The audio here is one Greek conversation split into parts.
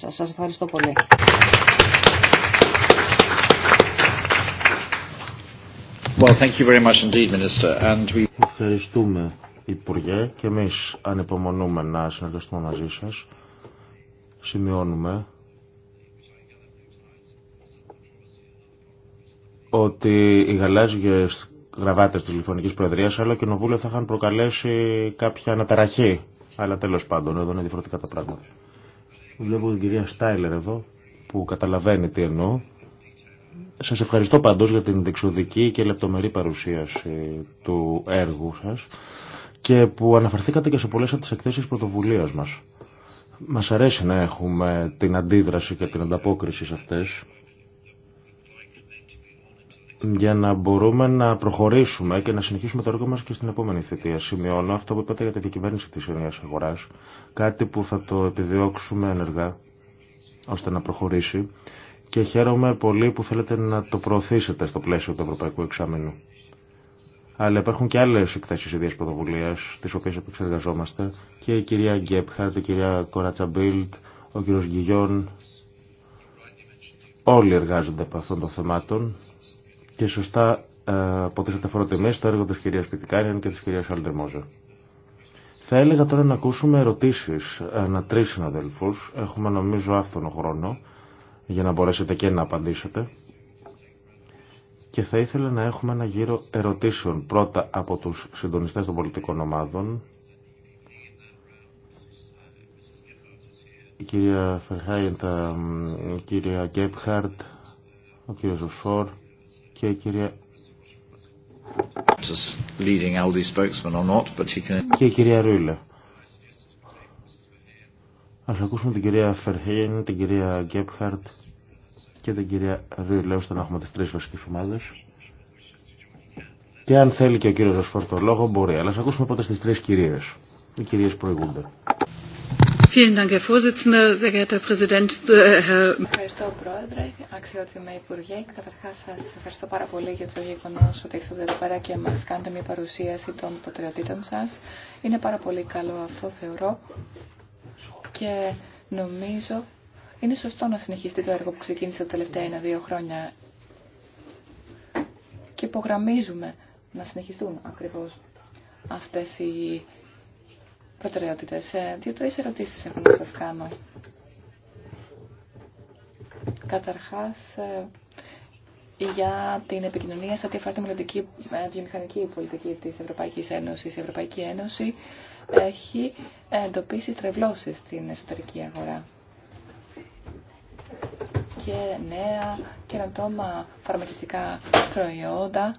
Σα Σα ευχαριστώ πολύ. Well, thank you very much indeed, Minister. And we... Ευχαριστούμε, Υπουργέ, και εμεί ανυπομονούμε να συνεργαστούμε μαζί σα. Σημειώνουμε ότι οι γαλάζιες γραβάτες της Λιθουανικής Προεδρίας αλλά και νομβούλια θα είχαν προκαλέσει κάποια αναταραχή. Αλλά τέλος πάντων, εδώ είναι διαφορετικά τα πράγματα. Βλέπω την κυρία Στάιλερ εδώ που καταλαβαίνει τι εννοώ. Σας ευχαριστώ παντός για την δεξοδική και λεπτομερή παρουσίαση του έργου σας και που αναφερθήκατε και σε πολλές από τις εκθέσεις πρωτοβουλίας μας. Μας αρέσει να έχουμε την αντίδραση και την ανταπόκριση σε αυτές για να μπορούμε να προχωρήσουμε και να συνεχίσουμε το έργο μας και στην επόμενη θητεία. Σημειώνω αυτό που είπατε για τη διακυβέρνηση της ενιαίας αγοράς, κάτι που θα το επιδιώξουμε ενεργά ώστε να προχωρήσει και χαίρομαι πολύ που θέλετε να το προωθήσετε στο πλαίσιο του Ευρωπαϊκού Εξάμεινου. Αλλά υπάρχουν και άλλε εκθέσει ιδέα πρωτοβουλία, τι οποίε επεξεργαζόμαστε και η κυρία Γκέπχαρτ, η κυρία Μπίλτ, ο κύριο Γκυγιόν. Όλοι εργάζονται από αυτών των θεμάτων και σωστά από τις φοροτιμή στο έργο της κυρίας Πιτικάριαν και της κυρίας Αλντερμόζα. Θα έλεγα τώρα να ακούσουμε ερωτήσεις ε, ανά τρεις συναδέλφους. Έχουμε νομίζω άφθονο χρόνο για να μπορέσετε και να απαντήσετε. Και θα ήθελα να έχουμε ένα γύρο ερωτήσεων πρώτα από τους συντονιστές των πολιτικών ομάδων. Η κυρία Φερχάιντα, η κυρία Γκέπχαρτ, ο κύριος Ζωσόρ, και η κυρία... Και η κυρία Ρούιλε. Α ακούσουμε την κυρία Φερχέιν, την κυρία Γκέπχαρτ και την κυρία Ρούιλε, ώστε να έχουμε τι τρει βασικέ ομάδε. Και αν θέλει και ο κύριο Ασφορτολόγο το λόγο μπορεί, αλλά α ακούσουμε πρώτα στις τρει κυρίε, Οι κυρίε προηγούνται. Äh, ευχαριστώ, Πρόεδρε, αξιότιμα Υπουργέ. Καταρχά, σα ευχαριστώ πάρα πολύ για το γεγονό ότι ήρθατε εδώ πέρα και μα κάνετε μια παρουσίαση των προτεραιοτήτων σα. Είναι πάρα πολύ καλό αυτό, θεωρώ. Και νομίζω είναι σωστό να συνεχιστεί το έργο που ξεκίνησε τα τελευταία ένα-δύο χρόνια. Και υπογραμμίζουμε να συνεχιστούν ακριβώ αυτέ οι δυο ε, Δύο-τρεις ερωτήσεις έχω να σας κάνω. Καταρχάς, ε, για την επικοινωνία σε ό,τι αφορά τη ε, βιομηχανική πολιτική της Ευρωπαϊκής Ένωσης. Η Ευρωπαϊκή Ένωση έχει εντοπίσει στρεβλώσεις στην εσωτερική αγορά και νέα καινοτόμα φαρμακευτικά προϊόντα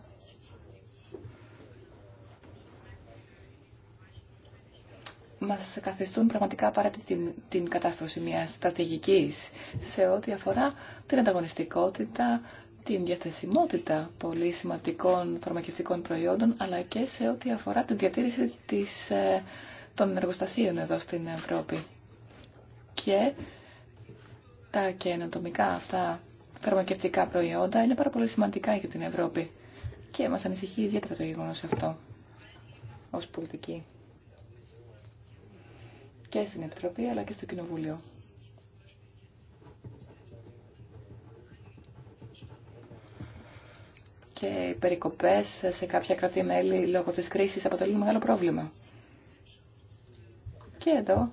μας καθιστούν πραγματικά απαραίτητη την, κατάσταση μιας στρατηγικής σε ό,τι αφορά την ανταγωνιστικότητα, την διαθεσιμότητα πολύ σημαντικών φαρμακευτικών προϊόντων, αλλά και σε ό,τι αφορά την διατήρηση της, ε, των εργοστασίων εδώ στην Ευρώπη. Και τα καινοτομικά αυτά φαρμακευτικά προϊόντα είναι πάρα πολύ σημαντικά για την Ευρώπη και μας ανησυχεί ιδιαίτερα το γεγονός αυτό ως πολιτική και στην Επιτροπή αλλά και στο Κοινοβούλιο. Και οι περικοπές σε κάποια κρατή-μέλη λόγω της κρίσης αποτελούν μεγάλο πρόβλημα. Και εδώ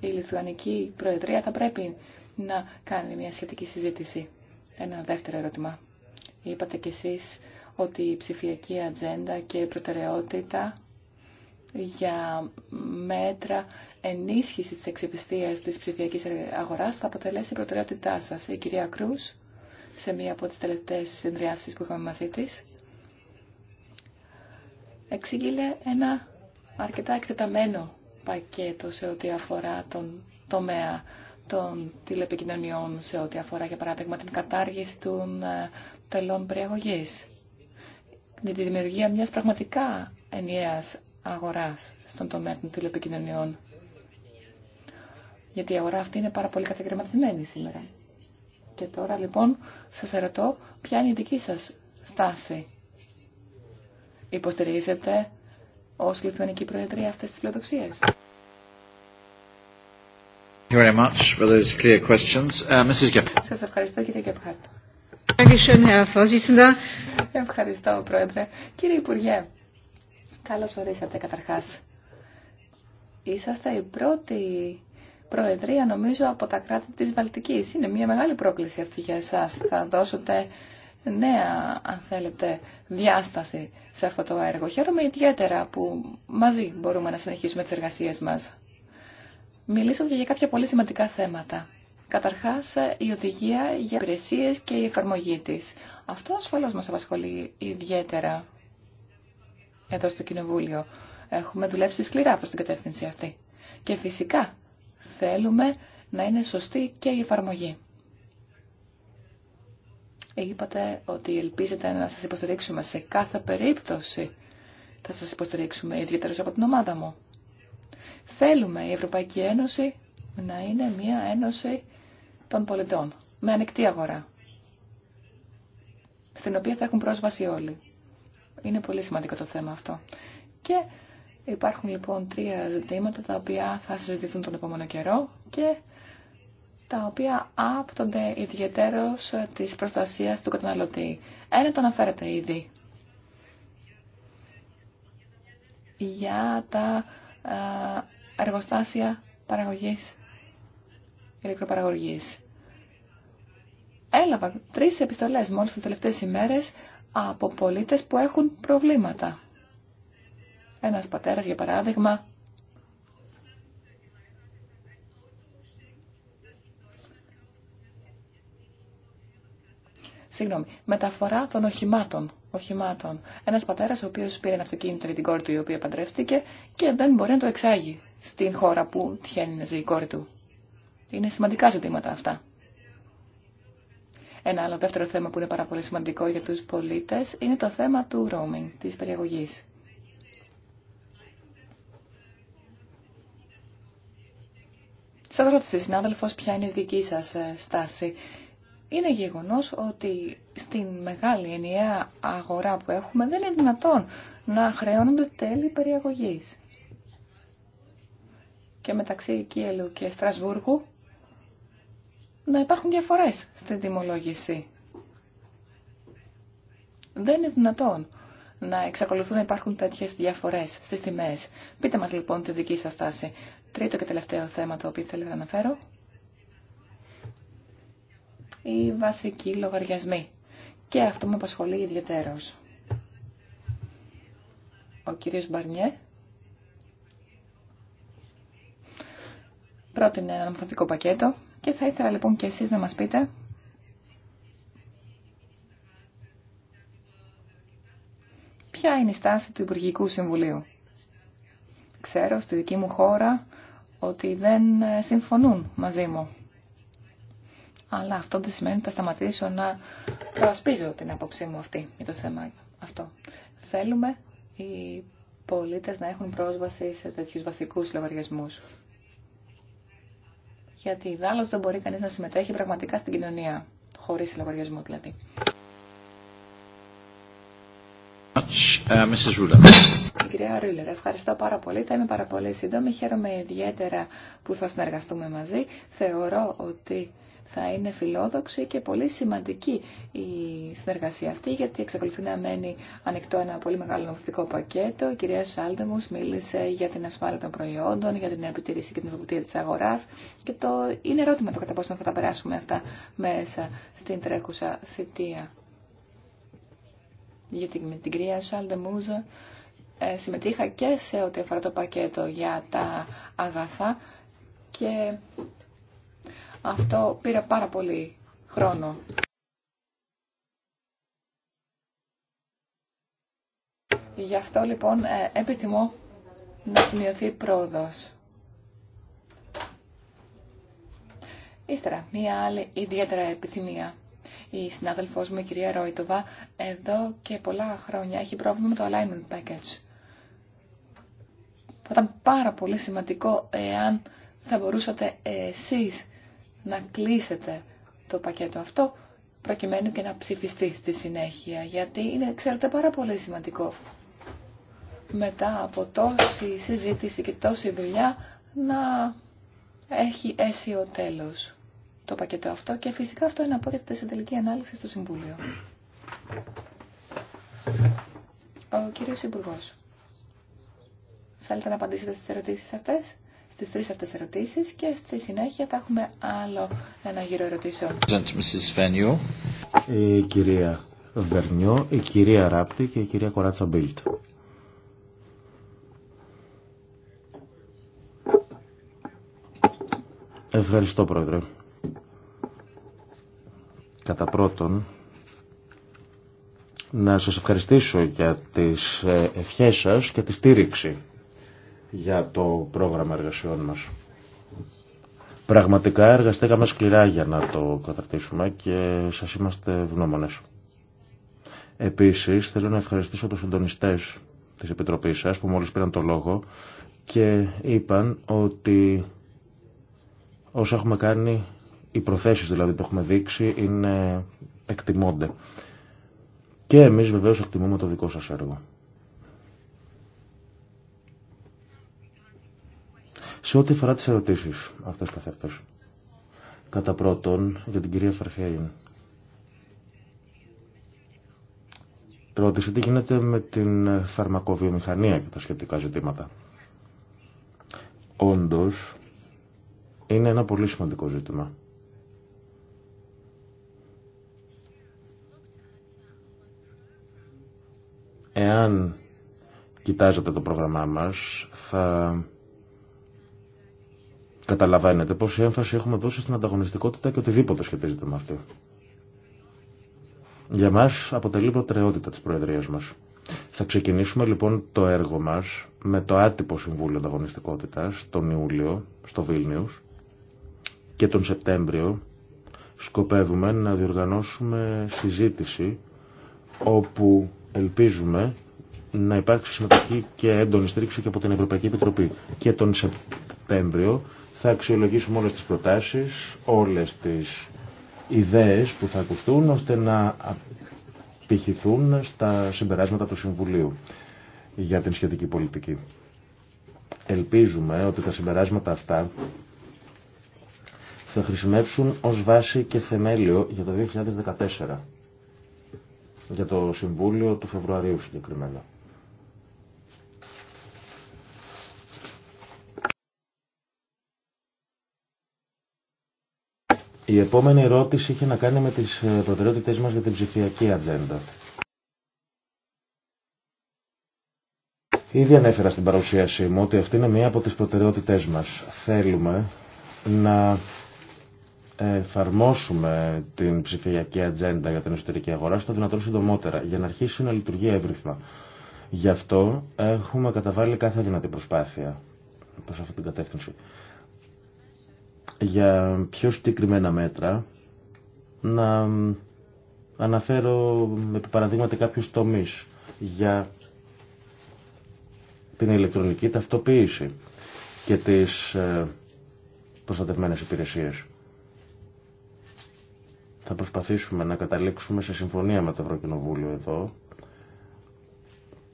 η Λιθουανική Προεδρία θα πρέπει να κάνει μια σχετική συζήτηση. Ένα δεύτερο ερώτημα. Είπατε κι εσείς ότι η ψηφιακή ατζέντα και η προτεραιότητα για μέτρα ενίσχυση της αξιοπιστίας της ψηφιακής αγοράς θα αποτελέσει η προτεραιότητά σας. Η κυρία Κρούς, σε μία από τις τελευταίες συνδυάσεις που είχαμε μαζί της, εξήγηλε ένα αρκετά εκτεταμένο πακέτο σε ό,τι αφορά τον τομέα των τηλεπικοινωνιών, σε ό,τι αφορά, για παράδειγμα, την κατάργηση των τελών ε, περιαγωγής Για τη δημιουργία μιας πραγματικά ενιαίας αγοράς στον τομέα των τηλεπικοινωνιών γιατί η αγορά αυτή είναι πάρα πολύ κατακρεματισμένη σήμερα. Και τώρα λοιπόν σας ερωτώ ποια είναι η δική σας στάση. Υποστηρίζετε ως Λιθουανική Προεδρία αυτές τις πλειοδοξίες. Uh, σας ευχαριστώ κύριε Γεπχάρτ. Ευχαριστώ Πρόεδρε. Κύριε Υπουργέ, καλώς ορίσατε καταρχάς. Είσαστε η πρώτη Προεδρία νομίζω από τα κράτη της Βαλτικής. Είναι μια μεγάλη πρόκληση αυτή για εσάς. Θα δώσετε νέα, αν θέλετε, διάσταση σε αυτό το έργο. Χαίρομαι ιδιαίτερα που μαζί μπορούμε να συνεχίσουμε τις εργασίες μας. Μιλήσατε για κάποια πολύ σημαντικά θέματα. Καταρχάς, η οδηγία για υπηρεσίε και η εφαρμογή της. Αυτό ασφαλώς μας απασχολεί ιδιαίτερα εδώ στο Κοινοβούλιο. Έχουμε δουλέψει σκληρά προς την κατεύθυνση αυτή. Και φυσικά θέλουμε να είναι σωστή και η εφαρμογή. Είπατε ότι ελπίζετε να σας υποστηρίξουμε σε κάθε περίπτωση. Θα σας υποστηρίξουμε ιδιαίτερα από την ομάδα μου. Θέλουμε η Ευρωπαϊκή Ένωση να είναι μια ένωση των πολιτών, με ανοιχτή αγορά, στην οποία θα έχουν πρόσβαση όλοι. Είναι πολύ σημαντικό το θέμα αυτό. Υπάρχουν λοιπόν τρία ζητήματα τα οποία θα συζητηθούν τον επόμενο καιρό και τα οποία άπτονται ιδιαιτέρως της προστασίας του καταναλωτή. Ένα το αναφέρεται ήδη για τα εργοστάσια παραγωγής, ηλεκτροπαραγωγής. Έλαβα τρεις επιστολές μόλις τις τελευταίες ημέρες από πολίτες που έχουν προβλήματα. Ένας πατέρας, για παράδειγμα, Συγγνώμη, μεταφορά των οχημάτων. οχημάτων. Ένα πατέρα ο οποίο πήρε ένα αυτοκίνητο για την κόρη του η οποία παντρεύτηκε και δεν μπορεί να το εξάγει στην χώρα που τυχαίνει να ζει η κόρη του. Είναι σημαντικά ζητήματα αυτά. Ένα άλλο δεύτερο θέμα που είναι πάρα πολύ σημαντικό για του πολίτε είναι το θέμα του roaming, τη περιεγωγή. Σα ρώτησε, συνάδελφο ποια είναι η δική σας ε, στάση. Είναι γεγονός ότι στην μεγάλη ενιαία αγορά που έχουμε δεν είναι δυνατόν να χρεώνονται τέλη περιαγωγή. Και μεταξύ Κιέλου και Στρασβούργου να υπάρχουν διαφορές στην τιμολόγηση. Δεν είναι δυνατόν να εξακολουθούν να υπάρχουν τέτοιες διαφορές στις τιμές. Πείτε μας λοιπόν τη δική σας στάση. Τρίτο και τελευταίο θέμα το οποίο θέλω να αναφέρω. Οι βασικοί λογαριασμοί. Και αυτό με απασχολεί ιδιαίτερος. Ο κύριος Μπαρνιέ πρότεινε ένα νομοθετικό πακέτο και θα ήθελα λοιπόν και εσείς να μας πείτε ποια είναι η στάση του Υπουργικού Συμβουλίου. Ξέρω, στη δική μου χώρα ότι δεν ε, συμφωνούν μαζί μου. Αλλά αυτό δεν σημαίνει ότι θα σταματήσω να προασπίζω την άποψή μου αυτή για το θέμα αυτό. Θέλουμε οι πολίτες να έχουν πρόσβαση σε τέτοιους βασικούς λογαριασμούς. Γιατί δάλλως δεν μπορεί κανείς να συμμετέχει πραγματικά στην κοινωνία, χωρίς λογαριασμό δηλαδή. Uh, κυρία ευχαριστώ πάρα πολύ. Θα είμαι πάρα πολύ σύντομη. Χαίρομαι ιδιαίτερα που θα συνεργαστούμε μαζί. Θεωρώ ότι θα είναι φιλόδοξη και πολύ σημαντική η συνεργασία αυτή, γιατί εξακολουθεί να μένει ανοιχτό ένα πολύ μεγάλο νομοθετικό πακέτο. Η κυρία Σάλτεμου μίλησε για την ασφάλεια των προϊόντων, για την επιτήρηση και την υποπτήρια τη αγορά. Και το είναι ερώτημα το κατά πόσο θα τα περάσουμε αυτά μέσα στην τρέχουσα θητεία γιατί με την κυρία Σάλντε Μούζα ε, συμμετείχα και σε ό,τι αφορά το πακέτο για τα αγαθά και αυτό πήρε πάρα πολύ χρόνο. Γι' αυτό λοιπόν ε, επιθυμώ να σημειωθεί πρόοδος. Ύστερα, μία άλλη ιδιαίτερα επιθυμία η συνάδελφός μου, η κυρία Ρόιτοβα, εδώ και πολλά χρόνια έχει πρόβλημα με το alignment package. Θα ήταν πάρα πολύ σημαντικό εάν θα μπορούσατε εσείς να κλείσετε το πακέτο αυτό προκειμένου και να ψηφιστεί στη συνέχεια, γιατί είναι, ξέρετε, πάρα πολύ σημαντικό μετά από τόση συζήτηση και τόση δουλειά να έχει ο τέλος το πακέτο αυτό και φυσικά αυτό είναι από σε τελική ανάλυση στο Συμβούλιο. Ο κύριος Υπουργό. Θέλετε να απαντήσετε στις ερωτήσεις αυτές, στις τρεις αυτές ερωτήσεις και στη συνέχεια θα έχουμε άλλο ένα γύρο ερωτήσεων. Η κυρία Βερνιό, η κυρία Ράπτη και η κυρία Κοράτσα Μπίλτ. Ευχαριστώ πρόεδρε. Κατά πρώτον, να σας ευχαριστήσω για τις ε, ευχές σας και τη στήριξη για το πρόγραμμα εργασιών μας. Πραγματικά εργαστήκαμε σκληρά για να το καταρτήσουμε και σας είμαστε ευγνώμονες. Επίσης, θέλω να ευχαριστήσω τους συντονιστές της Επιτροπής σας που μόλις πήραν το λόγο και είπαν ότι όσα έχουμε κάνει οι προθέσεις δηλαδή που έχουμε δείξει είναι, εκτιμώνται. Και εμείς βεβαίως εκτιμούμε το δικό σας έργο. Σε ό,τι αφορά τις ερωτήσεις αυτές καθ' Κατά πρώτον, για την κυρία Φαρχέιν. Ρώτησε τι γίνεται με την φαρμακοβιομηχανία και τα σχετικά ζητήματα. Όντως, είναι ένα πολύ σημαντικό ζήτημα. Εάν κοιτάζετε το πρόγραμμά μας, θα καταλαβαίνετε πόση έμφαση έχουμε δώσει στην ανταγωνιστικότητα και οτιδήποτε σχετίζεται με αυτή. Για μας αποτελεί προτεραιότητα της Προεδρίας μας. Θα ξεκινήσουμε λοιπόν το έργο μας με το άτυπο Συμβούλιο Ανταγωνιστικότητας τον Ιούλιο στο Βίλνιους και τον Σεπτέμβριο σκοπεύουμε να διοργανώσουμε συζήτηση όπου ελπίζουμε να υπάρξει συμμετοχή και έντονη στρίξη και από την Ευρωπαϊκή Επιτροπή. Και τον Σεπτέμβριο θα αξιολογήσουμε όλες τις προτάσεις, όλες τις ιδέες που θα ακουστούν, ώστε να πηχηθούν στα συμπεράσματα του Συμβουλίου για την σχετική πολιτική. Ελπίζουμε ότι τα συμπεράσματα αυτά θα χρησιμεύσουν ως βάση και θεμέλιο για το 2014 για το Συμβούλιο του Φεβρουαρίου συγκεκριμένα. Η επόμενη ερώτηση είχε να κάνει με τις ε, προτεραιότητές μας για την ψηφιακή ατζέντα. Ήδη ανέφερα στην παρουσίασή μου ότι αυτή είναι μία από τις προτεραιότητές μας. Θέλουμε να εφαρμόσουμε την ψηφιακή ατζέντα για την εσωτερική αγορά στο δυνατόν συντομότερα, για να αρχίσει να λειτουργεί εύρυθμα. Γι' αυτό έχουμε καταβάλει κάθε δυνατή προσπάθεια προς αυτή την κατεύθυνση. Για πιο συγκεκριμένα μέτρα, να αναφέρω με παραδείγματα κάποιους τομείς για την ηλεκτρονική ταυτοποίηση και τις ε, προστατευμένες υπηρεσίες. Θα προσπαθήσουμε να καταλήξουμε σε συμφωνία με το Ευρωκοινοβούλιο εδώ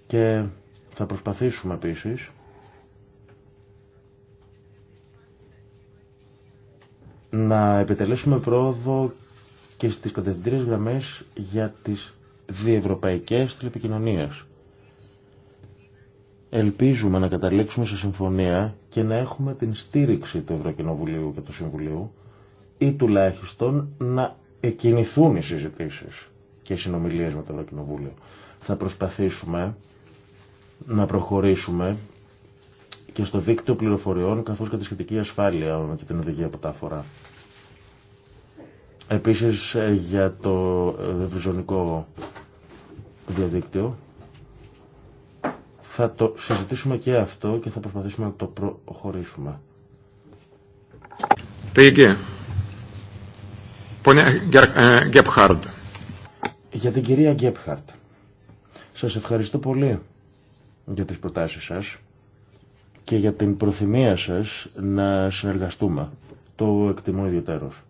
και θα προσπαθήσουμε επίσης να επιτελέσουμε πρόοδο και στις κατευθυντήριες γραμμές για τις διευρωπαϊκές τηλεπικοινωνίες. Ελπίζουμε να καταλήξουμε σε συμφωνία και να έχουμε την στήριξη του Ευρωκοινοβουλίου και του Συμβουλίου ή τουλάχιστον να εκκινηθούν οι συζητήσεις και οι συνομιλίες με το Ευρωκοινοβούλιο. Θα προσπαθήσουμε να προχωρήσουμε και στο δίκτυο πληροφοριών καθώς και τη σχετική ασφάλεια και την οδηγία που τα αφορά. Επίσης ε, για το ευρυζωνικό διαδίκτυο θα το συζητήσουμε και αυτό και θα προσπαθήσουμε να το προχωρήσουμε. Thank ε, Γκέπχαρντ. Για την κυρία Γκέπχαρντ. Σας ευχαριστώ πολύ για τις προτάσεις σας και για την προθυμία σας να συνεργαστούμε. Το εκτιμώ ιδιαίτερος.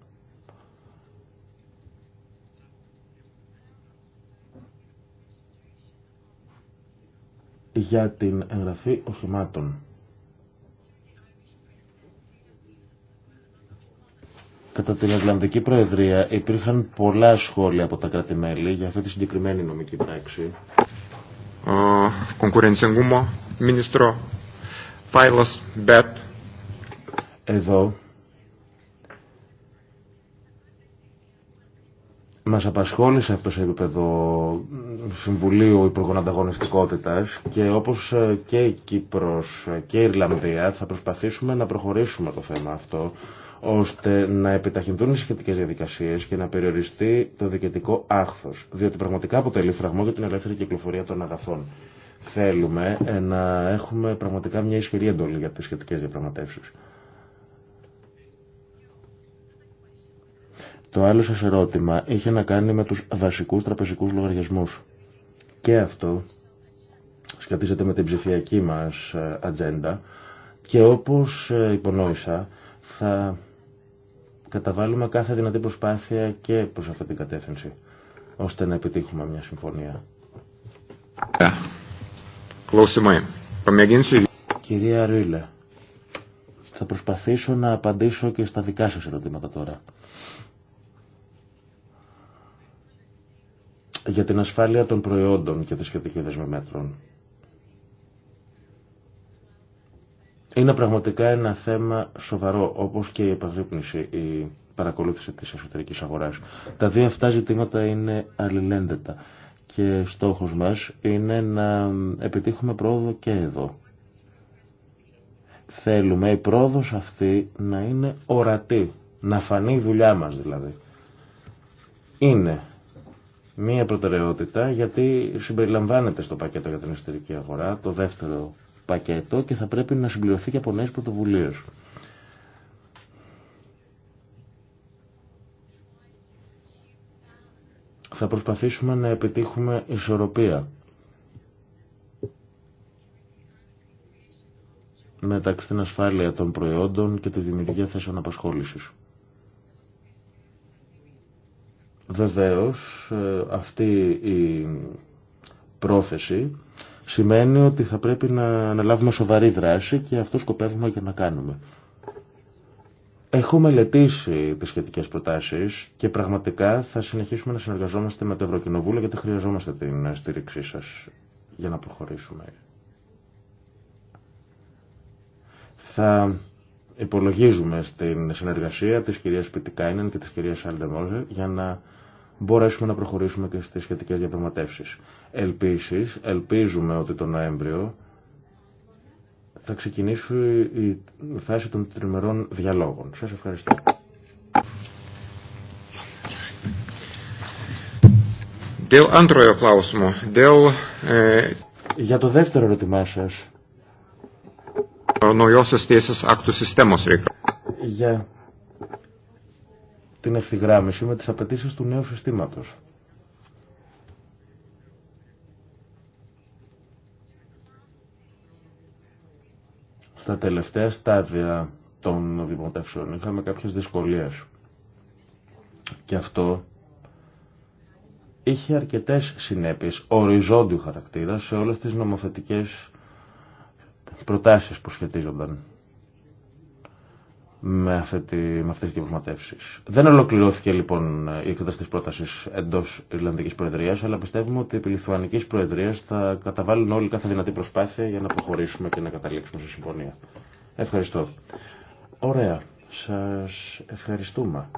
για την εγγραφή οχημάτων. Κατά την Ιρλανδική Προεδρία υπήρχαν πολλά σχόλια από τα κράτη-μέλη για αυτή τη συγκεκριμένη νομική πράξη. Μίνιστρο, ε, Εδώ μας απασχόλησε αυτό σε επίπεδο Συμβουλίου Υπουργών Ανταγωνιστικότητας και όπως ε, και η Κύπρος και η Ιρλανδία θα προσπαθήσουμε να προχωρήσουμε το θέμα αυτό ώστε να επιταχυνθούν οι σχετικέ διαδικασίε και να περιοριστεί το διοικητικό άχθο, διότι πραγματικά αποτελεί φραγμό για την ελεύθερη κυκλοφορία των αγαθών. Θέλουμε να έχουμε πραγματικά μια ισχυρή εντολή για τι σχετικέ διαπραγματεύσει. Το άλλο σας ερώτημα είχε να κάνει με τους βασικούς τραπεζικούς λογαριασμούς. Και αυτό σχετίζεται με την ψηφιακή μας ε, ατζέντα και όπως ε, υπονόησα θα καταβάλουμε κάθε δυνατή προσπάθεια και προς αυτή την κατεύθυνση, ώστε να επιτύχουμε μια συμφωνία. Κυρία Ρίλε, θα προσπαθήσω να απαντήσω και στα δικά σας ερωτήματα τώρα. Για την ασφάλεια των προϊόντων και τη σχετική δεσμευμέτρων. μέτρων. Είναι πραγματικά ένα θέμα σοβαρό, όπως και η επαγρύπνηση, η παρακολούθηση της εσωτερικής αγοράς. Τα δύο αυτά ζητήματα είναι αλληλένδετα και στόχος μας είναι να επιτύχουμε πρόοδο και εδώ. Θέλουμε η πρόοδος αυτή να είναι ορατή, να φανεί η δουλειά μας δηλαδή. Είναι μία προτεραιότητα γιατί συμπεριλαμβάνεται στο πακέτο για την εσωτερική αγορά, το δεύτερο πακέτο και θα πρέπει να συμπληρωθεί και από νέε πρωτοβουλίε. Θα προσπαθήσουμε να επιτύχουμε ισορροπία μεταξύ την ασφάλεια των προϊόντων και τη δημιουργία θέσεων απασχόλησης. Βεβαίως, ε, αυτή η πρόθεση σημαίνει ότι θα πρέπει να αναλάβουμε σοβαρή δράση και αυτό σκοπεύουμε και να κάνουμε. Έχω μελετήσει τις σχετικές προτάσεις και πραγματικά θα συνεχίσουμε να συνεργαζόμαστε με το Ευρωκοινοβούλιο γιατί χρειαζόμαστε την στήριξή σας για να προχωρήσουμε. Θα υπολογίζουμε στην συνεργασία της κυρίας Πιτικάινεν και της κυρίας Σαλντεμόζε για να μπορέσουμε να προχωρήσουμε και στις σχετικές διαπραγματεύσεις. Ελπίσεις, ελπίζουμε ότι το Νοέμβριο θα ξεκινήσει η φάση των τριμερών διαλόγων. Σας ευχαριστώ. Eh, Για το δεύτερο ερώτημά σας. Για την ευθυγράμμιση με τις απαιτήσεις του νέου συστήματος. Στα τελευταία στάδια των δημοτεύσεων είχαμε κάποιες δυσκολίες. Και αυτό είχε αρκετές συνέπειες οριζόντιου χαρακτήρα σε όλες τις νομοθετικές προτάσεις που σχετίζονταν με, αυτή τη, με αυτές τις διαπραγματεύσεις. Δεν ολοκληρώθηκε λοιπόν η εκδοχή της πρότασης εντός Ιρλανδικής Προεδρίας, αλλά πιστεύουμε ότι επί Λιθουανικής Προεδρίας θα καταβάλουν όλοι κάθε δυνατή προσπάθεια για να προχωρήσουμε και να καταλήξουμε σε συμφωνία. Ευχαριστώ. Ωραία. Σας ευχαριστούμε.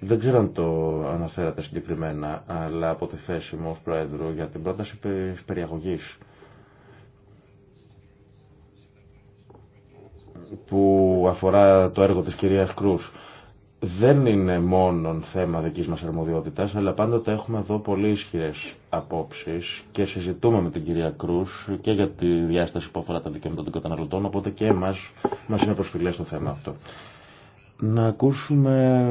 Δεν ξέρω αν το αναφέρατε συγκεκριμένα, αλλά από τη θέση μου ως Πρόεδρο για την πρόταση περιαγωγής που αφορά το έργο της κυρίας Κρούς δεν είναι μόνο θέμα δικής μας αρμοδιότητας, αλλά πάντοτε έχουμε εδώ πολύ ισχυρέ απόψεις και συζητούμε με την κυρία Κρούς και για τη διάσταση που αφορά τα δικαιώματα των καταναλωτών, οπότε και εμάς μας είναι προσφυλές το θέμα αυτό. Να ακούσουμε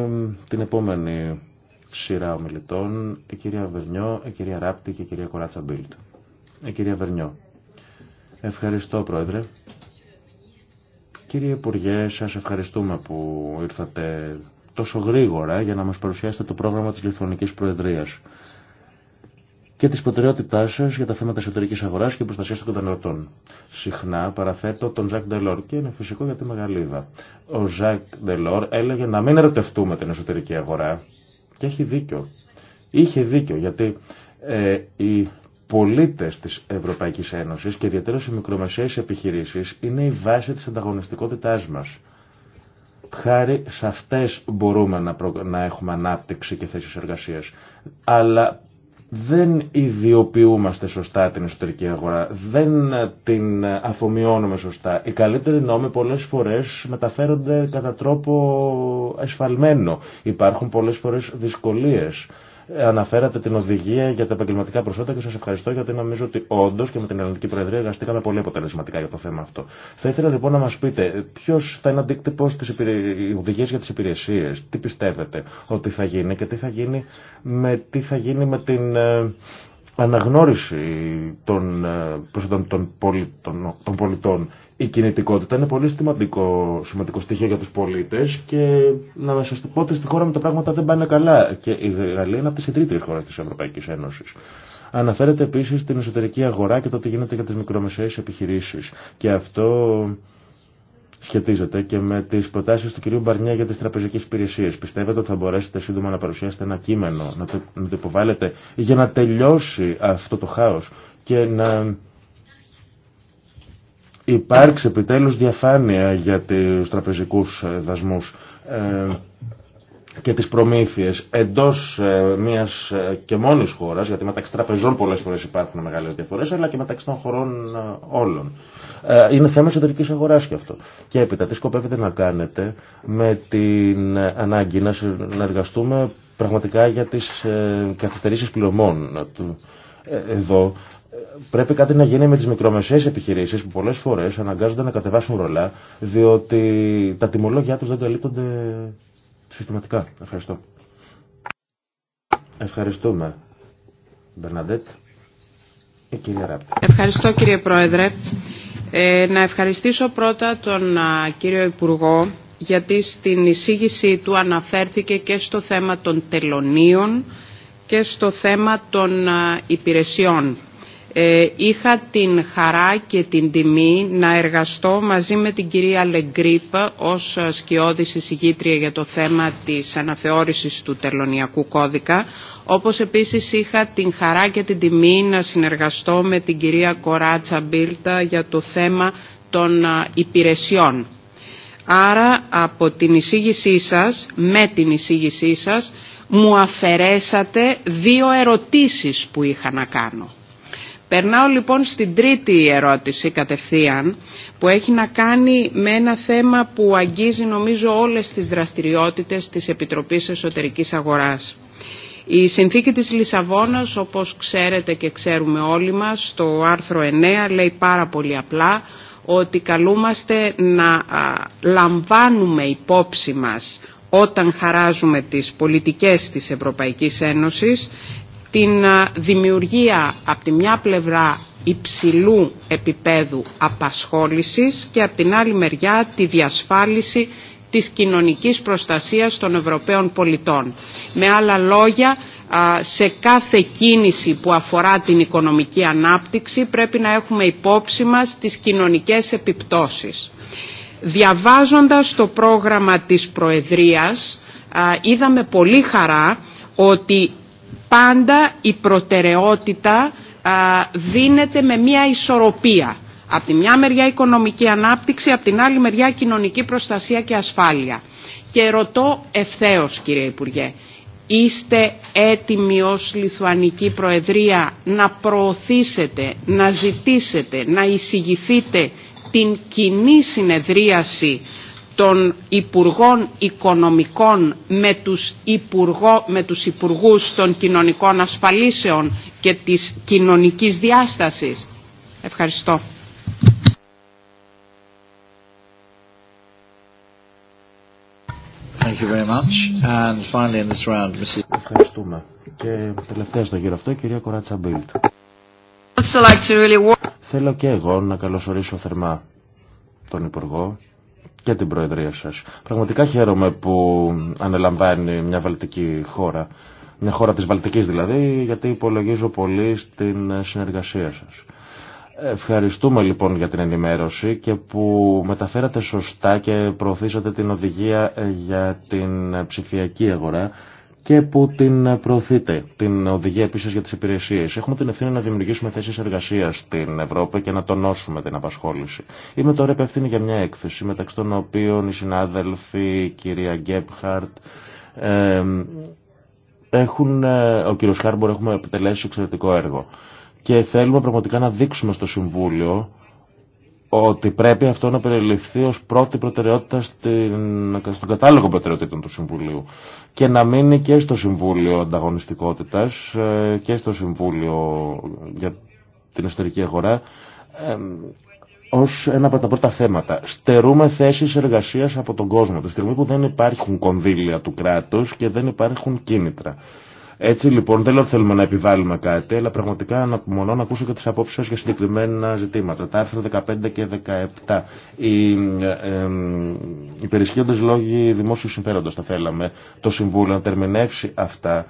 την επόμενη σειρά ομιλητών, η κυρία Βερνιό, η κυρία Ράπτη και η κυρία Κοράτσα Μπίλτ. Η κυρία Βερνιό. Ευχαριστώ, Πρόεδρε. Κύριε Υπουργέ, σας ευχαριστούμε που ήρθατε τόσο γρήγορα για να μας παρουσιάσετε το πρόγραμμα της Λιθουανικής Προεδρίας και τη προτεραιότητά σα για τα θέματα εσωτερική αγορά και προστασία των καταναλωτών. Συχνά παραθέτω τον Ζακ Ντελόρ και είναι φυσικό για τη μεγαλίδα. Ο Ζακ Ντελόρ έλεγε να μην ερωτευτούμε την εσωτερική αγορά και έχει δίκιο. Είχε δίκιο γιατί ε, η πολίτες της Ευρωπαϊκής Ένωσης και ιδιαίτερα οι μικρομεσαίες επιχειρήσεις είναι η βάση της ανταγωνιστικότητάς μας. Χάρη σε αυτές μπορούμε να, να έχουμε ανάπτυξη και θέσεις εργασίας. Αλλά δεν ιδιοποιούμαστε σωστά την εσωτερική αγορά, δεν την αφομοιώνουμε σωστά. Οι καλύτεροι νόμοι πολλές φορές μεταφέρονται κατά τρόπο εσφαλμένο. Υπάρχουν πολλές φορές δυσκολίες αναφέρατε την οδηγία για τα επαγγελματικά προσόντα και σα ευχαριστώ γιατί νομίζω ότι όντω και με την Ελληνική Προεδρία εργαστήκαμε πολύ αποτελεσματικά για το θέμα αυτό. Θα ήθελα λοιπόν να μα πείτε ποιο θα είναι αντίκτυπο τις οδηγίες για τι υπηρεσίε, τι πιστεύετε ότι θα γίνει και τι θα γίνει με, τι θα γίνει με την ε, αναγνώριση των ε, των των πολιτών η κινητικότητα είναι πολύ σημαντικό, σημαντικό στοιχείο για τους πολίτες και να σας πω ότι στη χώρα μου τα πράγματα δεν πάνε καλά και η Γαλλία είναι από τις τρίτες χώρες της Ευρωπαϊκής Ένωσης. Αναφέρεται επίσης την εσωτερική αγορά και το τι γίνεται για τις μικρομεσαίες επιχειρήσεις και αυτό σχετίζεται και με τι προτάσει του κυρίου Μπαρνιά για τι τραπεζικέ υπηρεσίε. Πιστεύετε ότι θα μπορέσετε σύντομα να παρουσιάσετε ένα κείμενο, να το, να το υποβάλλετε για να τελειώσει αυτό το χάο και να υπάρξει επιτέλους διαφάνεια για τους τραπεζικούς ε, δασμούς ε, και τις προμήθειες εντός ε, μιας και μόνης χώρας, γιατί μεταξύ τραπεζών πολλές φορές υπάρχουν μεγάλες διαφορές, αλλά και μεταξύ των χωρών όλων. Είναι θέμα εσωτερική αγοράς και αυτό. Και έπειτα τι σκοπεύετε να κάνετε με την ανάγκη να συνεργαστούμε πραγματικά για τις καθυστερήσεις πληρωμών. Εδώ πρέπει κάτι να γίνει με τις μικρομεσαίες επιχειρήσεις που πολλές φορές αναγκάζονται να κατεβάσουν ρολά διότι τα τιμολόγια τους δεν καλύπτονται συστηματικά. Ευχαριστώ. Ευχαριστούμε. Μπερναντέτ. Η κυρία Ράπτη. Ευχαριστώ κύριε Πρόεδρε. Ε, να ευχαριστήσω πρώτα τον κύριο Υπουργό γιατί στην εισήγησή του αναφέρθηκε και στο θέμα των τελωνίων και στο θέμα των υπηρεσιών ε, είχα την χαρά και την τιμή να εργαστώ μαζί με την κυρία Λεγκρίπ ως σκιώδης εισηγήτρια για το θέμα της αναθεώρησης του Τελωνιακού Κώδικα, όπως επίσης είχα την χαρά και την τιμή να συνεργαστώ με την κυρία Κοράτσα Μπίλτα για το θέμα των υπηρεσιών. Άρα από την εισήγησή σας, με την εισήγησή σας, μου αφαιρέσατε δύο ερωτήσεις που είχα να κάνω. Περνάω λοιπόν στην τρίτη ερώτηση κατευθείαν που έχει να κάνει με ένα θέμα που αγγίζει νομίζω όλες τις δραστηριότητες της Επιτροπής Εσωτερικής Αγοράς. Η συνθήκη της Λισαβόνας, όπως ξέρετε και ξέρουμε όλοι μας, στο άρθρο 9 λέει πάρα πολύ απλά ότι καλούμαστε να λαμβάνουμε υπόψη μας όταν χαράζουμε τις πολιτικές της Ευρωπαϊκής Ένωσης την ε, δημιουργία από τη μια πλευρά υψηλού επίπεδου απασχόλησης και από την άλλη μεριά τη διασφάλιση της κοινωνικής προστασίας των Ευρωπαίων πολιτών. Με άλλα λόγια, σε κάθε κίνηση που αφορά την οικονομική ανάπτυξη πρέπει να έχουμε υπόψη μας τις κοινωνικές επιπτώσεις. Διαβάζοντας το πρόγραμμα της Προεδρίας είδαμε πολύ χαρά ότι πάντα η προτεραιότητα δίνεται με μια ισορροπία. Από τη μια μεριά οικονομική ανάπτυξη, από την άλλη μεριά κοινωνική προστασία και ασφάλεια. Και ρωτώ ευθέως κύριε Υπουργέ, είστε έτοιμοι ως Λιθουανική Προεδρία να προωθήσετε, να ζητήσετε, να εισηγηθείτε την κοινή συνεδρίαση των Υπουργών Οικονομικών με τους, υπουργό, με τους Υπουργούς των Κοινωνικών Ασφαλίσεων και της κοινωνικής διάστασης. Ευχαριστώ. Thank you very much. And finally in this round, Mrs. Ευχαριστούμε. Και τελευταία στο γύρο αυτό, η κυρία Κοράτσα Μπίλτ. Θέλω και εγώ να καλωσορίσω θερμά τον Υπουργό και την Προεδρία σας. Πραγματικά χαίρομαι που ανελαμβάνει μια βαλτική χώρα, μια χώρα της Βαλτικής δηλαδή, γιατί υπολογίζω πολύ στην συνεργασία σας. Ευχαριστούμε λοιπόν για την ενημέρωση και που μεταφέρατε σωστά και προωθήσατε την οδηγία για την ψηφιακή αγορά και που την προωθείτε, την οδηγία επίση για τι υπηρεσίε. Έχουμε την ευθύνη να δημιουργήσουμε θέσει εργασία στην Ευρώπη και να τονώσουμε την απασχόληση. Είμαι τώρα υπεύθυνη για μια έκθεση μεταξύ των οποίων οι συνάδελφοι, η κυρία Γκέμπχαρτ, ε, έχουν, ο κύριο Χάρμπορ έχουμε επιτελέσει εξαιρετικό έργο. Και θέλουμε πραγματικά να δείξουμε στο Συμβούλιο ότι πρέπει αυτό να περιληφθεί ως πρώτη προτεραιότητα στην, στον κατάλογο προτεραιοτήτων του Συμβουλίου και να μείνει και στο Συμβούλιο Ανταγωνιστικότητας ε, και στο Συμβούλιο για την Ιστορική Αγορά ως ένα από τα πρώτα θέματα. Στερούμε θέσεις εργασίας από τον κόσμο, τη στιγμή που δεν υπάρχουν κονδύλια του κράτους και δεν υπάρχουν κίνητρα. Έτσι λοιπόν δεν λέω ότι θέλουμε να επιβάλλουμε κάτι, αλλά πραγματικά μόνο να ακούσω και τι απόψει σας για συγκεκριμένα ζητήματα. Τα άρθρα 15 και 17. Οι ε, ε, λόγοι δημόσιου συμφέροντο θα θέλαμε το Συμβούλιο να τερμινεύσει αυτά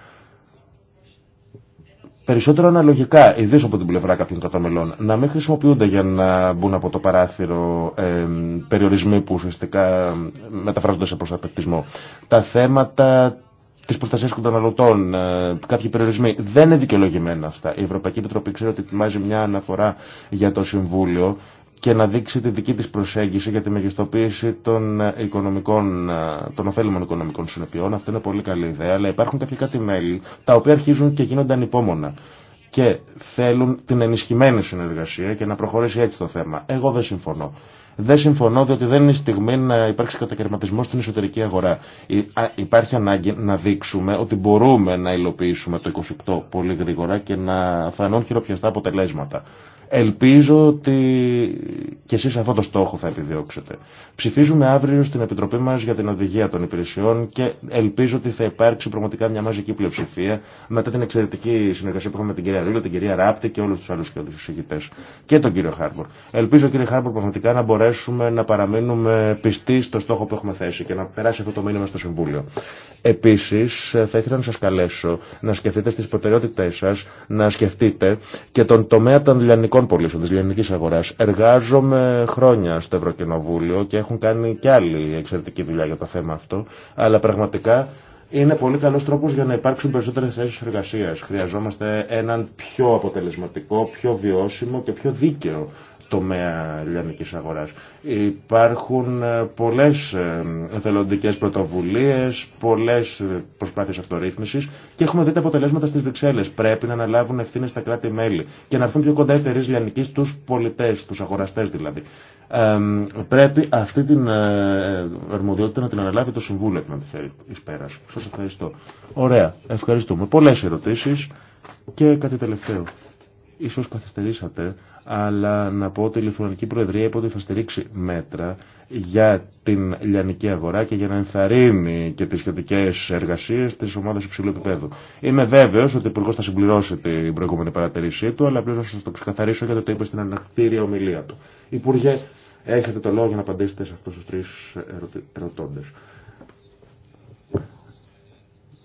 περισσότερο αναλογικά, ιδίω από την πλευρά κάποιων κρατομελών, να μην χρησιμοποιούνται για να μπουν από το παράθυρο ε, περιορισμοί που ουσιαστικά μεταφράζονται σε προστατευτισμό. Τα θέματα τη προστασία καταναλωτών, ε, κάποιοι περιορισμοί. Δεν είναι δικαιολογημένα αυτά. Η Ευρωπαϊκή Επιτροπή ξέρει ότι ετοιμάζει μια αναφορά για το Συμβούλιο και να δείξει τη δική της προσέγγιση για τη μεγιστοποίηση των, ε, οικονομικών, ε, των ωφέλιμων οικονομικών συνεπειών. Αυτό είναι πολύ καλή ιδέα, αλλά υπάρχουν κάποια κάτι μέλη τα οποία αρχίζουν και γίνονται ανυπόμονα και θέλουν την ενισχυμένη συνεργασία και να προχωρήσει έτσι το θέμα. Εγώ δεν συμφωνώ. Δεν συμφωνώ διότι δεν είναι η στιγμή να υπάρξει κατακαιρματισμό στην εσωτερική αγορά. Υπάρχει ανάγκη να δείξουμε ότι μπορούμε να υλοποιήσουμε το 28 πολύ γρήγορα και να φανούν χειροπιαστά αποτελέσματα. Ελπίζω ότι και εσείς αυτό το στόχο θα επιδιώξετε. Ψηφίζουμε αύριο στην Επιτροπή μας για την Οδηγία των Υπηρεσιών και ελπίζω ότι θα υπάρξει πραγματικά μια μαζική πλειοψηφία μετά την εξαιρετική συνεργασία που έχουμε με την κυρία Ρίλο, την κυρία Ράπτη και όλους τους άλλους συζητητές και τον κύριο Χάρμπορ. Ελπίζω κύριε Χάρμπορ πραγματικά να μπορέσουμε να παραμείνουμε πιστοί στο στόχο που έχουμε θέσει και να περάσει αυτό το μήνυμα στο Συμβούλιο. Επίσης θα ήθελα να σας καλέσω να σκεφτείτε στις προτεραιότητές σας, να σκεφτείτε και τον τομέα των λιανικών ελληνικών πωλήσεων, της ελληνικής αγοράς. Εργάζομαι χρόνια στο Ευρωκοινοβούλιο και έχουν κάνει κι άλλοι εξαιρετική δουλειά για το θέμα αυτό, αλλά πραγματικά είναι πολύ καλός τρόπος για να υπάρξουν περισσότερες θέσεις εργασίας. Χρειαζόμαστε έναν πιο αποτελεσματικό, πιο βιώσιμο και πιο δίκαιο τομέα λιανικής αγοράς. Υπάρχουν ε, πολλές ε, εθελοντικές πρωτοβουλίες, πολλές ε, προσπάθειες αυτορύθμισης και έχουμε δει τα αποτελέσματα στις Βρυξέλλες. Πρέπει να αναλάβουν ευθύνες στα κράτη-μέλη και να έρθουν πιο κοντά εταιρείε λιανικής τους πολιτές, τους αγοραστές δηλαδή. Ε, πρέπει αυτή την αρμοδιότητα να την αναλάβει το Συμβούλιο να τη φέρει εις πέρας. Σας ευχαριστώ. Ωραία. Ευχαριστούμε. Πολλές ερωτήσεις και κάτι τελευταίο. Ίσως καθυστερήσατε, αλλά να πω ότι η Λιθουανική Προεδρία είπε ότι θα στηρίξει μέτρα για την λιανική αγορά και για να ενθαρρύνει και τις σχετικές εργασίες της ομάδας υψηλού επίπεδου. Είμαι βέβαιος ότι ο Υπουργός θα συμπληρώσει την προηγούμενη παρατηρήσή του, αλλά απλώ να σας το ξεκαθαρίσω γιατί το είπε στην ανακτήρια ομιλία του. Υπουργέ, έχετε το λόγο για να απαντήσετε σε αυτούς τους τρεις ερωτώντες.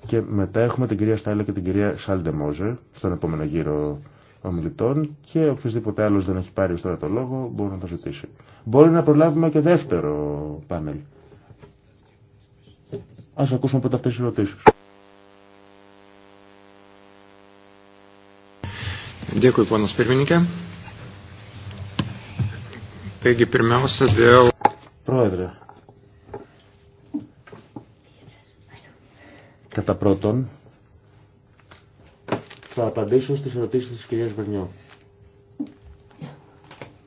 Και μετά έχουμε την κυρία Στάιλα και την κυρία Σάλντε Μόζε στον επόμενο γύρο ομιλητών και οποιοδήποτε άλλο δεν έχει πάρει ως τώρα το λόγο μπορεί να το ζητήσει. Μπορεί να προλάβουμε και δεύτερο πάνελ. Ας ακούσουμε πρώτα αυτές τις ερωτήσεις. Πρόεδρε, κατά πρώτον, θα απαντήσω στις ερωτήσεις της κυρίας Βερνιώ.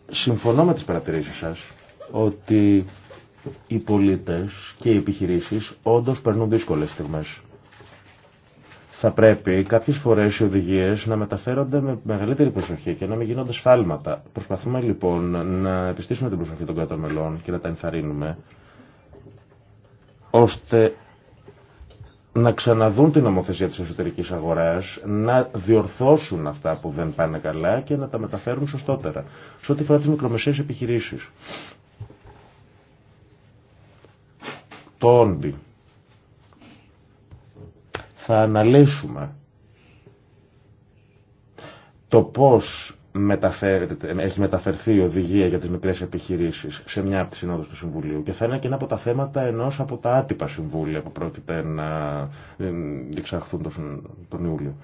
Συμφωνώ με τις παρατηρήσεις σας ότι οι πολίτες και οι επιχειρήσεις όντως περνούν δύσκολες στιγμές. Θα πρέπει κάποιες φορές οι οδηγίες να μεταφέρονται με μεγαλύτερη προσοχή και να μην γίνονται σφάλματα. Προσπαθούμε λοιπόν να επιστήσουμε την προσοχή των κρατών και να τα ενθαρρύνουμε ώστε να ξαναδούν την νομοθεσία της εσωτερικής αγοράς, να διορθώσουν αυτά που δεν πάνε καλά και να τα μεταφέρουν σωστότερα. Σε ό,τι φορά τις μικρομεσαίες επιχειρήσεις. Το όντι. Θα αναλύσουμε το πώς έχει μεταφερθεί η οδηγία για τις μικρές επιχειρήσεις σε μια από τις συνόδους του Συμβουλίου και θα είναι και ένα από τα θέματα ενός από τα άτυπα συμβούλια που πρόκειται να ε, διεξαχθούν τον, τον Ιούλιο.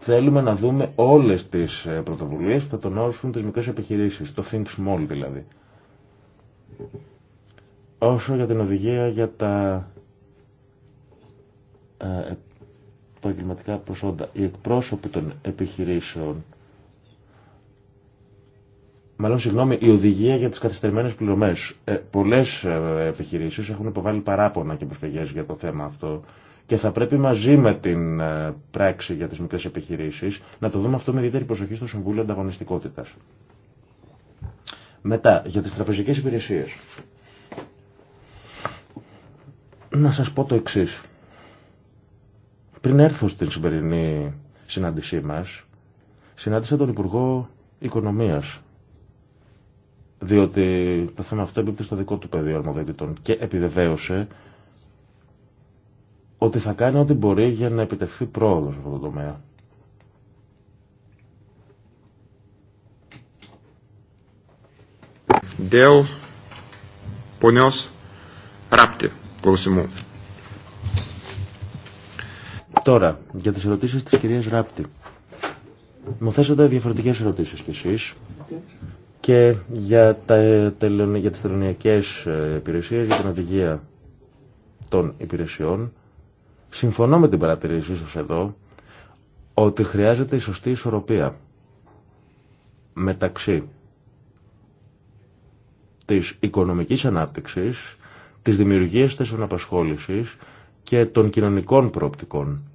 Θέλουμε να δούμε όλες τις ε, πρωτοβουλίες που θα τονώσουν τις μικρές επιχειρήσεις, το Think Small δηλαδή. Όσο για την οδηγία για τα ε, ε, επαγγελματικά προσόντα. Οι εκπρόσωποι των επιχειρήσεων, μάλλον συγγνώμη, η οδηγία για τις καθυστερημένες πληρωμές. Ε, πολλές ε, επιχειρήσεις έχουν υποβάλει παράπονα και προσφυγές για το θέμα αυτό και θα πρέπει μαζί με την πράξη για τις μικρές επιχειρήσεις να το δούμε αυτό με ιδιαίτερη προσοχή στο Συμβούλιο Ανταγωνιστικότητας. Μετά, για τις τραπεζικές υπηρεσίες. Να σας πω το εξής. Πριν έρθω στην σημερινή συνάντησή μας, συνάντησα τον Υπουργό Οικονομίας, διότι το θέμα αυτό έπιπτε στο δικό του πεδίο αρμοδιότητων και επιβεβαίωσε ότι θα κάνει ό,τι μπορεί για να επιτευχθεί πρόοδος σε αυτό το τομέα. ράπτε, Τώρα, για τις ερωτήσεις της κυρίας Ράπτη. Μου θέσατε διαφορετικές ερωτήσεις κι εσείς και για, τα, για τις τελωνιακές ε, υπηρεσίες, για την οδηγία των υπηρεσιών. Συμφωνώ με την παρατηρήσή σας εδώ ότι χρειάζεται η σωστή ισορροπία μεταξύ της οικονομικής ανάπτυξης, της δημιουργίας θέσεων απασχόλησης και των κοινωνικών προοπτικών.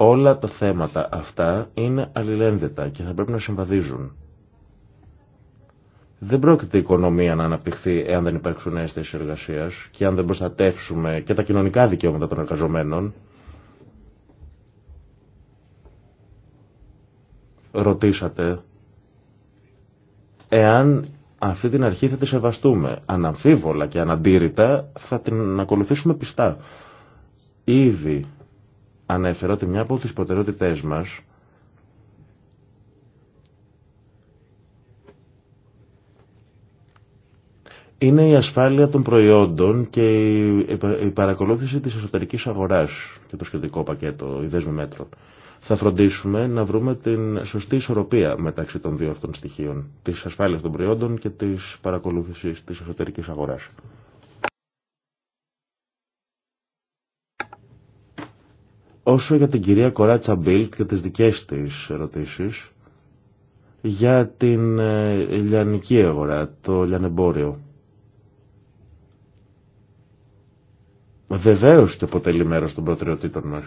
Όλα τα θέματα αυτά είναι αλληλένδετα και θα πρέπει να συμβαδίζουν. Δεν πρόκειται η οικονομία να αναπτυχθεί εάν δεν υπάρξουν νέε θέσει εργασία και αν δεν προστατεύσουμε και τα κοινωνικά δικαιώματα των εργαζομένων. Ρωτήσατε εάν αυτή την αρχή θα τη σεβαστούμε. Αναμφίβολα και αναντήρητα θα την ακολουθήσουμε πιστά. Ήδη ανέφερα ότι μια από τις προτεραιότητές μας είναι η ασφάλεια των προϊόντων και η παρακολούθηση της εσωτερικής αγοράς και το σχετικό πακέτο, η δέσμη μέτρων. Θα φροντίσουμε να βρούμε την σωστή ισορροπία μεταξύ των δύο αυτών στοιχείων, της ασφάλειας των προϊόντων και της παρακολούθησης της εσωτερικής αγοράς. Όσο για την κυρία Κοράτσα Μπίλτ και τις δικές της ερωτήσεις για την ε, λιανική αγορά, το λιανεμπόριο. Βεβαίως και αποτελεί μέρος των προτεραιοτήτων μας.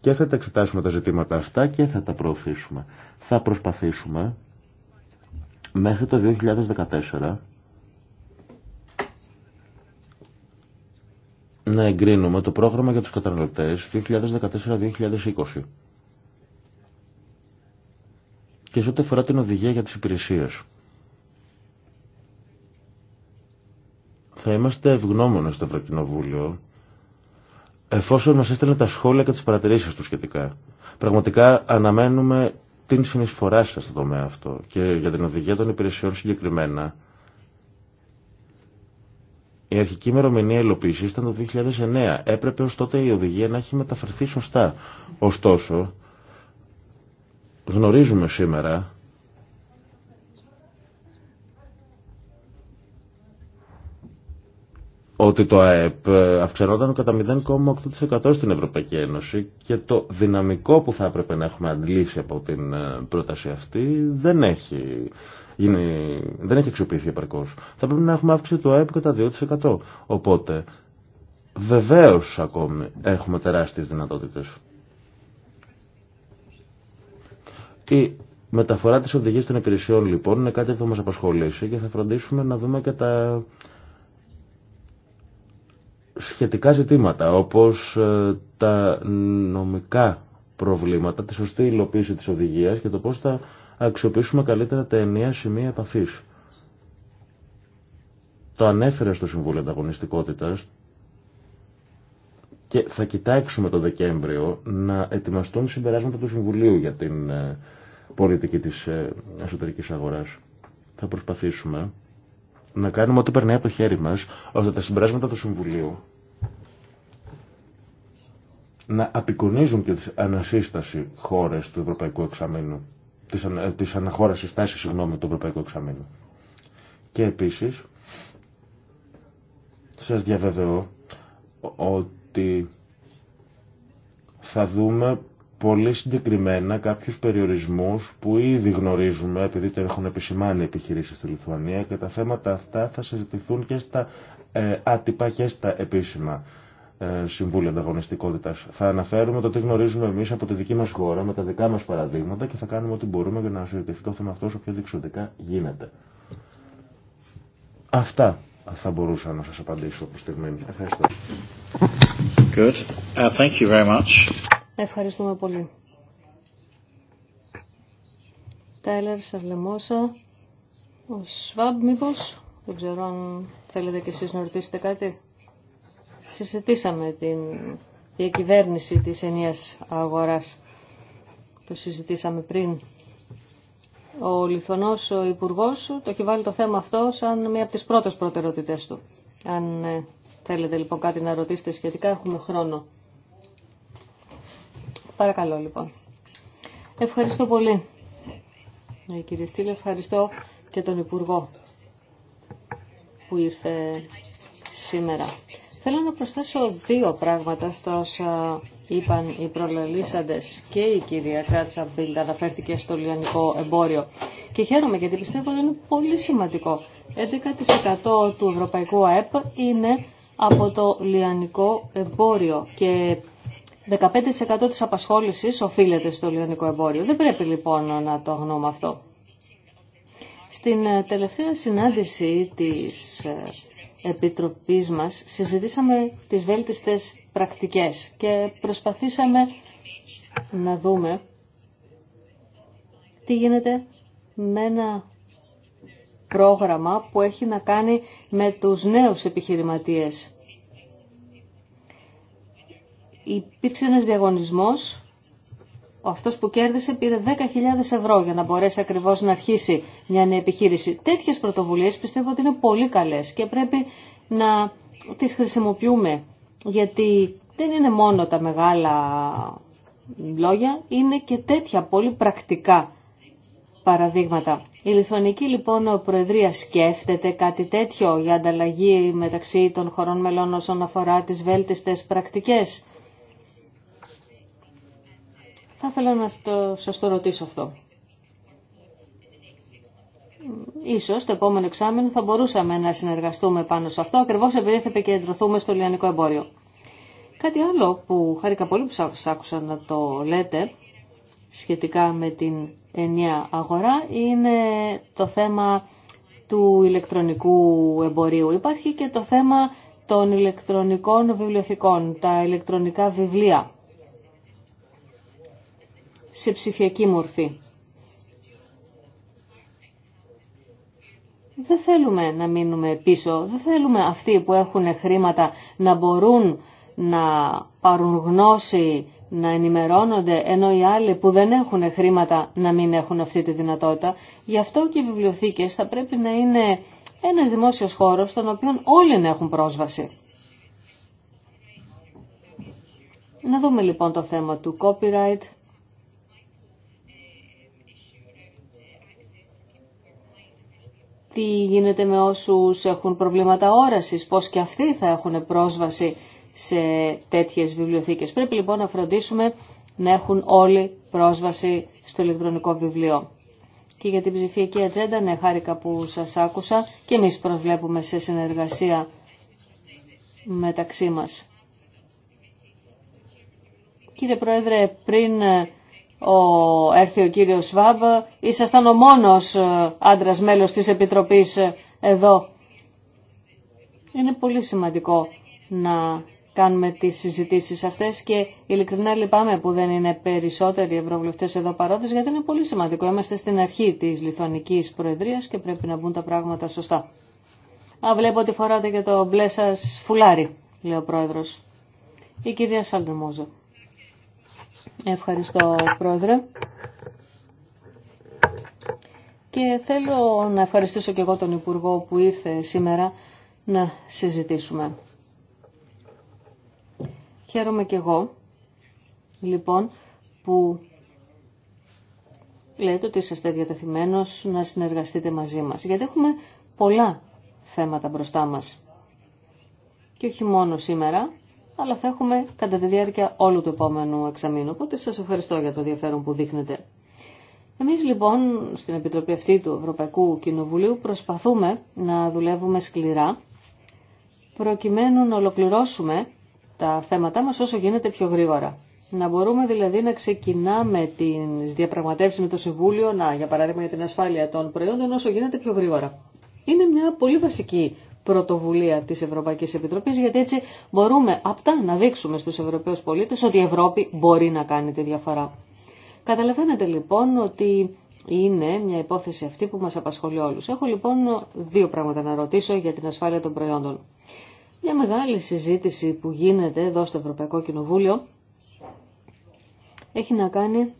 Και θα τα εξετάσουμε τα ζητήματα αυτά και θα τα προωθήσουμε. Θα προσπαθήσουμε μέχρι το 2014 να εγκρίνουμε το πρόγραμμα για τους καταναλωτές 2014-2020. Και σε ό,τι αφορά την οδηγία για τις υπηρεσίες. Θα είμαστε ευγνώμονες στο Ευρωκοινοβούλιο εφόσον μας έστελνε τα σχόλια και τις παρατηρήσεις του σχετικά. Πραγματικά αναμένουμε την συνεισφορά σας στο τομέα αυτό και για την οδηγία των υπηρεσιών συγκεκριμένα η αρχική ημερομηνία υλοποίηση ήταν το 2009. Έπρεπε ω τότε η οδηγία να έχει μεταφερθεί σωστά. Ωστόσο, γνωρίζουμε σήμερα ότι το ΑΕΠ ε, αυξανόταν κατά 0,8% στην Ευρωπαϊκή Ένωση και το δυναμικό που θα έπρεπε να έχουμε αντλήσει από την ε, πρόταση αυτή δεν έχει δεν έχει αξιοποιηθεί επαρκώ. Θα πρέπει να έχουμε αύξηση του ΑΕΠ κατά 2%. Οπότε, βεβαίω ακόμη έχουμε τεράστιε δυνατότητε. Η μεταφορά τη οδηγία των υπηρεσιών λοιπόν είναι κάτι που θα μα απασχολήσει και θα φροντίσουμε να δούμε και τα σχετικά ζητήματα όπως ε, τα νομικά προβλήματα, τη σωστή υλοποίηση της οδηγίας και το πώς θα αξιοποιήσουμε καλύτερα τα ενιαία σημεία επαφή. Το ανέφερα στο Συμβούλιο ανταγωνιστικότητα και θα κοιτάξουμε το Δεκέμβριο να ετοιμαστούν συμπεράσματα του Συμβουλίου για την ε, πολιτική της ε, εσωτερικής αγοράς. Θα προσπαθήσουμε να κάνουμε ό,τι περνάει από το χέρι μας, ώστε τα συμπεράσματα του Συμβουλίου να απεικονίζουν και την ανασύσταση χώρες του Ευρωπαϊκού Εξαμήνου της, αναχώρασης τάσης συγγνώμη, του Ευρωπαϊκού Εξαμήνου. Και επίσης, σας διαβεβαιώ ότι θα δούμε πολύ συγκεκριμένα κάποιους περιορισμούς που ήδη γνωρίζουμε επειδή το έχουν επισημάνει επιχειρήσεις στη Λιθουανία και τα θέματα αυτά θα συζητηθούν και στα ε, άτυπα και στα επίσημα ε, Συμβούλιο Ανταγωνιστικότητα. Θα αναφέρουμε το τι γνωρίζουμε εμεί από τη δική μα χώρα, με τα δικά μα παραδείγματα και θα κάνουμε ό,τι μπορούμε για να συζητηθεί το θέμα αυτό όσο πιο διεξοδικά γίνεται. Αυτά θα μπορούσα να σα απαντήσω προ τη στιγμή. Ευχαριστώ. Good. Uh, thank you very much. Ευχαριστούμε πολύ. Τέλερ Σαρλεμόσα, ο Σβάμπ μήπως, δεν ξέρω αν θέλετε κι εσείς να ρωτήσετε κάτι συζητήσαμε την διακυβέρνηση της ενίας αγοράς. Το συζητήσαμε πριν. Ο Λιθονός, ο Υπουργός το έχει βάλει το θέμα αυτό σαν μία από τις πρώτες προτεραιότητές του. Αν ε, θέλετε λοιπόν κάτι να ρωτήσετε σχετικά, έχουμε χρόνο. Παρακαλώ λοιπόν. Ευχαριστώ πολύ. Ε, κύριε Στήλε, ευχαριστώ και τον Υπουργό που ήρθε σήμερα. Θέλω να προσθέσω δύο πράγματα στα όσα είπαν οι προλαλήσαντες και η κυρία Κράτσα Μπίλτα αναφέρθηκε στο λιανικό εμπόριο. Και χαίρομαι γιατί πιστεύω ότι είναι πολύ σημαντικό. 11% του ευρωπαϊκού ΑΕΠ είναι από το λιανικό εμπόριο και 15% της απασχόλησης οφείλεται στο λιανικό εμπόριο. Δεν πρέπει λοιπόν να το αγνώμε αυτό. Στην ε, τελευταία συνάντηση της ε, Επιτροπής μας συζητήσαμε τις βέλτιστες πρακτικές και προσπαθήσαμε να δούμε τι γίνεται με ένα πρόγραμμα που έχει να κάνει με τους νέους επιχειρηματίες. Υπήρξε ένας διαγωνισμός αυτό που κέρδισε πήρε 10.000 ευρώ για να μπορέσει ακριβώς να αρχίσει μια νέα επιχείρηση. Τέτοιε πρωτοβουλίες πιστεύω ότι είναι πολύ καλές και πρέπει να τις χρησιμοποιούμε γιατί δεν είναι μόνο τα μεγάλα λόγια, είναι και τέτοια πολύ πρακτικά παραδείγματα. Η Λιθουανική λοιπόν Προεδρία σκέφτεται κάτι τέτοιο για ανταλλαγή μεταξύ των χωρών μελών όσον αφορά τις βέλτιστες πρακτικές θα ήθελα να στο, σας το ρωτήσω αυτό. Ίσως το επόμενο εξάμεινο θα μπορούσαμε να συνεργαστούμε πάνω σε αυτό, ακριβώς επειδή θα επικεντρωθούμε στο λιανικό εμπόριο. Κάτι άλλο που χάρηκα πολύ που σας άκουσα να το λέτε σχετικά με την ενιαία αγορά είναι το θέμα του ηλεκτρονικού εμπορίου. Υπάρχει και το θέμα των ηλεκτρονικών βιβλιοθηκών, τα ηλεκτρονικά βιβλία σε ψηφιακή μορφή. Δεν θέλουμε να μείνουμε πίσω, δεν θέλουμε αυτοί που έχουν χρήματα να μπορούν να πάρουν γνώση, να ενημερώνονται, ενώ οι άλλοι που δεν έχουν χρήματα να μην έχουν αυτή τη δυνατότητα. Γι' αυτό και οι βιβλιοθήκες θα πρέπει να είναι ένας δημόσιος χώρος στον οποίο όλοι να έχουν πρόσβαση. Να δούμε λοιπόν το θέμα του copyright τι γίνεται με όσους έχουν προβλήματα όρασης, πώς και αυτοί θα έχουν πρόσβαση σε τέτοιες βιβλιοθήκες. Πρέπει λοιπόν να φροντίσουμε να έχουν όλοι πρόσβαση στο ηλεκτρονικό βιβλίο. Και για την ψηφιακή ατζέντα, ναι, χάρηκα που σας άκουσα και εμείς προσβλέπουμε σε συνεργασία μεταξύ μας. Κύριε Πρόεδρε, πριν ο, έρθει ο κύριος Σβάμπ. Ήσασταν ο μόνος ε, άντρας μέλος της Επιτροπής ε, εδώ. Είναι πολύ σημαντικό να κάνουμε τις συζητήσεις αυτές και ειλικρινά λυπάμαι που δεν είναι περισσότεροι ευρωβουλευτές εδώ παρόντες γιατί είναι πολύ σημαντικό. Είμαστε στην αρχή της Λιθωνικής Προεδρίας και πρέπει να μπουν τα πράγματα σωστά. Α, βλέπω ότι φοράτε και το μπλε σας φουλάρι, λέει ο Πρόεδρος. Η κυρία Σαλντεμόζο. Ευχαριστώ Πρόεδρε. Και θέλω να ευχαριστήσω και εγώ τον Υπουργό που ήρθε σήμερα να συζητήσουμε. Χαίρομαι και εγώ, λοιπόν, που λέτε ότι είστε διατεθειμένος να συνεργαστείτε μαζί μας. Γιατί έχουμε πολλά θέματα μπροστά μας. Και όχι μόνο σήμερα, αλλά θα έχουμε κατά τη διάρκεια όλου του επόμενου εξαμήνου. Οπότε σας ευχαριστώ για το ενδιαφέρον που δείχνετε. Εμείς λοιπόν στην Επιτροπή αυτή του Ευρωπαϊκού Κοινοβουλίου προσπαθούμε να δουλεύουμε σκληρά προκειμένου να ολοκληρώσουμε τα θέματά μας όσο γίνεται πιο γρήγορα. Να μπορούμε δηλαδή να ξεκινάμε τις διαπραγματεύσεις με το Συμβούλιο, να, για παράδειγμα για την ασφάλεια των προϊόντων, όσο γίνεται πιο γρήγορα. Είναι μια πολύ βασική πρωτοβουλία της Ευρωπαϊκής Επιτροπής, γιατί έτσι μπορούμε απτά να δείξουμε στους Ευρωπαίους πολίτες ότι η Ευρώπη μπορεί να κάνει τη διαφορά. Καταλαβαίνετε λοιπόν ότι είναι μια υπόθεση αυτή που μας απασχολεί όλους. Έχω λοιπόν δύο πράγματα να ρωτήσω για την ασφάλεια των προϊόντων. Μια μεγάλη συζήτηση που γίνεται εδώ στο Ευρωπαϊκό Κοινοβούλιο έχει να κάνει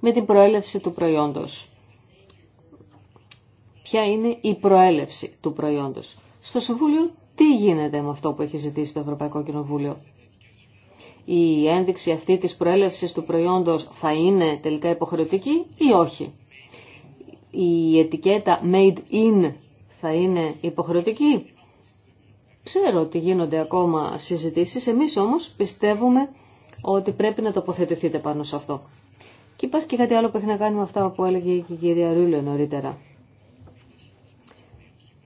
με την προέλευση του προϊόντος ποια είναι η προέλευση του προϊόντος. Στο Συμβούλιο τι γίνεται με αυτό που έχει ζητήσει το Ευρωπαϊκό Κοινοβούλιο. Η ένδειξη αυτή της προέλευσης του προϊόντος θα είναι τελικά υποχρεωτική ή όχι. Η ετικέτα made in θα είναι υποχρεωτική. Ξέρω ότι γίνονται ακόμα συζητήσεις, εμείς όμως πιστεύουμε ότι πρέπει να τοποθετηθείτε πάνω σε αυτό. Και υπάρχει και κάτι άλλο που έχει να κάνει με αυτά που έλεγε η κυρία Ρούλε νωρίτερα.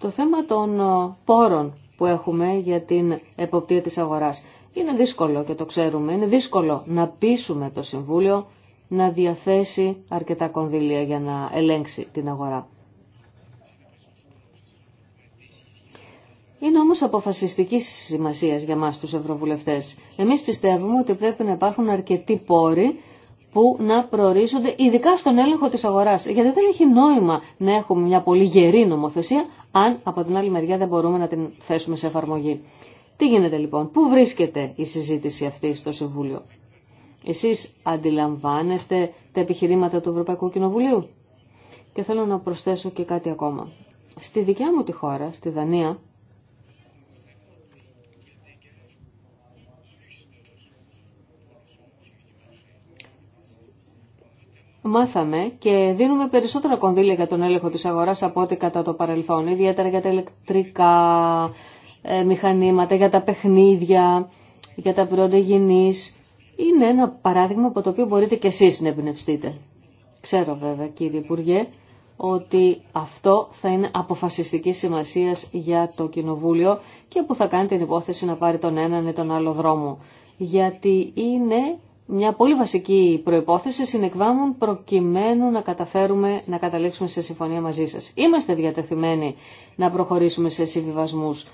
Το θέμα των ε, πόρων που έχουμε για την εποπτεία της αγοράς είναι δύσκολο και το ξέρουμε. Είναι δύσκολο να πείσουμε το Συμβούλιο να διαθέσει αρκετά κονδύλια για να ελέγξει την αγορά. Είναι όμως αποφασιστική σημασία για μας τους Ευρωβουλευτές. Εμείς πιστεύουμε ότι πρέπει να υπάρχουν αρκετοί πόροι που να προορίζονται ειδικά στον έλεγχο της αγοράς. Γιατί δεν έχει νόημα να έχουμε μια πολύ γερή νομοθεσία, αν από την άλλη μεριά δεν μπορούμε να την θέσουμε σε εφαρμογή. Τι γίνεται λοιπόν, πού βρίσκεται η συζήτηση αυτή στο Συμβούλιο. Εσείς αντιλαμβάνεστε τα επιχειρήματα του Ευρωπαϊκού Κοινοβουλίου. Και θέλω να προσθέσω και κάτι ακόμα. Στη δικιά μου τη χώρα, στη Δανία, μάθαμε και δίνουμε περισσότερα κονδύλια για τον έλεγχο της αγοράς από ό,τι κατά το παρελθόν, ιδιαίτερα για τα ηλεκτρικά ε, μηχανήματα, για τα παιχνίδια, για τα πρώτα υγιεινής. Είναι ένα παράδειγμα από το οποίο μπορείτε και εσείς να εμπνευστείτε. Ξέρω βέβαια κύριε Υπουργέ ότι αυτό θα είναι αποφασιστική σημασία για το Κοινοβούλιο και που θα κάνει την υπόθεση να πάρει τον έναν ή τον άλλο δρόμο. Γιατί είναι μια πολύ βασική προϋπόθεση συνεκβάμουν προκειμένου να καταφέρουμε να καταλήξουμε σε συμφωνία μαζί σας. Είμαστε διατεθειμένοι να προχωρήσουμε σε συμβιβασμούς,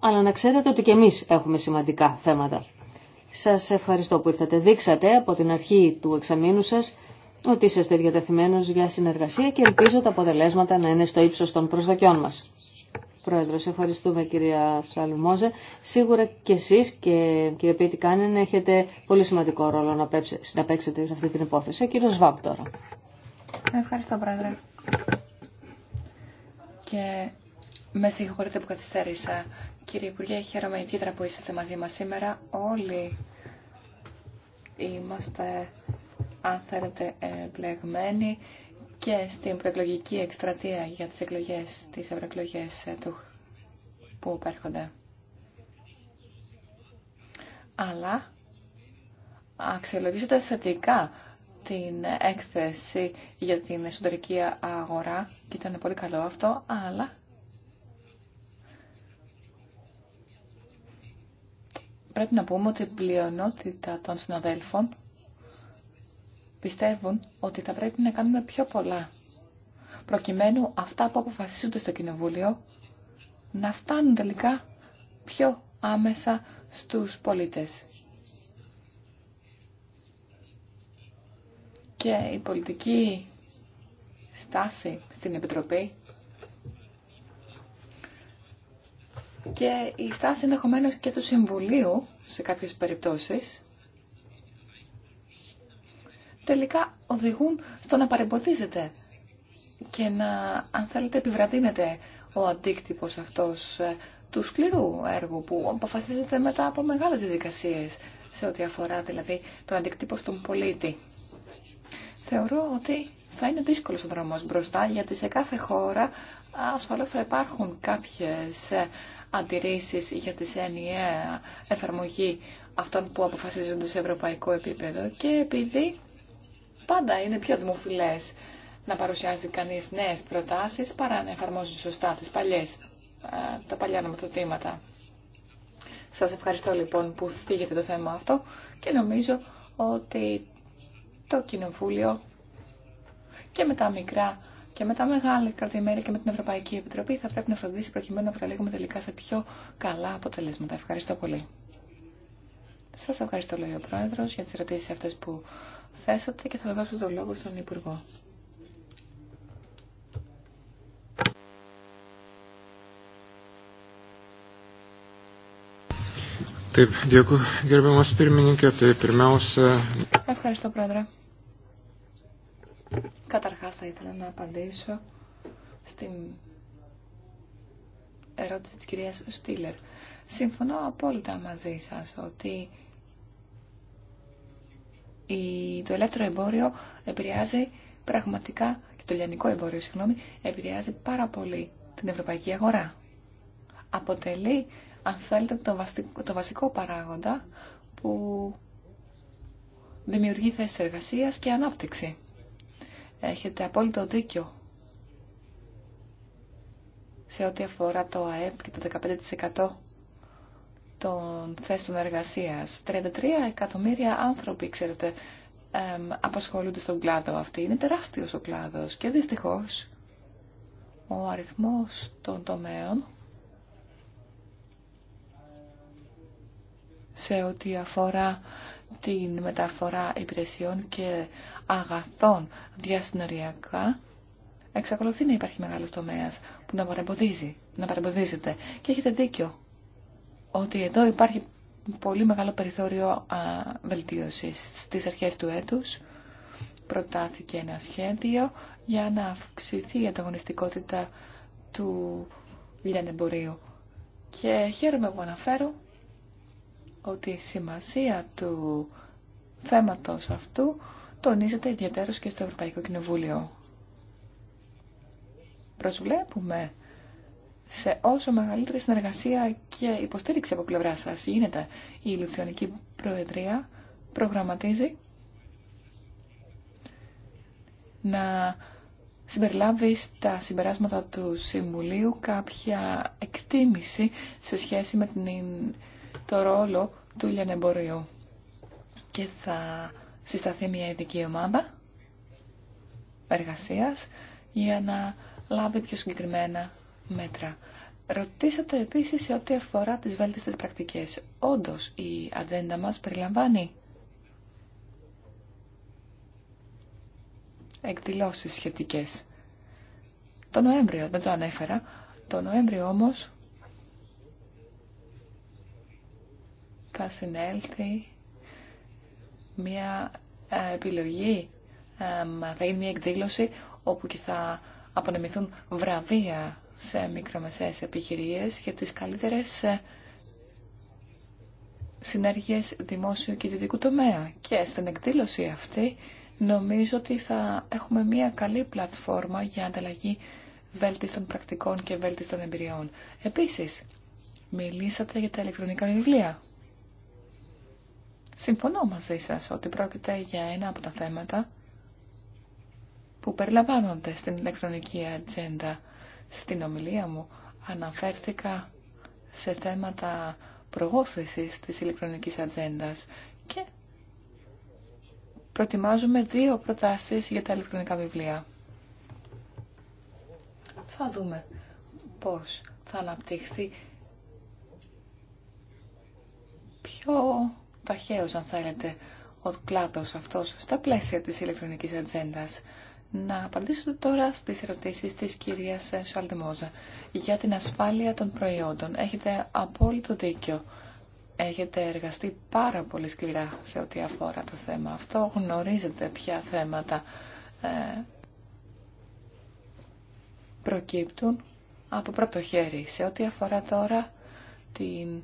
αλλά να ξέρετε ότι και εμείς έχουμε σημαντικά θέματα. Σας ευχαριστώ που ήρθατε. Δείξατε από την αρχή του εξαμήνου σας ότι είστε διατεθειμένος για συνεργασία και ελπίζω τα αποτελέσματα να είναι στο ύψος των προσδοκιών μας. Πρόεδρος. Ευχαριστούμε κυρία Σαλουμόζε. Σίγουρα και εσείς και κύριε Πίτη Κάνεν έχετε πολύ σημαντικό ρόλο να, παίξετε σε αυτή την υπόθεση. Ο κύριος τώρα. Ευχαριστώ Πρόεδρε. Και με συγχωρείτε που καθυστέρησα. Κύριε Υπουργέ, χαίρομαι ιδιαίτερα που είσαστε μαζί μας σήμερα. Όλοι είμαστε, αν θέλετε, εμπλεγμένοι και στην προεκλογική εκστρατεία για τις εκλογές, τις ευρωεκλογές ε, του που υπέρχονται. Αλλά αξιολογήσετε θετικά την έκθεση για την εσωτερική αγορά και ήταν πολύ καλό αυτό, αλλά πρέπει να πούμε ότι η πλειονότητα των συναδέλφων πιστεύουν ότι θα πρέπει να κάνουμε πιο πολλά προκειμένου αυτά που αποφασίζονται στο Κοινοβούλιο να φτάνουν τελικά πιο άμεσα στους πολίτες. Και η πολιτική στάση στην Επιτροπή και η στάση ενδεχομένω και του Συμβουλίου σε κάποιες περιπτώσεις τελικά οδηγούν στο να παρεμποδίζεται και να, αν θέλετε, επιβραδύνεται ο αντίκτυπος αυτός ε, του σκληρού έργου που αποφασίζεται μετά από μεγάλες διαδικασίες σε ό,τι αφορά δηλαδή τον αντικτύπο στον πολίτη. Θεωρώ ότι θα είναι δύσκολος ο δρόμος μπροστά γιατί σε κάθε χώρα ασφαλώς θα υπάρχουν κάποιες ε, αντιρρήσεις για τις ενιαία εφαρμογή αυτών που αποφασίζονται σε ευρωπαϊκό επίπεδο και επειδή Πάντα είναι πιο δημοφιλές να παρουσιάζει κανείς νέες προτάσεις παρά να εφαρμόζει σωστά ε, τα παλιά νομοθετήματα. Σας ευχαριστώ λοιπόν που θίγετε το θέμα αυτό και νομίζω ότι το Κοινοβούλιο και με τα μικρά και με τα μεγάλα κρατημέρια και με την Ευρωπαϊκή Επιτροπή θα πρέπει να φροντίσει προκειμένου να καταλήγουμε τελικά σε πιο καλά αποτελέσματα. Ευχαριστώ πολύ. Σας ευχαριστώ λέει ο για τις ερωτήσεις αυτές που θέσατε και θα δώσω το λόγο στον Υπουργό. Ευχαριστώ, Πρόεδρε. Καταρχάς θα ήθελα να απαντήσω στην ερώτηση της κυρίας Στήλερ. Συμφωνώ απόλυτα μαζί σας ότι το ελεύθερο εμπόριο επηρεάζει πραγματικά, και το λιανικό εμπόριο, συγγνώμη, επηρεάζει πάρα πολύ την ευρωπαϊκή αγορά. Αποτελεί, αν θέλετε, το, βασικό, παράγοντα που δημιουργεί θέσεις εργασίας και ανάπτυξη. Έχετε απόλυτο δίκιο σε ό,τι αφορά το ΑΕΠ και το 15% των θέσεων εργασίας. 33 εκατομμύρια άνθρωποι, ξέρετε, απασχολούνται στον κλάδο αυτή. Είναι τεράστιος ο κλάδος και δυστυχώς ο αριθμός των τομέων σε ό,τι αφορά την μεταφορά υπηρεσιών και αγαθών διασυνοριακά εξακολουθεί να υπάρχει μεγάλος τομέας που να παρεμποδίζει, να παρεμποδίζεται. Και έχετε δίκιο ότι εδώ υπάρχει πολύ μεγάλο περιθώριο βελτίωσης. Στις αρχές του έτους προτάθηκε ένα σχέδιο για να αυξηθεί η ανταγωνιστικότητα του λιανεμπορίου. Και χαίρομαι που αναφέρω ότι η σημασία του θέματος αυτού τονίζεται ιδιαίτερως και στο Ευρωπαϊκό Κοινοβούλιο. Προσβλέπουμε σε όσο μεγαλύτερη συνεργασία και υποστήριξη από πλευρά σας γίνεται. Η Λουθιονική Προεδρία προγραμματίζει να συμπεριλάβει στα συμπεράσματα του Συμβουλίου κάποια εκτίμηση σε σχέση με την, το ρόλο του λιανεμπορίου. Και θα συσταθεί μια ειδική ομάδα εργασίας για να λάβει πιο συγκεκριμένα μέτρα. Ρωτήσατε επίσης σε ό,τι αφορά τις βέλτιστες πρακτικές. Όντως η ατζέντα μας περιλαμβάνει εκδηλώσεις σχετικές. Το Νοέμβριο, δεν το ανέφερα, το Νοέμβριο όμως θα συνέλθει μια ε, επιλογή, θα είναι μια εκδήλωση όπου και θα απονεμηθούν βραβεία σε μικρομεσαίες επιχειρήσεις για τις καλύτερες ε, συνέργειες δημόσιου και ιδιωτικού τομέα. Και στην εκδήλωση αυτή νομίζω ότι θα έχουμε μια καλή πλατφόρμα για ανταλλαγή βέλτιστων πρακτικών και βέλτιστων εμπειριών. Επίσης, μιλήσατε για τα ηλεκτρονικά βιβλία. Συμφωνώ μαζί σας ότι πρόκειται για ένα από τα θέματα που περιλαμβάνονται στην ηλεκτρονική ατζέντα στην ομιλία μου αναφέρθηκα σε θέματα προώθησης της ηλεκτρονικής ατζέντα και προτιμάζουμε δύο προτάσεις για τα ηλεκτρονικά βιβλία. Θα δούμε πώς θα αναπτυχθεί πιο ταχαίως, αν θέλετε, ο κλάδος αυτός στα πλαίσια της ηλεκτρονικής ατζέντα. Να απαντήσω τώρα στις ερωτήσεις της κυρίας Σαλτιμόζα για την ασφάλεια των προϊόντων. Έχετε απόλυτο δίκιο. Έχετε εργαστεί πάρα πολύ σκληρά σε ό,τι αφορά το θέμα αυτό. Γνωρίζετε ποια θέματα ε, προκύπτουν από πρώτο χέρι. Σε ό,τι αφορά τώρα την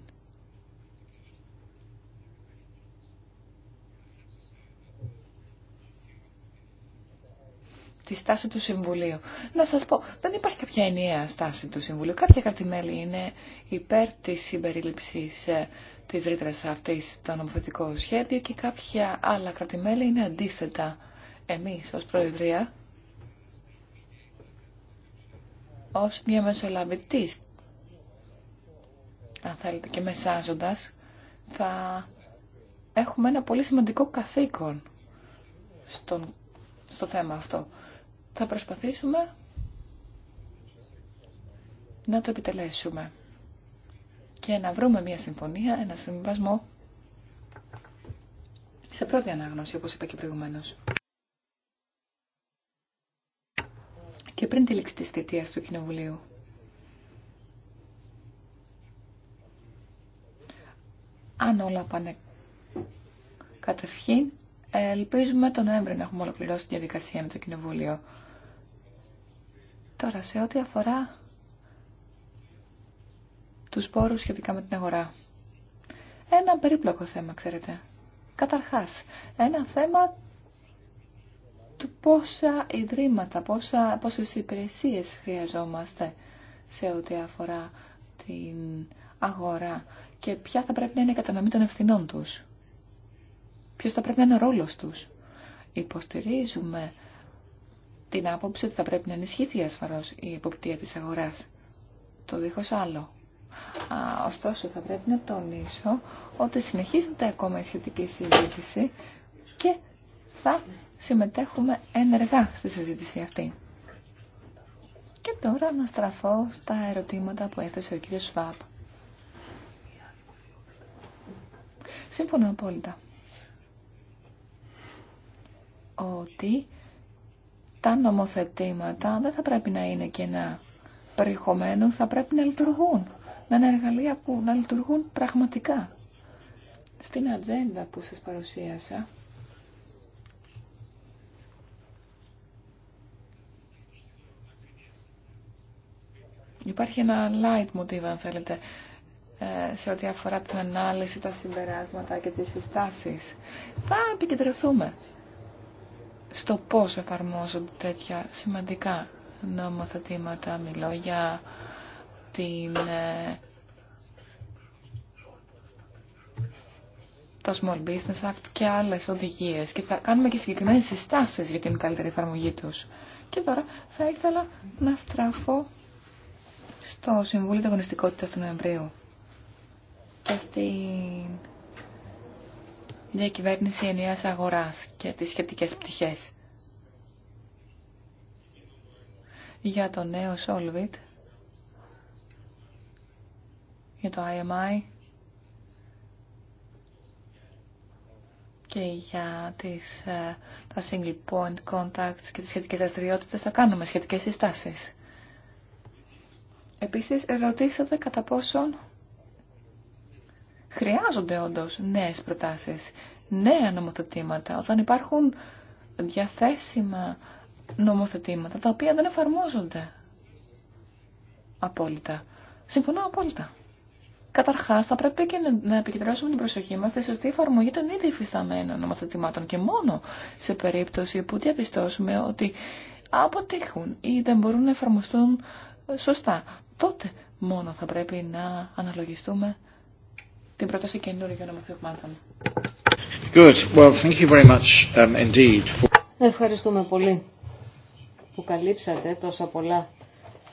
τη στάση του Συμβουλίου. Να σας πω, δεν υπάρχει κάποια ενιαία στάση του Συμβουλίου. Κάποια κρατημέλη είναι υπέρ της συμπερίληψης ε, της ρήτρας αυτής στο νομοθετικό σχέδιο και κάποια άλλα κρατημέλη είναι αντίθετα. Εμείς ως Προεδρία, ως διαμεσολαβητής, αν θέλετε και μεσάζοντας, θα έχουμε ένα πολύ σημαντικό καθήκον στον, στο θέμα αυτό θα προσπαθήσουμε να το επιτελέσουμε και να βρούμε μια συμφωνία, ένα συμβασμό σε πρώτη ανάγνωση, όπως είπα και προηγουμένως. Και πριν τη λήξη της θητείας του Κοινοβουλίου. Αν όλα πάνε κατευχήν, Ελπίζουμε τον Νοέμβριο να έχουμε ολοκληρώσει τη διαδικασία με το Κοινοβούλιο. Τώρα, σε ό,τι αφορά τους πόρους σχετικά με την αγορά. Ένα περίπλοκο θέμα, ξέρετε. Καταρχάς, ένα θέμα του πόσα ιδρύματα, πόσα, πόσες υπηρεσίες χρειαζόμαστε σε ό,τι αφορά την αγορά και ποια θα πρέπει να είναι η κατανομή των ευθυνών τους ποιος θα πρέπει να είναι ο ρόλος τους. Υποστηρίζουμε την άποψη ότι θα πρέπει να ενισχύθει ασφαλώς η υποπτία της αγοράς. Το δίχως άλλο. Α, ωστόσο θα πρέπει να τονίσω ότι συνεχίζεται ακόμα η σχετική συζήτηση και θα συμμετέχουμε ενεργά στη συζήτηση αυτή. Και τώρα να στραφώ στα ερωτήματα που έθεσε ο κ. Σβάπ. Σύμφωνα απόλυτα ότι τα νομοθετήματα δεν θα πρέπει να είναι κενά περιεχομένου, θα πρέπει να λειτουργούν. Να είναι εργαλεία που να λειτουργούν πραγματικά. Στην ατζέντα που σας παρουσίασα, Υπάρχει ένα light motive, αν θέλετε, ε, σε ό,τι αφορά την ανάλυση, τα συμπεράσματα και τις συστάσεις. Θα επικεντρωθούμε στο πώς εφαρμόζονται τέτοια σημαντικά νομοθετήματα. Μιλώ για την, ε, το Small Business Act και άλλες οδηγίες και θα κάνουμε και συγκεκριμένες συστάσεις για την καλύτερη εφαρμογή τους. Και τώρα θα ήθελα να στραφώ στο Συμβούλιο Ταγωνιστικότητας του Νοεμβρίου και στην διακυβέρνηση ενιαίας αγοράς και τις σχετικές πτυχές. Για το νέο Solvit, για το IMI και για τις, ε, τα single point contacts και τις σχετικές δραστηριότητε θα κάνουμε σχετικές συστάσεις. Επίσης, ρωτήσατε κατά πόσον χρειάζονται όντω νέες προτάσεις, νέα νομοθετήματα, όταν υπάρχουν διαθέσιμα νομοθετήματα τα οποία δεν εφαρμόζονται απόλυτα. Συμφωνώ απόλυτα. Καταρχά, θα πρέπει και να επικεντρώσουμε την προσοχή μα στη σωστή εφαρμογή των ήδη υφισταμένων νομοθετημάτων και μόνο σε περίπτωση που διαπιστώσουμε ότι αποτύχουν ή δεν μπορούν να εφαρμοστούν σωστά. Τότε μόνο θα πρέπει να αναλογιστούμε την πρόταση Good. Well, um, Ευχαριστούμε πολύ που καλύψατε τόσα πολλά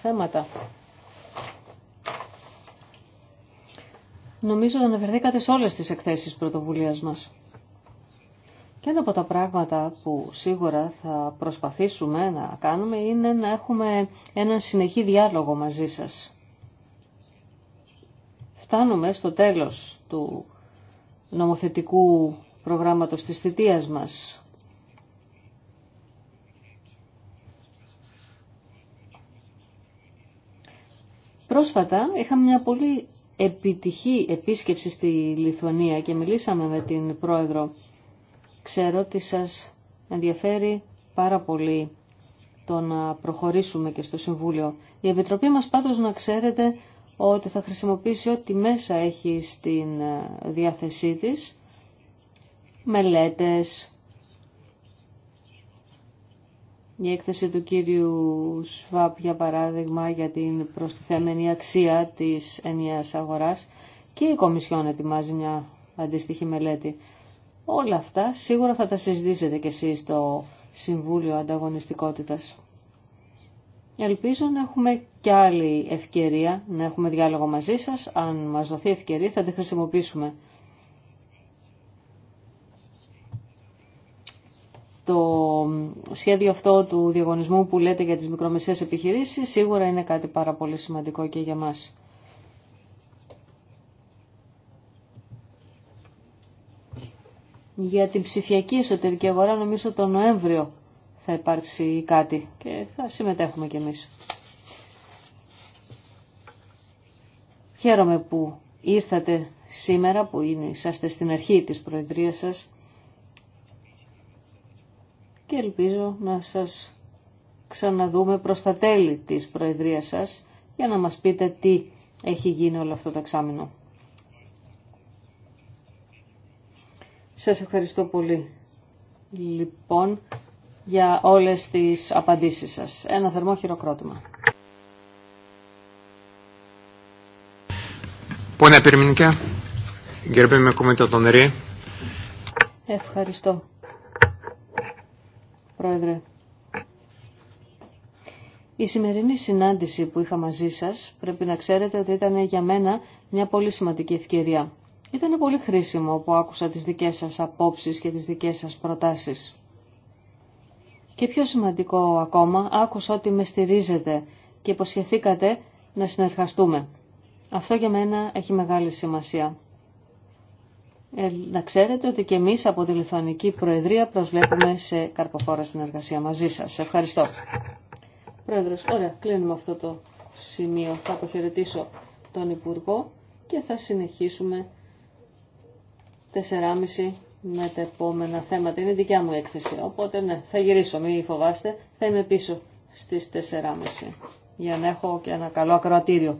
θέματα. Νομίζω ότι αναφερθήκατε σε όλες τις εκθέσεις πρωτοβουλίας μας. Και ένα από τα πράγματα που σίγουρα θα προσπαθήσουμε να κάνουμε είναι να έχουμε ένα συνεχή διάλογο μαζί σας φτάνουμε στο τέλος του νομοθετικού προγράμματος της θητείας μας. Πρόσφατα είχαμε μια πολύ επιτυχή επίσκεψη στη Λιθουανία και μιλήσαμε με την πρόεδρο. Ξέρω ότι σας ενδιαφέρει πάρα πολύ το να προχωρήσουμε και στο Συμβούλιο. Η Επιτροπή μας πάντως να ξέρετε ότι θα χρησιμοποιήσει ό,τι μέσα έχει στην ε, διάθεσή της, μελέτες, η έκθεση του κύριου ΣΒΑΠ για παράδειγμα, για την προστιθέμενη αξία της ενιαίας αγοράς και η Κομισιόν ετοιμάζει μια αντίστοιχη μελέτη. Όλα αυτά σίγουρα θα τα συζητήσετε κι εσείς στο Συμβούλιο Ανταγωνιστικότητας. Ελπίζω να έχουμε και άλλη ευκαιρία να έχουμε διάλογο μαζί σας. Αν μας δοθεί ευκαιρία θα τη χρησιμοποιήσουμε. Το σχέδιο αυτό του διαγωνισμού που λέτε για τις μικρομεσαίες επιχειρήσεις σίγουρα είναι κάτι πάρα πολύ σημαντικό και για μας. Για την ψηφιακή εσωτερική αγορά νομίζω το Νοέμβριο θα υπάρξει κάτι και θα συμμετέχουμε κι εμείς. Χαίρομαι που ήρθατε σήμερα, που είναι, είσαστε στην αρχή της Προεδρίας σας και ελπίζω να σας ξαναδούμε προς τα τέλη της Προεδρίας σας για να μας πείτε τι έχει γίνει όλο αυτό το εξάμεινο. Σας ευχαριστώ πολύ. Λοιπόν, για όλες τις απαντήσεις σας. Ένα θερμό χειροκρότημα. Ευχαριστώ. Πρόεδρε. Η σημερινή συνάντηση που είχα μαζί σας πρέπει να ξέρετε ότι ήταν για μένα μια πολύ σημαντική ευκαιρία. Ήταν πολύ χρήσιμο που άκουσα τις δικές σας απόψεις και τις δικές σας προτάσεις. Και πιο σημαντικό ακόμα, άκουσα ότι με στηρίζετε και υποσχεθήκατε να συνεργαστούμε. Αυτό για μένα έχει μεγάλη σημασία. Ε, να ξέρετε ότι και εμείς από τη Λιθουανική Προεδρία προσβλέπουμε σε καρποφόρα συνεργασία μαζί σας. Ευχαριστώ. Πρόεδρος, ωραία, κλείνουμε αυτό το σημείο. Θα αποχαιρετήσω τον Υπουργό και θα συνεχίσουμε 4,5 με τα επόμενα θέματα. Είναι δικιά μου έκθεση, οπότε ναι, θα γυρίσω, μην φοβάστε. Θα είμαι πίσω στις 4.30 για να έχω και ένα καλό ακροατήριο.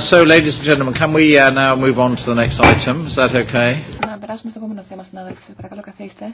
So, ladies and gentlemen, can we now move on to the next item? Is that okay? Να περάσουμε στο επόμενο θέμα, συνάδελφοι. Παρακαλώ, καθίστε.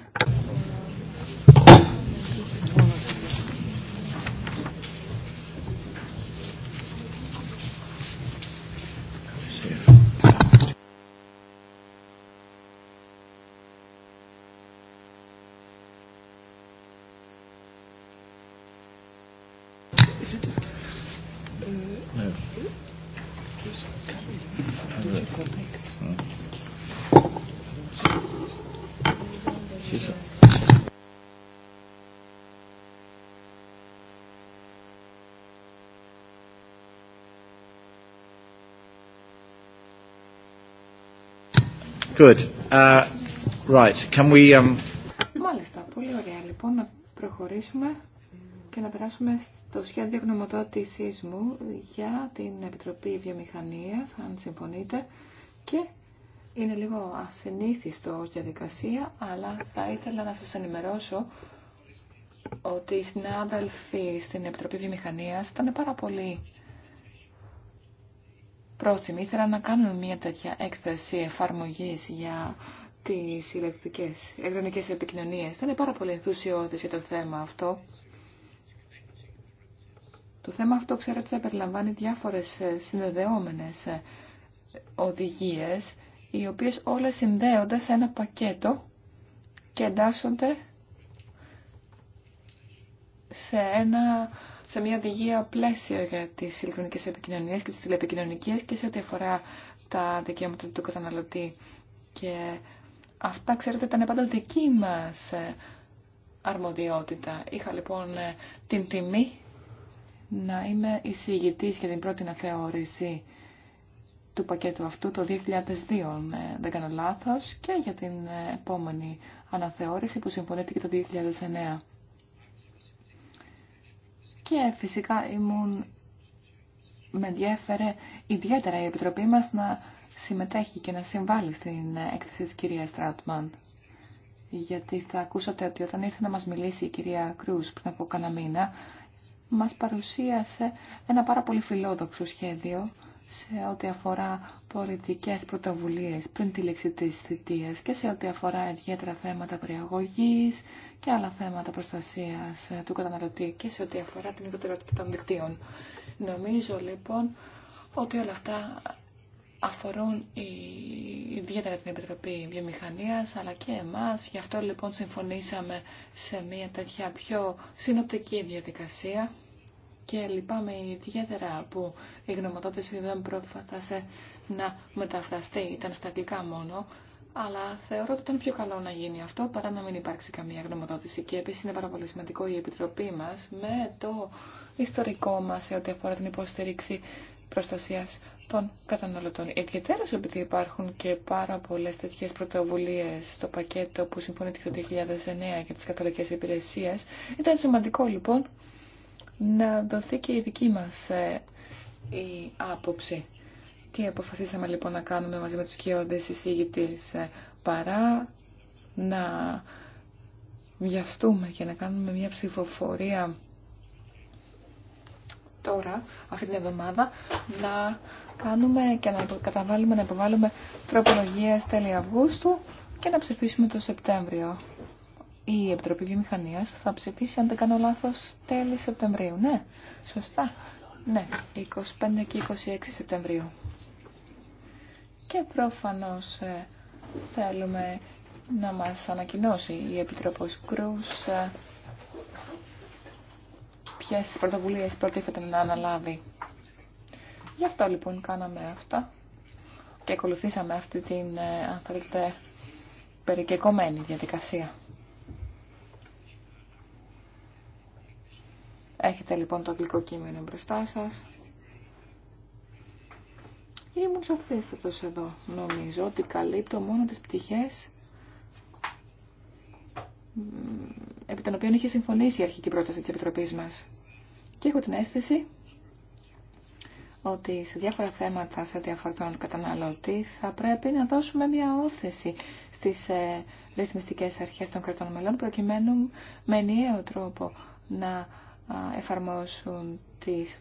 Uh, um, Μάλιστα, πολύ ωραία. Λοιπόν, να προχωρήσουμε και να περάσουμε στο σχέδιο γνωμοδότησής μου για την Επιτροπή Βιομηχανίας, αν συμφωνείτε. Και είναι λίγο ασυνήθιστο ως διαδικασία, αλλά θα ήθελα να σας ενημερώσω ότι οι συνάδελφοι στην Επιτροπή Βιομηχανίας ήταν πάρα πολύ πρόθυμη. ήθελα να κάνω μια τέτοια έκθεση εφαρμογής για τις ηλεκτρικές, επικοινωνίε. επικοινωνίες. είναι πάρα πολύ ενθουσιώδη για το θέμα αυτό. Το θέμα αυτό ξέρετε θα περιλαμβάνει διάφορες ε, συνδεδεόμενε οδηγίε, οι οποίες όλες συνδέονται σε ένα πακέτο και εντάσσονται σε ένα σε μια οδηγία πλαίσια για τις ηλεκτρονικές επικοινωνίες και τις τηλεπικοινωνικέ και σε ό,τι αφορά τα δικαιώματα του καταναλωτή. Και αυτά, ξέρετε, ήταν πάντα δική μας ε, αρμοδιότητα. Είχα λοιπόν ε, την τιμή να είμαι εισηγητή για την πρώτη αναθεώρηση του πακέτου αυτού το 2002, ε, δεν κάνω λάθος, και για την επόμενη αναθεώρηση που συμφωνήθηκε το 2009. Και φυσικά ήμουν, με ενδιέφερε ιδιαίτερα η Επιτροπή μας να συμμετέχει και να συμβάλλει στην έκθεση της κυρίας Στράτμαν. Γιατί θα ακούσατε ότι όταν ήρθε να μας μιλήσει η κυρία Κρούς πριν από κανένα μήνα, μας παρουσίασε ένα πάρα πολύ φιλόδοξο σχέδιο σε ό,τι αφορά πολιτικές πρωτοβουλίες πριν τη λήξη της θητείας και σε ό,τι αφορά ιδιαίτερα θέματα προαγωγής και άλλα θέματα προστασίας του καταναλωτή και σε ό,τι αφορά την ιδιωτερότητα των δικτύων. Νομίζω λοιπόν ότι όλα αυτά αφορούν ιδιαίτερα την Επιτροπή Βιομηχανίας αλλά και εμάς. Γι' αυτό λοιπόν συμφωνήσαμε σε μια τέτοια πιο συνοπτική διαδικασία και λυπάμαι ιδιαίτερα που η γνωμοδότηση δεν πρόφασε να μεταφραστεί, ήταν στα αγγλικά μόνο, αλλά θεωρώ ότι ήταν πιο καλό να γίνει αυτό παρά να μην υπάρξει καμία γνωμοδότηση. Και επίση είναι πάρα πολύ σημαντικό η Επιτροπή μα με το ιστορικό μα σε ό,τι αφορά την υποστήριξη προστασία των καταναλωτών. Ιδιαίτερω επειδή υπάρχουν και πάρα πολλέ τέτοιε πρωτοβουλίε στο πακέτο που συμφωνήθηκε το 2009 για τι καταναλωτικές υπηρεσίε, ήταν σημαντικό λοιπόν να δοθεί και η δική μας ε, η άποψη. Τι αποφασίσαμε λοιπόν να κάνουμε μαζί με τους κοιόντες εισήγητης ε, παρά να βιαστούμε και να κάνουμε μια ψηφοφορία τώρα, αυτή την εβδομάδα, να κάνουμε και να καταβάλουμε, να υποβάλουμε τροπολογίες τέλη Αυγούστου και να ψηφίσουμε το Σεπτέμβριο η Επιτροπή Βιομηχανίας θα ψηφίσει, αν δεν κάνω λάθος, τέλη Σεπτεμβρίου. Ναι, σωστά. Ναι, 25 και 26 Σεπτεμβρίου. Και πρόφανως ε, θέλουμε να μας ανακοινώσει η Επιτροπή Κρούς ε, ποιες πρωτοβουλίες προτίθεται να αναλάβει. Γι' αυτό λοιπόν κάναμε αυτά και ακολουθήσαμε αυτή την, ε, αν θέλετε, περικεκομένη διαδικασία. Έχετε λοιπόν το αγγλικό κείμενο μπροστά σας. Ήμουν σαφέστατος εδώ. Νομίζω ότι καλύπτω μόνο τις πτυχές επί των οποίων είχε συμφωνήσει η αρχική πρόταση της Επιτροπής μας. Και έχω την αίσθηση ότι σε διάφορα θέματα, σε διάφορα τον καταναλωτή, θα πρέπει να δώσουμε μια όθεση στις ε, ρυθμιστικές αρχές των κρατών μελών, προκειμένου με ενιαίο τρόπο να εφαρμόσουν τις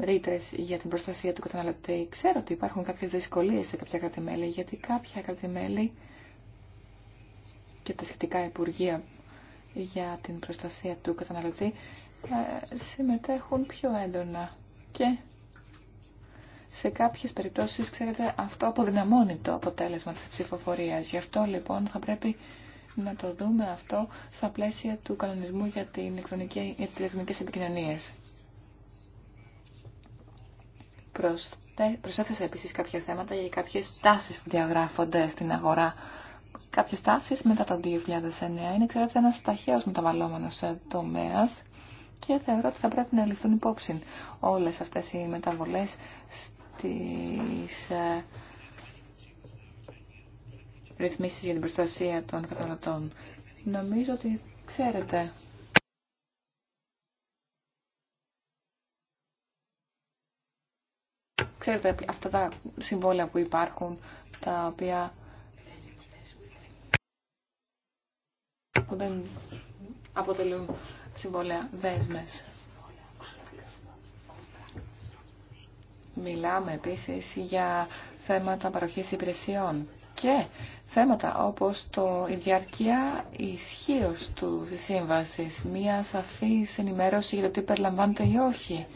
ρήτρε για την προστασία του καταναλωτή. Ξέρω ότι υπάρχουν κάποιες δυσκολίες σε κάποια κρατημέλη, γιατί κάποια κρατημέλη και τα σχετικά υπουργεία για την προστασία του καταναλωτή συμμετέχουν πιο έντονα και σε κάποιες περιπτώσεις, ξέρετε, αυτό αποδυναμώνει το αποτέλεσμα της ψηφοφορίας. Γι' αυτό λοιπόν θα πρέπει να το δούμε αυτό στα πλαίσια του κανονισμού για, την ηλεκτρονική, τις ηλεκτρονικές επικοινωνίες. προσέθεσα επίσης κάποια θέματα για κάποιες τάσεις που διαγράφονται στην αγορά. Κάποιες τάσεις μετά το 2009 είναι, ξέρετε, ένας ταχαίως μεταβαλλόμενος τομέας και θεωρώ ότι θα πρέπει να ληφθούν υπόψη όλες αυτές οι μεταβολές στις ε, ρυθμίσεις για την προστασία των καταναλωτών. Νομίζω ότι ξέρετε Ξέρετε, αυτά τα συμβόλαια που υπάρχουν, τα οποία δεν αποτελούν συμβόλαια δέσμες. Μιλάμε επίσης για θέματα παροχής υπηρεσιών και θέματα όπως το, η διάρκεια ισχύω του της σύμβασης, μία σαφής ενημέρωση για το τι περιλαμβάνεται ή όχι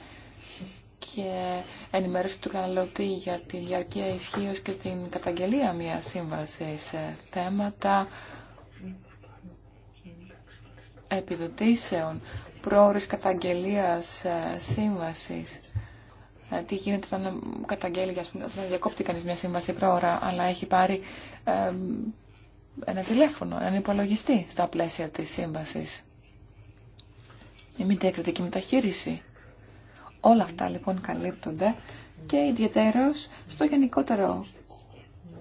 και ενημέρωση του καναλωτή για τη διάρκεια ισχύω και την καταγγελία μιας σύμβασης, ε, θέματα επιδοτήσεων, πρόορες καταγγελίας ε, σύμβασης ε, τι γίνεται όταν καταγγέλει, πούμε, όταν διακόπτει κανείς μια σύμβαση πρόωρα, αλλά έχει πάρει ένα τηλέφωνο, έναν υπολογιστή στα πλαίσια της σύμβασης. Η μη διακριτική μεταχείριση. Όλα αυτά λοιπόν καλύπτονται και ιδιαίτερως στο γενικότερο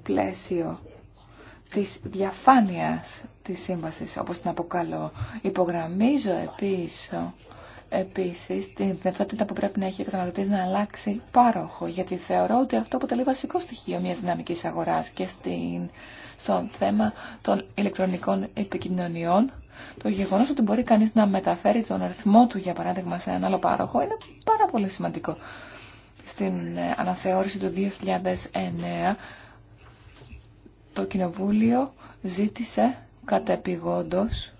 πλαίσιο της διαφάνειας της σύμβασης, όπως την αποκαλώ. Υπογραμμίζω επίσης επίσης την δυνατότητα που πρέπει να έχει ο καταναλωτής να αλλάξει πάροχο, γιατί θεωρώ ότι αυτό αποτελεί βασικό στοιχείο μιας δυναμικής αγοράς και στην, στο θέμα των ηλεκτρονικών επικοινωνιών. Το γεγονός ότι μπορεί κανείς να μεταφέρει τον αριθμό του, για παράδειγμα, σε ένα άλλο πάροχο, είναι πάρα πολύ σημαντικό. Στην ε, αναθεώρηση του 2009, το Κοινοβούλιο ζήτησε κατεπηγόντως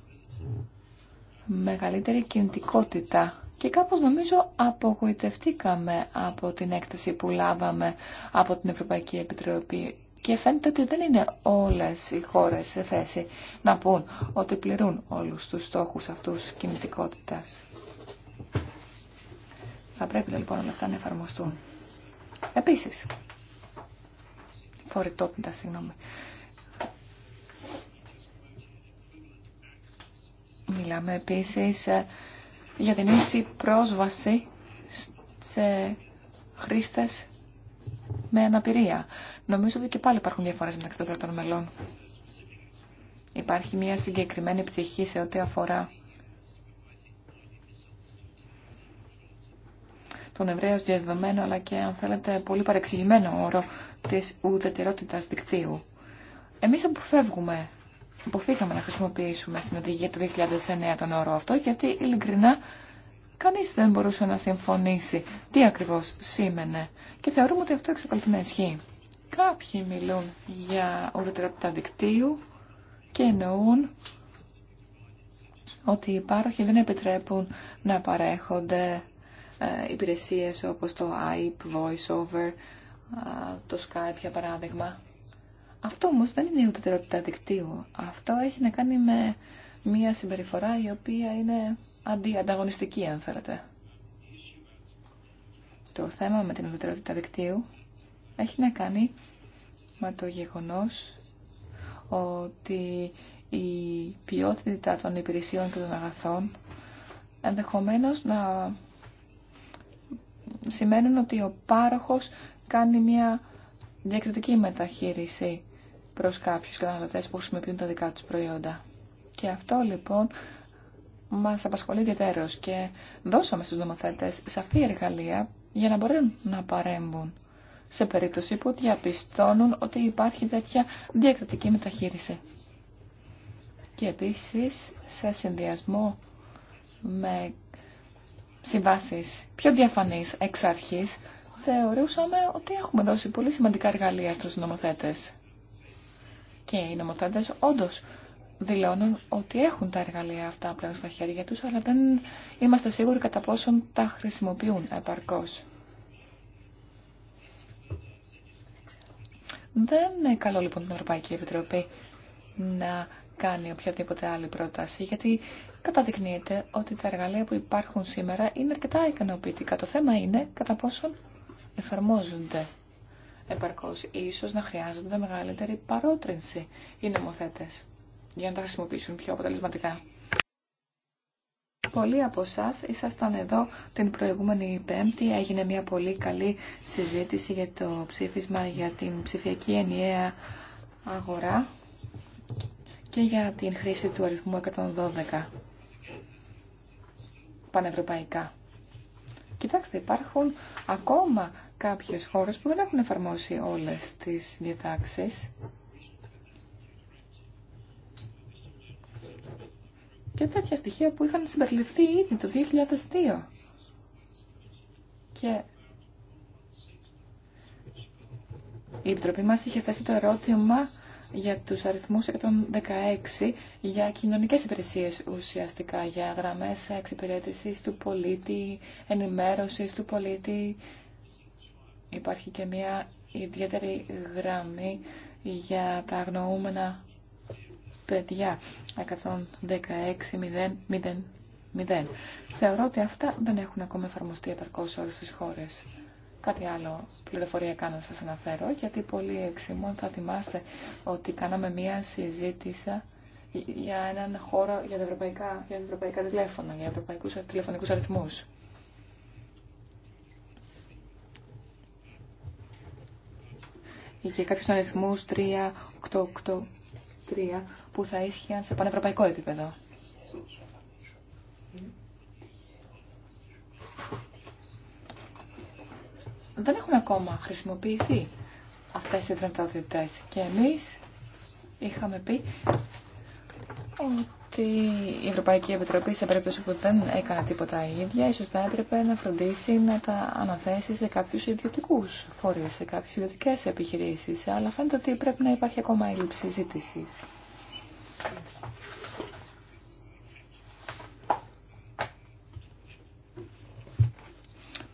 μεγαλύτερη κινητικότητα. Και κάπως νομίζω απογοητευτήκαμε από την έκθεση που λάβαμε από την Ευρωπαϊκή Επιτροπή και φαίνεται ότι δεν είναι όλες οι χώρες σε θέση να πούν ότι πληρούν όλους τους στόχους αυτούς κινητικότητας. Θα πρέπει λοιπόν όλα αυτά να εφαρμοστούν. Επίσης, φορητότητα, συγγνώμη. Μιλάμε επίσης ε, για την ίση πρόσβαση σε χρήστες με αναπηρία. Νομίζω ότι και πάλι υπάρχουν διαφορές μεταξύ των κρατών μελών. Υπάρχει μια συγκεκριμένη πτυχή σε ό,τι αφορά τον εβραίος διαδεδομένο αλλά και αν θέλετε πολύ παρεξηγημένο όρο της ουδετερότητας δικτύου. Εμείς αποφεύγουμε αποφύγαμε να χρησιμοποιήσουμε στην οδηγία του 2009 τον όρο αυτό, γιατί ειλικρινά κανείς δεν μπορούσε να συμφωνήσει τι ακριβώς σήμαινε. Και θεωρούμε ότι αυτό εξακολουθεί να ισχύει. Κάποιοι μιλούν για ουδετερότητα δικτύου και εννοούν ότι οι πάροχοι δεν επιτρέπουν να παρέχονται ε, υπηρεσίες όπως το IPE, voiceover, ε, το Skype για παράδειγμα. Αυτό όμως δεν είναι η ουδετερότητα δικτύου. Αυτό έχει να κάνει με μια συμπεριφορά η οποία είναι αντιανταγωνιστική αν θέλετε. Το θέμα με την ουδετερότητα δικτύου έχει να κάνει με το γεγονός ότι η ποιότητα των υπηρεσιών και των αγαθών ενδεχομένως να σημαίνουν ότι ο πάροχος κάνει μια διακριτική μεταχείριση προς κάποιους καταναλωτές που χρησιμοποιούν τα δικά τους προϊόντα. Και αυτό λοιπόν μας απασχολεί ιδιαίτερως και δώσαμε στους νομοθέτες σαφή εργαλεία για να μπορούν να παρέμβουν σε περίπτωση που διαπιστώνουν ότι υπάρχει τέτοια διακριτική μεταχείριση. Και επίσης σε συνδυασμό με συμβάσεις πιο διαφανείς εξ αρχής θεωρούσαμε ότι έχουμε δώσει πολύ σημαντικά εργαλεία στους νομοθέτες και οι νομοθέτες όντω δηλώνουν ότι έχουν τα εργαλεία αυτά πλέον στα χέρια τους, αλλά δεν είμαστε σίγουροι κατά πόσον τα χρησιμοποιούν επαρκώς. Δεν είναι καλό λοιπόν την Ευρωπαϊκή Επιτροπή να κάνει οποιαδήποτε άλλη πρόταση, γιατί καταδεικνύεται ότι τα εργαλεία που υπάρχουν σήμερα είναι αρκετά ικανοποιητικά. Το θέμα είναι κατά πόσον εφαρμόζονται επαρκώς. Ίσως να χρειάζονται μεγαλύτερη παρότρινση οι νομοθέτες για να τα χρησιμοποιήσουν πιο αποτελεσματικά. Πολλοί από εσά ήσασταν εδώ την προηγούμενη Πέμπτη. Έγινε μια πολύ καλή συζήτηση για το ψήφισμα για την ψηφιακή ενιαία αγορά και για την χρήση του αριθμού 112 πανευρωπαϊκά. Κοιτάξτε, υπάρχουν ακόμα κάποιες χώρες που δεν έχουν εφαρμόσει όλες τις διατάξεις. Και τέτοια στοιχεία που είχαν συμπεριληφθεί ήδη το 2002. Και η Επιτροπή μας είχε θέσει το ερώτημα για τους αριθμούς 116 για κοινωνικές υπηρεσίες ουσιαστικά, για γραμμές εξυπηρέτησης του πολίτη, ενημέρωσης του πολίτη, Υπάρχει και μια ιδιαίτερη γραμμή για τα αγνοούμενα παιδιά 116.000. Θεωρώ ότι αυτά δεν έχουν ακόμα εφαρμοστεί επαρκώ σε όλε τι χώρε. Κάτι άλλο κάνω να σας αναφέρω, γιατί πολύ εξήμων θα θυμάστε ότι κάναμε μία συζήτηση για έναν χώρο για ευρωπαϊκά, για ευρωπαϊκά τηλέφωνα, για Ευρωπαϊκού τηλεφωνικού αριθμού. και κάποιους αριθμούς 3, 8, 8, 3 που θα ίσχυαν σε πανευρωπαϊκό επίπεδο. Δεν έχουν ακόμα χρησιμοποιηθεί αυτές οι δυνατότητες και εμείς είχαμε πει η Ευρωπαϊκή Επιτροπή σε περίπτωση που δεν έκανε τίποτα η ίδια, ίσως θα έπρεπε να φροντίσει να τα αναθέσει σε κάποιου ιδιωτικού φορεί σε κάποιες ιδιωτικέ επιχειρήσεις. Αλλά φαίνεται ότι πρέπει να υπάρχει ακόμα έλλειψη ζήτηση.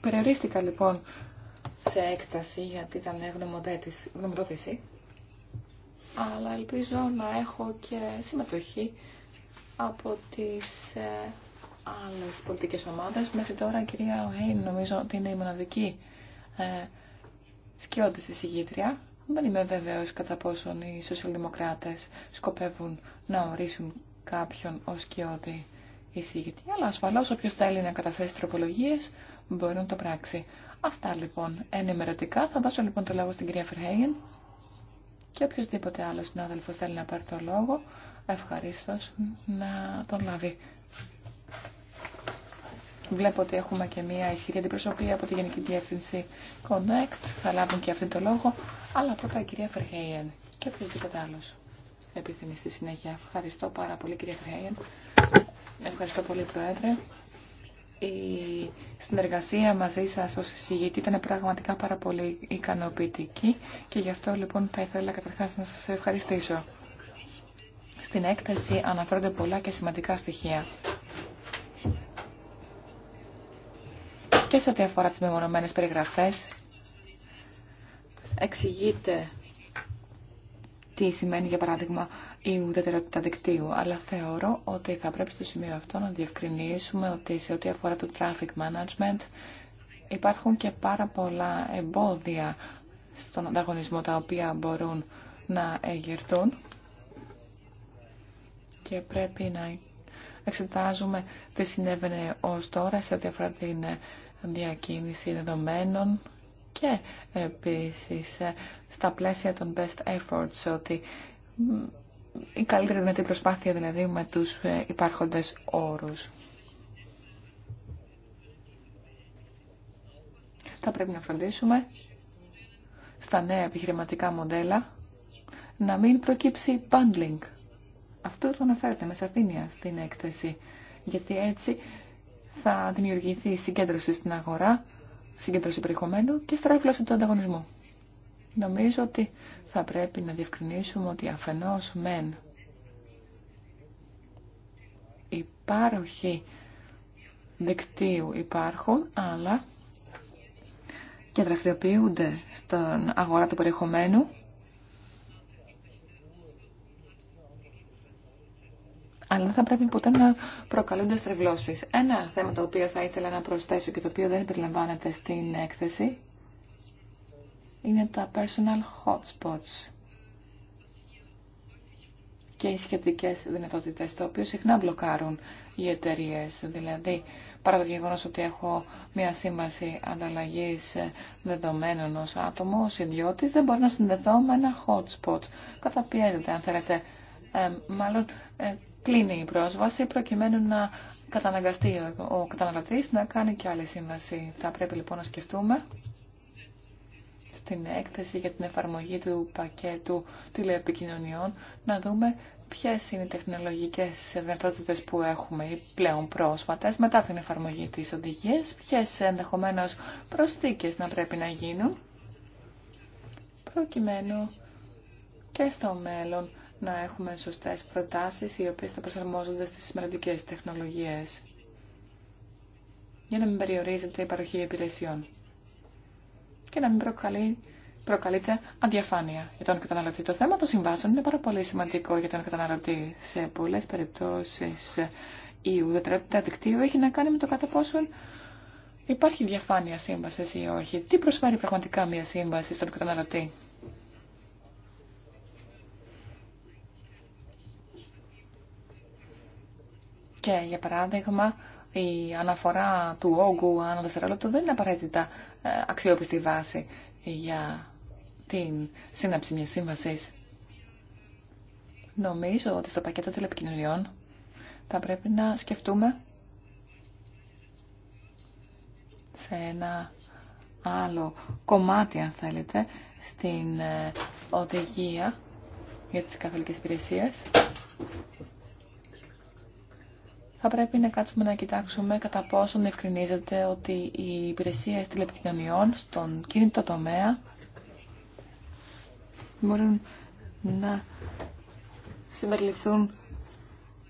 Περιορίστηκα λοιπόν σε έκταση γιατί ήταν γνωμοδότηση, αλλά ελπίζω να έχω και συμμετοχή από τις ε, άλλες πολιτικές ομάδες. Μέχρι τώρα η κυρία Οχέιν νομίζω ότι είναι η μοναδική ε, στη Σιγήτρια. Δεν είμαι βεβαίως κατά πόσο οι σοσιοδημοκράτες σκοπεύουν να ορίσουν κάποιον ως σκιώτη ή εισηγήτρια. Δεν είμαι βεβαιως κατά πόσον οι σοσιαλδημοκράτες σκοπεύουν να ορίσουν κάποιον ως σκιώδη εισηγητή. Αλλά ασφαλώς όποιος θέλει να καταθέσει τροπολογίες μπορεί να το πράξει. Αυτά λοιπόν ενημερωτικά. Θα δώσω λοιπόν το λόγο στην κυρία Φερχέγεν και οποιοδήποτε άλλος συνάδελφο θέλει να πάρει το λόγο ευχαρίστω να τον λάβει. Βλέπω ότι έχουμε και μια ισχυρή αντιπροσωπή από τη Γενική Διεύθυνση Connect. Θα λάβουν και αυτή το λόγο. Αλλά πρώτα η κυρία Φερχέιεν και οποιοδήποτε άλλο επιθυμεί στη συνέχεια. Ευχαριστώ πάρα πολύ κυρία Φερχέιεν. Ευχαριστώ πολύ Πρόεδρε. Η συνεργασία μαζί σας ως εισηγητή ήταν πραγματικά πάρα πολύ ικανοποιητική και γι' αυτό λοιπόν θα ήθελα καταρχάς να σας ευχαριστήσω. Στην έκθεση αναφέρονται πολλά και σημαντικά στοιχεία. Και σε ό,τι αφορά τις μεμονωμένες περιγραφές, εξηγείται τι σημαίνει για παράδειγμα η ουδετερότητα δικτύου, αλλά θεωρώ ότι θα πρέπει στο σημείο αυτό να διευκρινίσουμε ότι σε ό,τι αφορά το traffic management υπάρχουν και πάρα πολλά εμπόδια στον ανταγωνισμό τα οποία μπορούν να εγερθούν και πρέπει να εξετάζουμε τι συνέβαινε ως τώρα σε ό,τι αφορά την διακίνηση δεδομένων και επίσης ε, στα πλαίσια των best efforts ότι η καλύτερη δυνατή προσπάθεια δηλαδή με τους ε, υπάρχοντες όρους. Θα πρέπει να φροντίσουμε στα νέα επιχειρηματικά μοντέλα να μην προκύψει bundling αυτό το αναφέρεται με σαφήνεια στην έκθεση, γιατί έτσι θα δημιουργηθεί συγκέντρωση στην αγορά, συγκέντρωση περιεχομένου και στράφλωση του ανταγωνισμού. Νομίζω ότι θα πρέπει να διευκρινίσουμε ότι αφενός μεν υπάρχει δικτύου υπάρχουν, αλλά και δραστηριοποιούνται στον αγορά του περιεχομένου αλλά δεν θα πρέπει ποτέ να προκαλούνται στρεβλώσεις. Ένα θέμα το οποίο θα ήθελα να προσθέσω και το οποίο δεν περιλαμβάνεται στην έκθεση είναι τα personal hotspots και οι σχετικές δυνατότητες, τα οποία συχνά μπλοκάρουν οι εταιρείε. Δηλαδή, παρά το γεγονό ότι έχω μια σύμβαση ανταλλαγή δεδομένων ω άτομο, ω ιδιώτη, δεν μπορώ να συνδεθώ με ένα hotspot. Καταπιέζεται, αν θέλετε. Ε, μάλλον ε, κλείνει η πρόσβαση προκειμένου να καταναγκαστεί ο καταναλωτής να κάνει και άλλη σύμβαση. Θα πρέπει λοιπόν να σκεφτούμε στην έκθεση για την εφαρμογή του πακέτου τηλεεπικοινωνιών να δούμε ποιες είναι οι τεχνολογικές δυνατότητες που έχουμε ή πλέον πρόσφατες μετά την εφαρμογή της οδηγίας, ποιες ενδεχομένως προσθήκες να πρέπει να γίνουν προκειμένου και στο μέλλον να έχουμε σωστές προτάσεις οι οποίες θα προσαρμόζονται στις σημαντικές τεχνολογίες για να μην περιορίζεται η παροχή υπηρεσιών και να μην προκαλείται αδιαφάνεια για τον καταναλωτή. Το θέμα των συμβάσεων είναι πάρα πολύ σημαντικό για τον καταναλωτή. Σε πολλές περιπτώσεις η ουδετρότητα δικτύου έχει να κάνει με το κατά πόσον υπάρχει διαφάνεια σύμβαση ή όχι. Τι προσφέρει πραγματικά μια σύμβαση στον καταναλωτή. Και για παράδειγμα, η αναφορά του όγκου ανά δευτερόλεπτο δεν είναι απαραίτητα ε, αξιόπιστη βάση για την σύναψη μιας σύμβασης. Νομίζω ότι στο πακέτο τηλεπικοινωνιών θα πρέπει να σκεφτούμε σε ένα άλλο κομμάτι, αν θέλετε, στην ε, οδηγία για τις καθολικές υπηρεσίες θα πρέπει να κάτσουμε να κοιτάξουμε κατά πόσον ευκρινίζεται ότι οι υπηρεσίε τηλεπικοινωνιών στον κινητό τομέα μπορούν να συμπεριληφθούν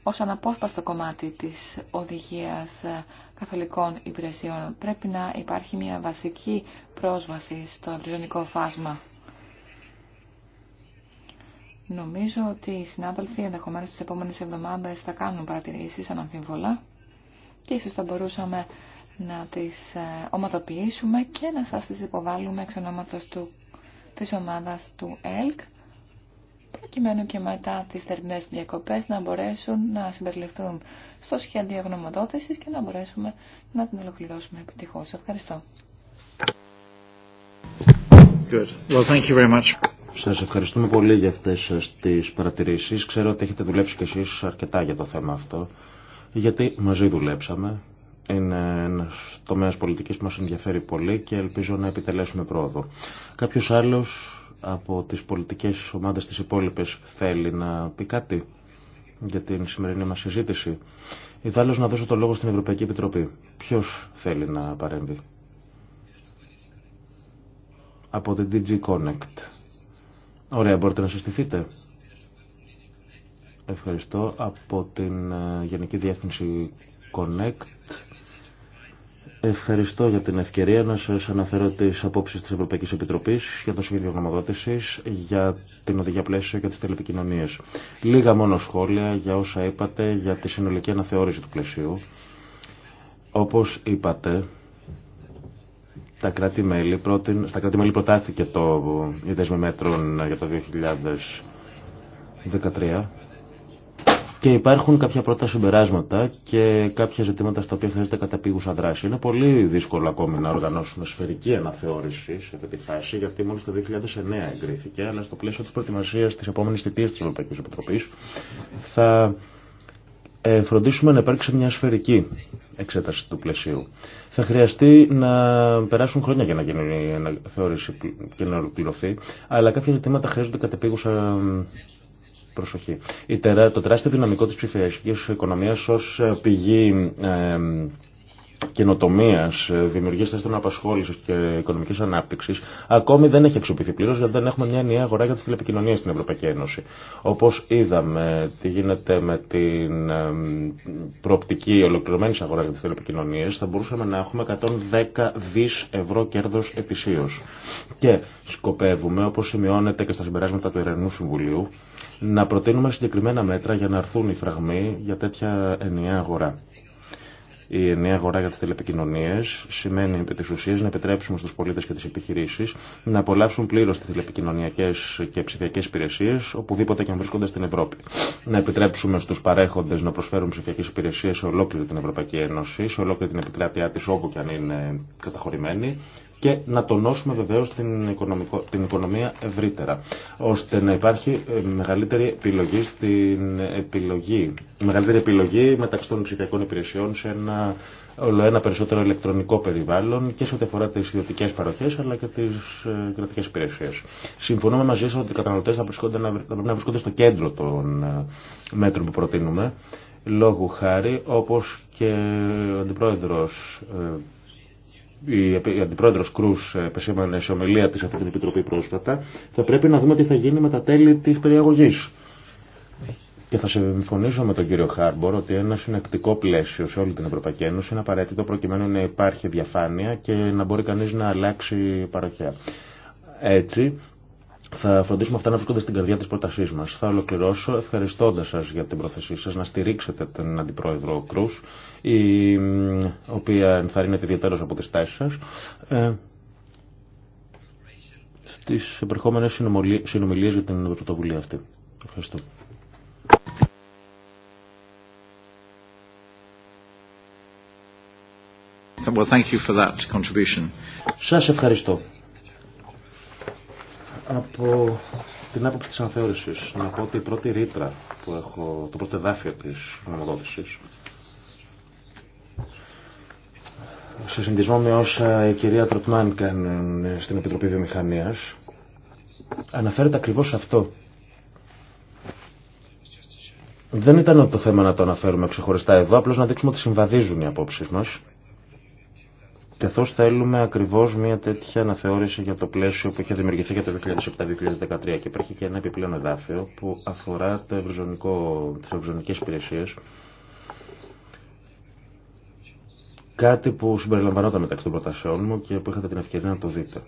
ως αναπόσπαστο κομμάτι της οδηγίας ε, καθολικών υπηρεσιών. Πρέπει να υπάρχει μια βασική πρόσβαση στο ευρυζωνικό φάσμα. Νομίζω ότι οι συνάδελφοι ενδεχομένως τις επόμενες εβδομάδες θα κάνουν παρατηρήσεις αναμφίβολα και ίσως θα μπορούσαμε να τις ε, ομαδοποιήσουμε και να σας τις υποβάλουμε εξ ονόματος του, της ομάδας του ΕΛΚ προκειμένου και μετά τις θερμινές διακοπές να μπορέσουν να συμπεριληφθούν στο σχέδιο γνωμοδότησης και να μπορέσουμε να την ολοκληρώσουμε επιτυχώς. Ευχαριστώ. Good. Well, thank you very much. Σας ευχαριστούμε πολύ για αυτές τις παρατηρήσεις. Ξέρω ότι έχετε δουλέψει κι εσείς αρκετά για το θέμα αυτό, γιατί μαζί δουλέψαμε. Είναι ένα τομέα πολιτικής που μας ενδιαφέρει πολύ και ελπίζω να επιτελέσουμε πρόοδο. Κάποιος άλλος από τις πολιτικές ομάδες της υπόλοιπες θέλει να πει κάτι για την σημερινή μας συζήτηση. Ιδάλλως να δώσω το λόγο στην Ευρωπαϊκή Επιτροπή. Ποιος θέλει να παρέμβει. Από την DG Connect. Ωραία, μπορείτε να συστηθείτε. Ευχαριστώ. Από την ε, Γενική Διεύθυνση Connect. Ευχαριστώ για την ευκαιρία να σας αναφέρω τις απόψεις της Ευρωπαϊκής Επιτροπής για το σχέδιο γνωμοδότησης, για την οδηγία πλαίσιο και τις τηλεπικοινωνίες. Λίγα μόνο σχόλια για όσα είπατε για τη συνολική αναθεώρηση του πλαισίου. Όπως είπατε, τα κράτη -μέλη στα κράτη-μέλη προτάθηκε το, η μέτρων για το 2013 και υπάρχουν κάποια πρώτα συμπεράσματα και κάποια ζητήματα στα οποία χρειάζεται καταπήγουσα δράση. Είναι πολύ δύσκολο ακόμη να οργανώσουμε σφαιρική αναθεώρηση σε αυτή τη φάση, γιατί μόλι το 2009 εγκρίθηκε, αλλά στο πλαίσιο της προετοιμασίας της επόμενης θητεία της Ευρωπαϊκή Επιτροπής θα ε, φροντίσουμε να υπάρξει μια σφαιρική εξέταση του πλαισίου. Θα χρειαστεί να περάσουν χρόνια για να γίνει η θεώρηση και να ολοκληρωθεί, αλλά κάποια ζητήματα χρειάζονται κατεπίγουσα προσοχή. το τεράστιο δυναμικό της ψηφιακής οικονομίας ως ε, πηγή ε, καινοτομία, ε, δημιουργία θέσεων απασχόληση και οικονομική ανάπτυξη, ακόμη δεν έχει εξοπλιστεί πλήρω γιατί δεν έχουμε μια ενιαία αγορά για τη τηλεπικοινωνίε στην Ευρωπαϊκή Ένωση. Όπω είδαμε τι γίνεται με την προοπτική ολοκληρωμένη αγορά για τι τηλεπικοινωνίε, θα μπορούσαμε να έχουμε 110 δι ευρώ κέρδο ετησίω. Και σκοπεύουμε, όπω σημειώνεται και στα συμπεράσματα του Ερενού Συμβουλίου, να προτείνουμε συγκεκριμένα μέτρα για να αρθούν οι φραγμοί για τέτοια ενιαία αγορά. Η ενιαία αγορά για τι τηλεπικοινωνίε σημαίνει επί τη ουσία να επιτρέψουμε στου πολίτε και τι επιχειρήσει να απολαύσουν πλήρω τι τηλεπικοινωνιακέ και ψηφιακέ υπηρεσίε οπουδήποτε και αν βρίσκονται στην Ευρώπη. Να επιτρέψουμε στου παρέχοντε να προσφέρουν ψηφιακέ υπηρεσίε σε ολόκληρη την Ευρωπαϊκή Ένωση, σε ολόκληρη την επικράτειά τη όπου και αν είναι καταχωρημένη, και να τονώσουμε βεβαίως την, την οικονομία ευρύτερα, ώστε να υπάρχει ε, μεγαλύτερη επιλογή, στην επιλογή, μεγαλύτερη επιλογή μεταξύ των ψηφιακών υπηρεσιών σε ένα όλο ένα περισσότερο ηλεκτρονικό περιβάλλον και σε ό,τι αφορά τι ιδιωτικέ παροχέ αλλά και τι ε, κρατικέ υπηρεσίες. Συμφωνούμε μαζί σα ότι οι καταναλωτές θα, θα πρέπει να βρισκόνται στο κέντρο των ε, μέτρων που προτείνουμε λόγου χάρη, όπως και ο Αντιπρόεδρος η Αντιπρόεδρος Κρούς ε, επεσήμανε σε ομιλία της αυτή την Επιτροπή πρόσφατα, θα πρέπει να δούμε τι θα γίνει με τα τέλη της περιαγωγή. Και θα συμφωνήσω με τον κύριο Χάρμπορ ότι ένα συνεκτικό πλαίσιο σε όλη την Ευρωπαϊκή Ένωση είναι απαραίτητο προκειμένου να υπάρχει διαφάνεια και να μπορεί κανείς να αλλάξει παροχέα. Έτσι θα φροντίσουμε αυτά να βρίσκονται στην καρδιά τη πρότασή μα. Θα ολοκληρώσω ευχαριστώντα σα για την πρόθεσή σα να στηρίξετε τον Αντιπρόεδρο Κρού, η οποία ενθαρρύνεται ιδιαίτερω από τι τάσει σα. Ε, Στι επερχόμενε συνομιλίε για την πρωτοβουλία αυτή. Ευχαριστώ. Well, thank you for that contribution. Σας ευχαριστώ. Από την άποψη της ανθεώρησης, να πω ότι η πρώτη ρήτρα που έχω, το πρώτο εδάφιο της νομοδότησης, σε συνδυσμό με όσα η κυρία Τροτμάν κάνει στην Επιτροπή Βιομηχανίας, αναφέρεται ακριβώς αυτό. Δεν ήταν το θέμα να το αναφέρουμε ξεχωριστά εδώ, απλώς να δείξουμε ότι συμβαδίζουν οι απόψεις μας καθώς θέλουμε ακριβώς μια τέτοια αναθεώρηση για το πλαίσιο που είχε δημιουργηθεί για το 2007-2013 και υπάρχει και ένα επιπλέον εδάφιο που αφορά το ευρωζωνικό, τις ευρωζωνικές υπηρεσίες κάτι που συμπεριλαμβανόταν μεταξύ των προτασεών μου και που είχατε την ευκαιρία να το δείτε.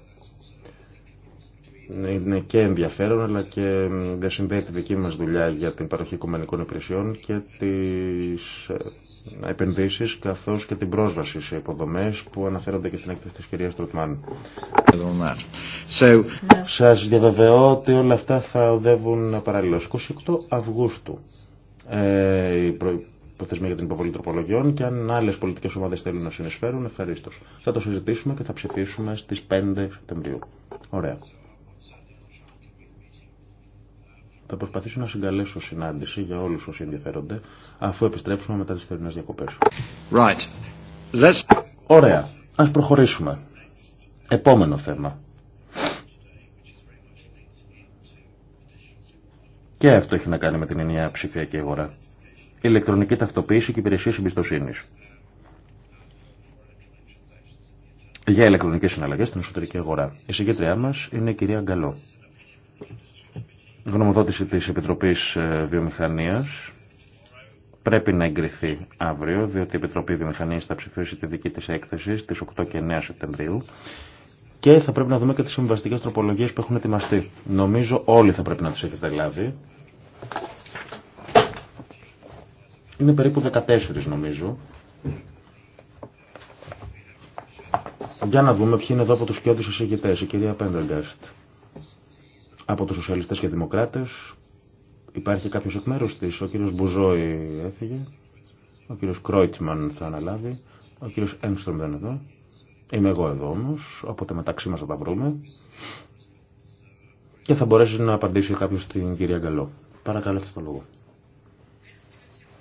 Ναι, είναι και ενδιαφέρον αλλά και διασυνδέει τη δική μας δουλειά για την παροχή οικουμενικών υπηρεσιών και τις ε, επενδύσεις καθώς και την πρόσβαση σε υποδομές που αναφέρονται και στην έκθεση της κυρίας Τροτμάν. So... Ναι. Σας διαβεβαιώ ότι όλα αυτά θα οδεύουν παραλληλώς. 28 Αυγούστου ε, η προθεσμία για την υποβολή τροπολογιών και αν άλλε πολιτικέ ομάδε θέλουν να συνεισφέρουν, ευχαρίστω. Θα το συζητήσουμε και θα ψηφίσουμε στι 5 Σεπτεμβρίου. Ωραία. Θα προσπαθήσω να συγκαλέσω συνάντηση για όλους όσοι ενδιαφέρονται αφού επιστρέψουμε μετά τις θερινέ διακοπέ. Right. Ωραία. Ας προχωρήσουμε. Επόμενο θέμα. Και αυτό έχει να κάνει με την ενιαία ψηφιακή αγορά. Ηλεκτρονική ταυτοποίηση και υπηρεσίε εμπιστοσύνη. Για ηλεκτρονικέ συναλλαγέ στην εσωτερική αγορά. Η συγκέντριά μα είναι η κυρία Γκαλό γνωμοδότηση της Επιτροπής ε, Βιομηχανίας πρέπει να εγκριθεί αύριο, διότι η Επιτροπή Βιομηχανίας θα ψηφίσει τη δική της έκθεση στις 8 και 9 Σεπτεμβρίου και θα πρέπει να δούμε και τις συμβαστικές τροπολογίες που έχουν ετοιμαστεί. Νομίζω όλοι θα πρέπει να τις έχετε λάβει. Είναι περίπου 14 νομίζω. Για να δούμε ποιοι είναι εδώ από τους κοιόντους εισηγητές, η κυρία Πέντεργαστ. Από τους σοσιαλιστές και δημοκράτες υπάρχει κάποιος εκ μέρους της. Ο κύριος Μπουζόη έφυγε, ο κύριος Κρόιτσμαν θα αναλάβει, ο κύριος Έμστρομ δεν είναι εδώ. Είμαι εγώ εδώ όμως, οπότε μεταξύ μας θα τα βρούμε. Και θα μπορέσει να απαντήσει κάποιος στην κυρία Γκαλό. Παρακαλώ αυτό το λόγο.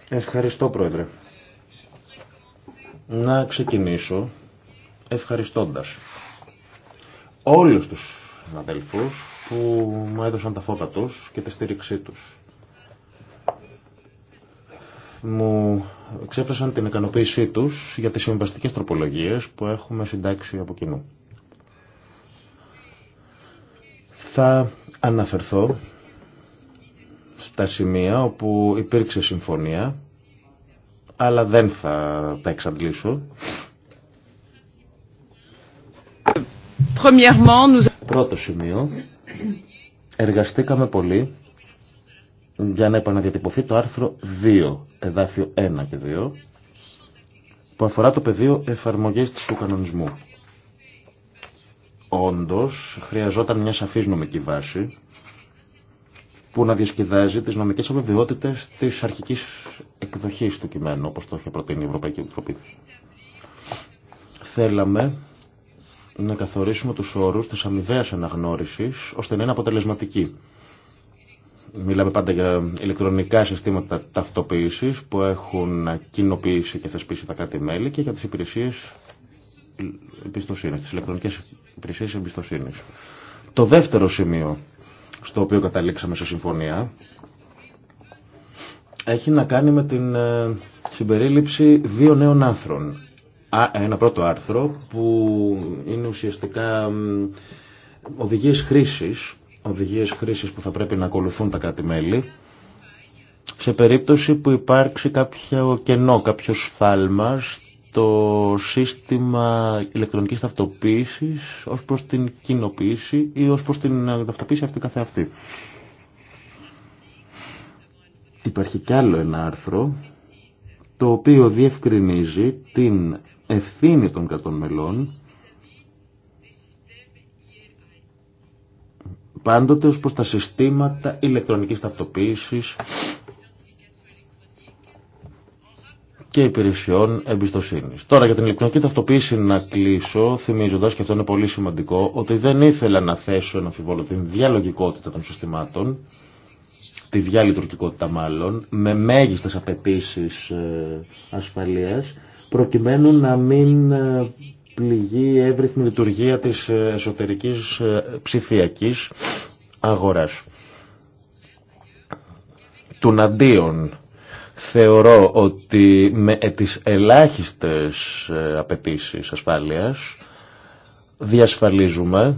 Ευχαριστώ Πρόεδρε. Να ξεκινήσω ευχαριστώντας όλους τους αδελφούς που μου έδωσαν τα φώτα τους και τη στήριξή τους. Μου ξέφρασαν την ικανοποίησή τους για τις συμβαστικές τροπολογίες που έχουμε συντάξει από κοινού. Θα αναφερθώ στα σημεία όπου υπήρξε συμφωνία, αλλά δεν θα τα εξαντλήσω. Πρώτο σημείο, Εργαστήκαμε πολύ για να επαναδιατυπωθεί το άρθρο 2, εδάφιο 1 και 2, που αφορά το πεδίο εφαρμογής του κανονισμού. Όντως, χρειαζόταν μια σαφής νομική βάση που να διασκεδάζει τις νομικές αβεβαιότητες της αρχικής εκδοχής του κειμένου, όπως το είχε προτείνει η Ευρωπαϊκή Επιτροπή. Θέλαμε να καθορίσουμε τους όρους της αμοιβαίας αναγνώρισης ώστε να είναι αποτελεσματική. Μιλάμε πάντα για ηλεκτρονικά συστήματα ταυτοποίησης που έχουν κοινοποιήσει και θεσπίσει τα κράτη-μέλη και για τις υπηρεσίες εμπιστοσύνης, τις ηλεκτρονικές υπηρεσίες εμπιστοσύνης. Το δεύτερο σημείο στο οποίο καταλήξαμε σε συμφωνία έχει να κάνει με την ε, συμπερίληψη δύο νέων άνθρων ένα πρώτο άρθρο που είναι ουσιαστικά οδηγίες χρήσης, οδηγίες χρήσης που θα πρέπει να ακολουθούν τα κράτη-μέλη σε περίπτωση που υπάρξει κάποιο κενό, κάποιο σφάλμα στο σύστημα ηλεκτρονικής ταυτοποίησης ως προς την κοινοποίηση ή ως προς την ταυτοποίηση αυτή καθεαυτή. Υπάρχει κι άλλο ένα άρθρο το οποίο διευκρινίζει την ευθύνη των κρατών μελών πάντοτε ως προς τα συστήματα ηλεκτρονικής ταυτοποίησης και υπηρεσιών εμπιστοσύνης. Τώρα για την ηλεκτρονική ταυτοποίηση να κλείσω, θυμίζοντας και αυτό είναι πολύ σημαντικό, ότι δεν ήθελα να θέσω ένα αμφιβόλο την διαλογικότητα των συστημάτων, τη διαλειτουργικότητα μάλλον, με μέγιστες απαιτήσει ε, ασφαλεία, προκειμένου να μην ε, πληγεί η εύρυθμη λειτουργία της εσωτερικής ε, ψηφιακής αγοράς. Του αντίον θεωρώ ότι με ε, τις ελάχιστες απαιτήσει ασφάλειας διασφαλίζουμε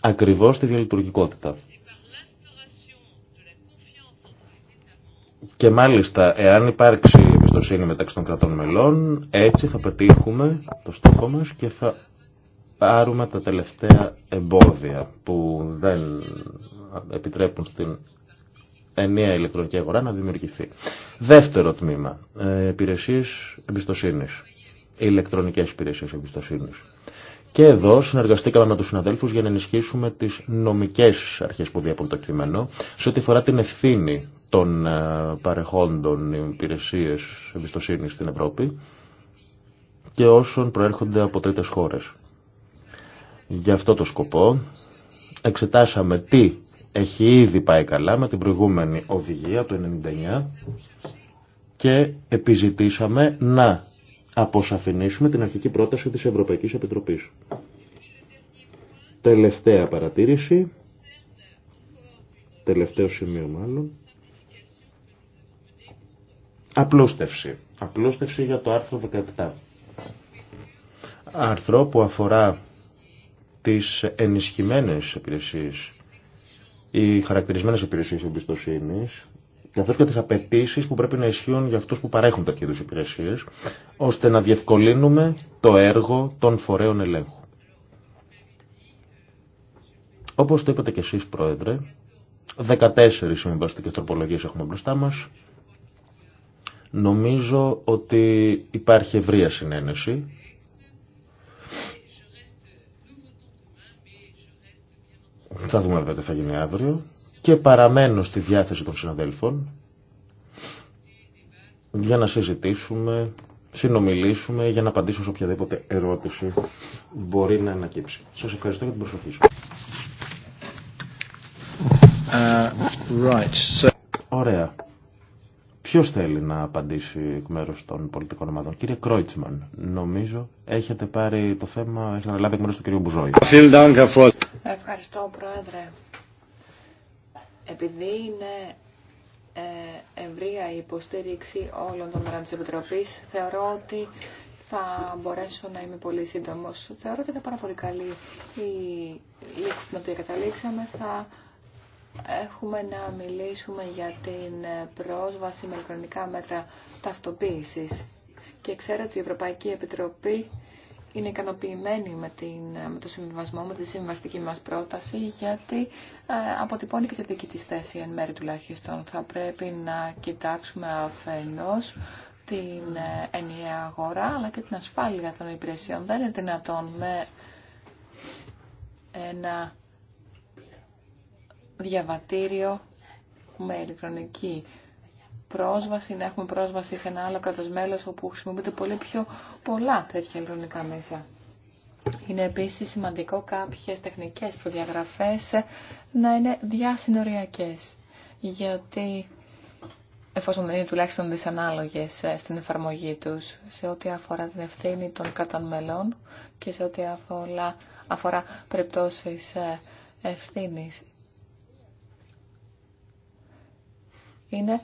ακριβώς τη διαλειτουργικότητα. Και μάλιστα, εάν υπάρξει εμπιστοσύνη μεταξύ των κρατών μελών. Έτσι θα πετύχουμε το στόχο μας και θα πάρουμε τα τελευταία εμπόδια που δεν επιτρέπουν στην ενιαία ηλεκτρονική αγορά να δημιουργηθεί. Δεύτερο τμήμα, ε, υπηρεσίες εμπιστοσύνης, ηλεκτρονικές υπηρεσίες εμπιστοσύνης. Και εδώ συνεργαστήκαμε με του συναδέλφου για να ενισχύσουμε τις νομικέ αρχές που διέπουν το κείμενο σε ό,τι αφορά την ευθύνη των ε, παρεχόντων υπηρεσίες εμπιστοσύνη στην Ευρώπη και όσων προέρχονται από τρίτες χώρες. Για αυτό το σκοπό εξετάσαμε τι έχει ήδη πάει καλά με την προηγούμενη οδηγία του 99 και επιζητήσαμε να αποσαφηνίσουμε την αρχική πρόταση της Ευρωπαϊκής Επιτροπής. Τελευταία παρατήρηση, τελευταίο σημείο μάλλον, Απλούστευση. Απλούστευση για το άρθρο 17. Άρθρο που αφορά τις ενισχυμένες υπηρεσίες ή χαρακτηρισμένες υπηρεσίες εμπιστοσύνη, καθώς και τις απαιτήσει που πρέπει να ισχύουν για αυτούς που παρέχουν τέτοιου είδους υπηρεσίες, ώστε να διευκολύνουμε το έργο των φορέων ελέγχου. Όπως το είπατε και εσείς, Πρόεδρε, 14 συμβαστικές τροπολογίες έχουμε μπροστά μας, Νομίζω ότι υπάρχει ευρεία συνένεση. Θα δούμε βέβαια τι θα γίνει αύριο. Και παραμένω στη διάθεση των συναδέλφων για να συζητήσουμε, συνομιλήσουμε, για να απαντήσω σε οποιαδήποτε ερώτηση μπορεί να ανακύψει. Σας ευχαριστώ για την προσοχή σας. Uh, right. Ωραία. Ποιο θέλει να απαντήσει εκ μέρου των πολιτικών ομάδων. Κύριε Κρόιτσμαν, νομίζω έχετε πάρει το θέμα, έχετε αναλάβει εκ μέρου του κυρίου Μπουζόη. Ευχαριστώ Πρόεδρε. Επειδή είναι ε, ευρεία η υποστήριξη όλων των μερών τη Επιτροπή, θεωρώ ότι θα μπορέσω να είμαι πολύ σύντομο. Θεωρώ ότι είναι πάρα πολύ καλή η λύση στην οποία καταλήξαμε. Θα έχουμε να μιλήσουμε για την πρόσβαση με ηλεκτρονικά μέτρα ταυτοποίησης. Και ξέρω ότι η Ευρωπαϊκή Επιτροπή είναι ικανοποιημένη με, την, το συμβιβασμό, με τη συμβαστική μας πρόταση, γιατί ε, αποτυπώνει και τη δική της θέση εν μέρη τουλάχιστον. Θα πρέπει να κοιτάξουμε αφενός την ε, ενιαία αγορά, αλλά και την ασφάλεια των υπηρεσιών. Δεν είναι δυνατόν με ένα διαβατήριο με ηλεκτρονική πρόσβαση, να έχουμε πρόσβαση σε ένα άλλο κράτος μέλος όπου χρησιμοποιούνται πολύ πιο πολλά τέτοια ηλεκτρονικά μέσα. Είναι επίσης σημαντικό κάποιες τεχνικές προδιαγραφές να είναι διασυνοριακές, γιατί εφόσον δεν είναι τουλάχιστον δυσανάλογες ε, στην εφαρμογή τους σε ό,τι αφορά την ευθύνη των κρατών μελών και σε ό,τι αφορά, αφορά περιπτώσεις ε, ευθύνης είναι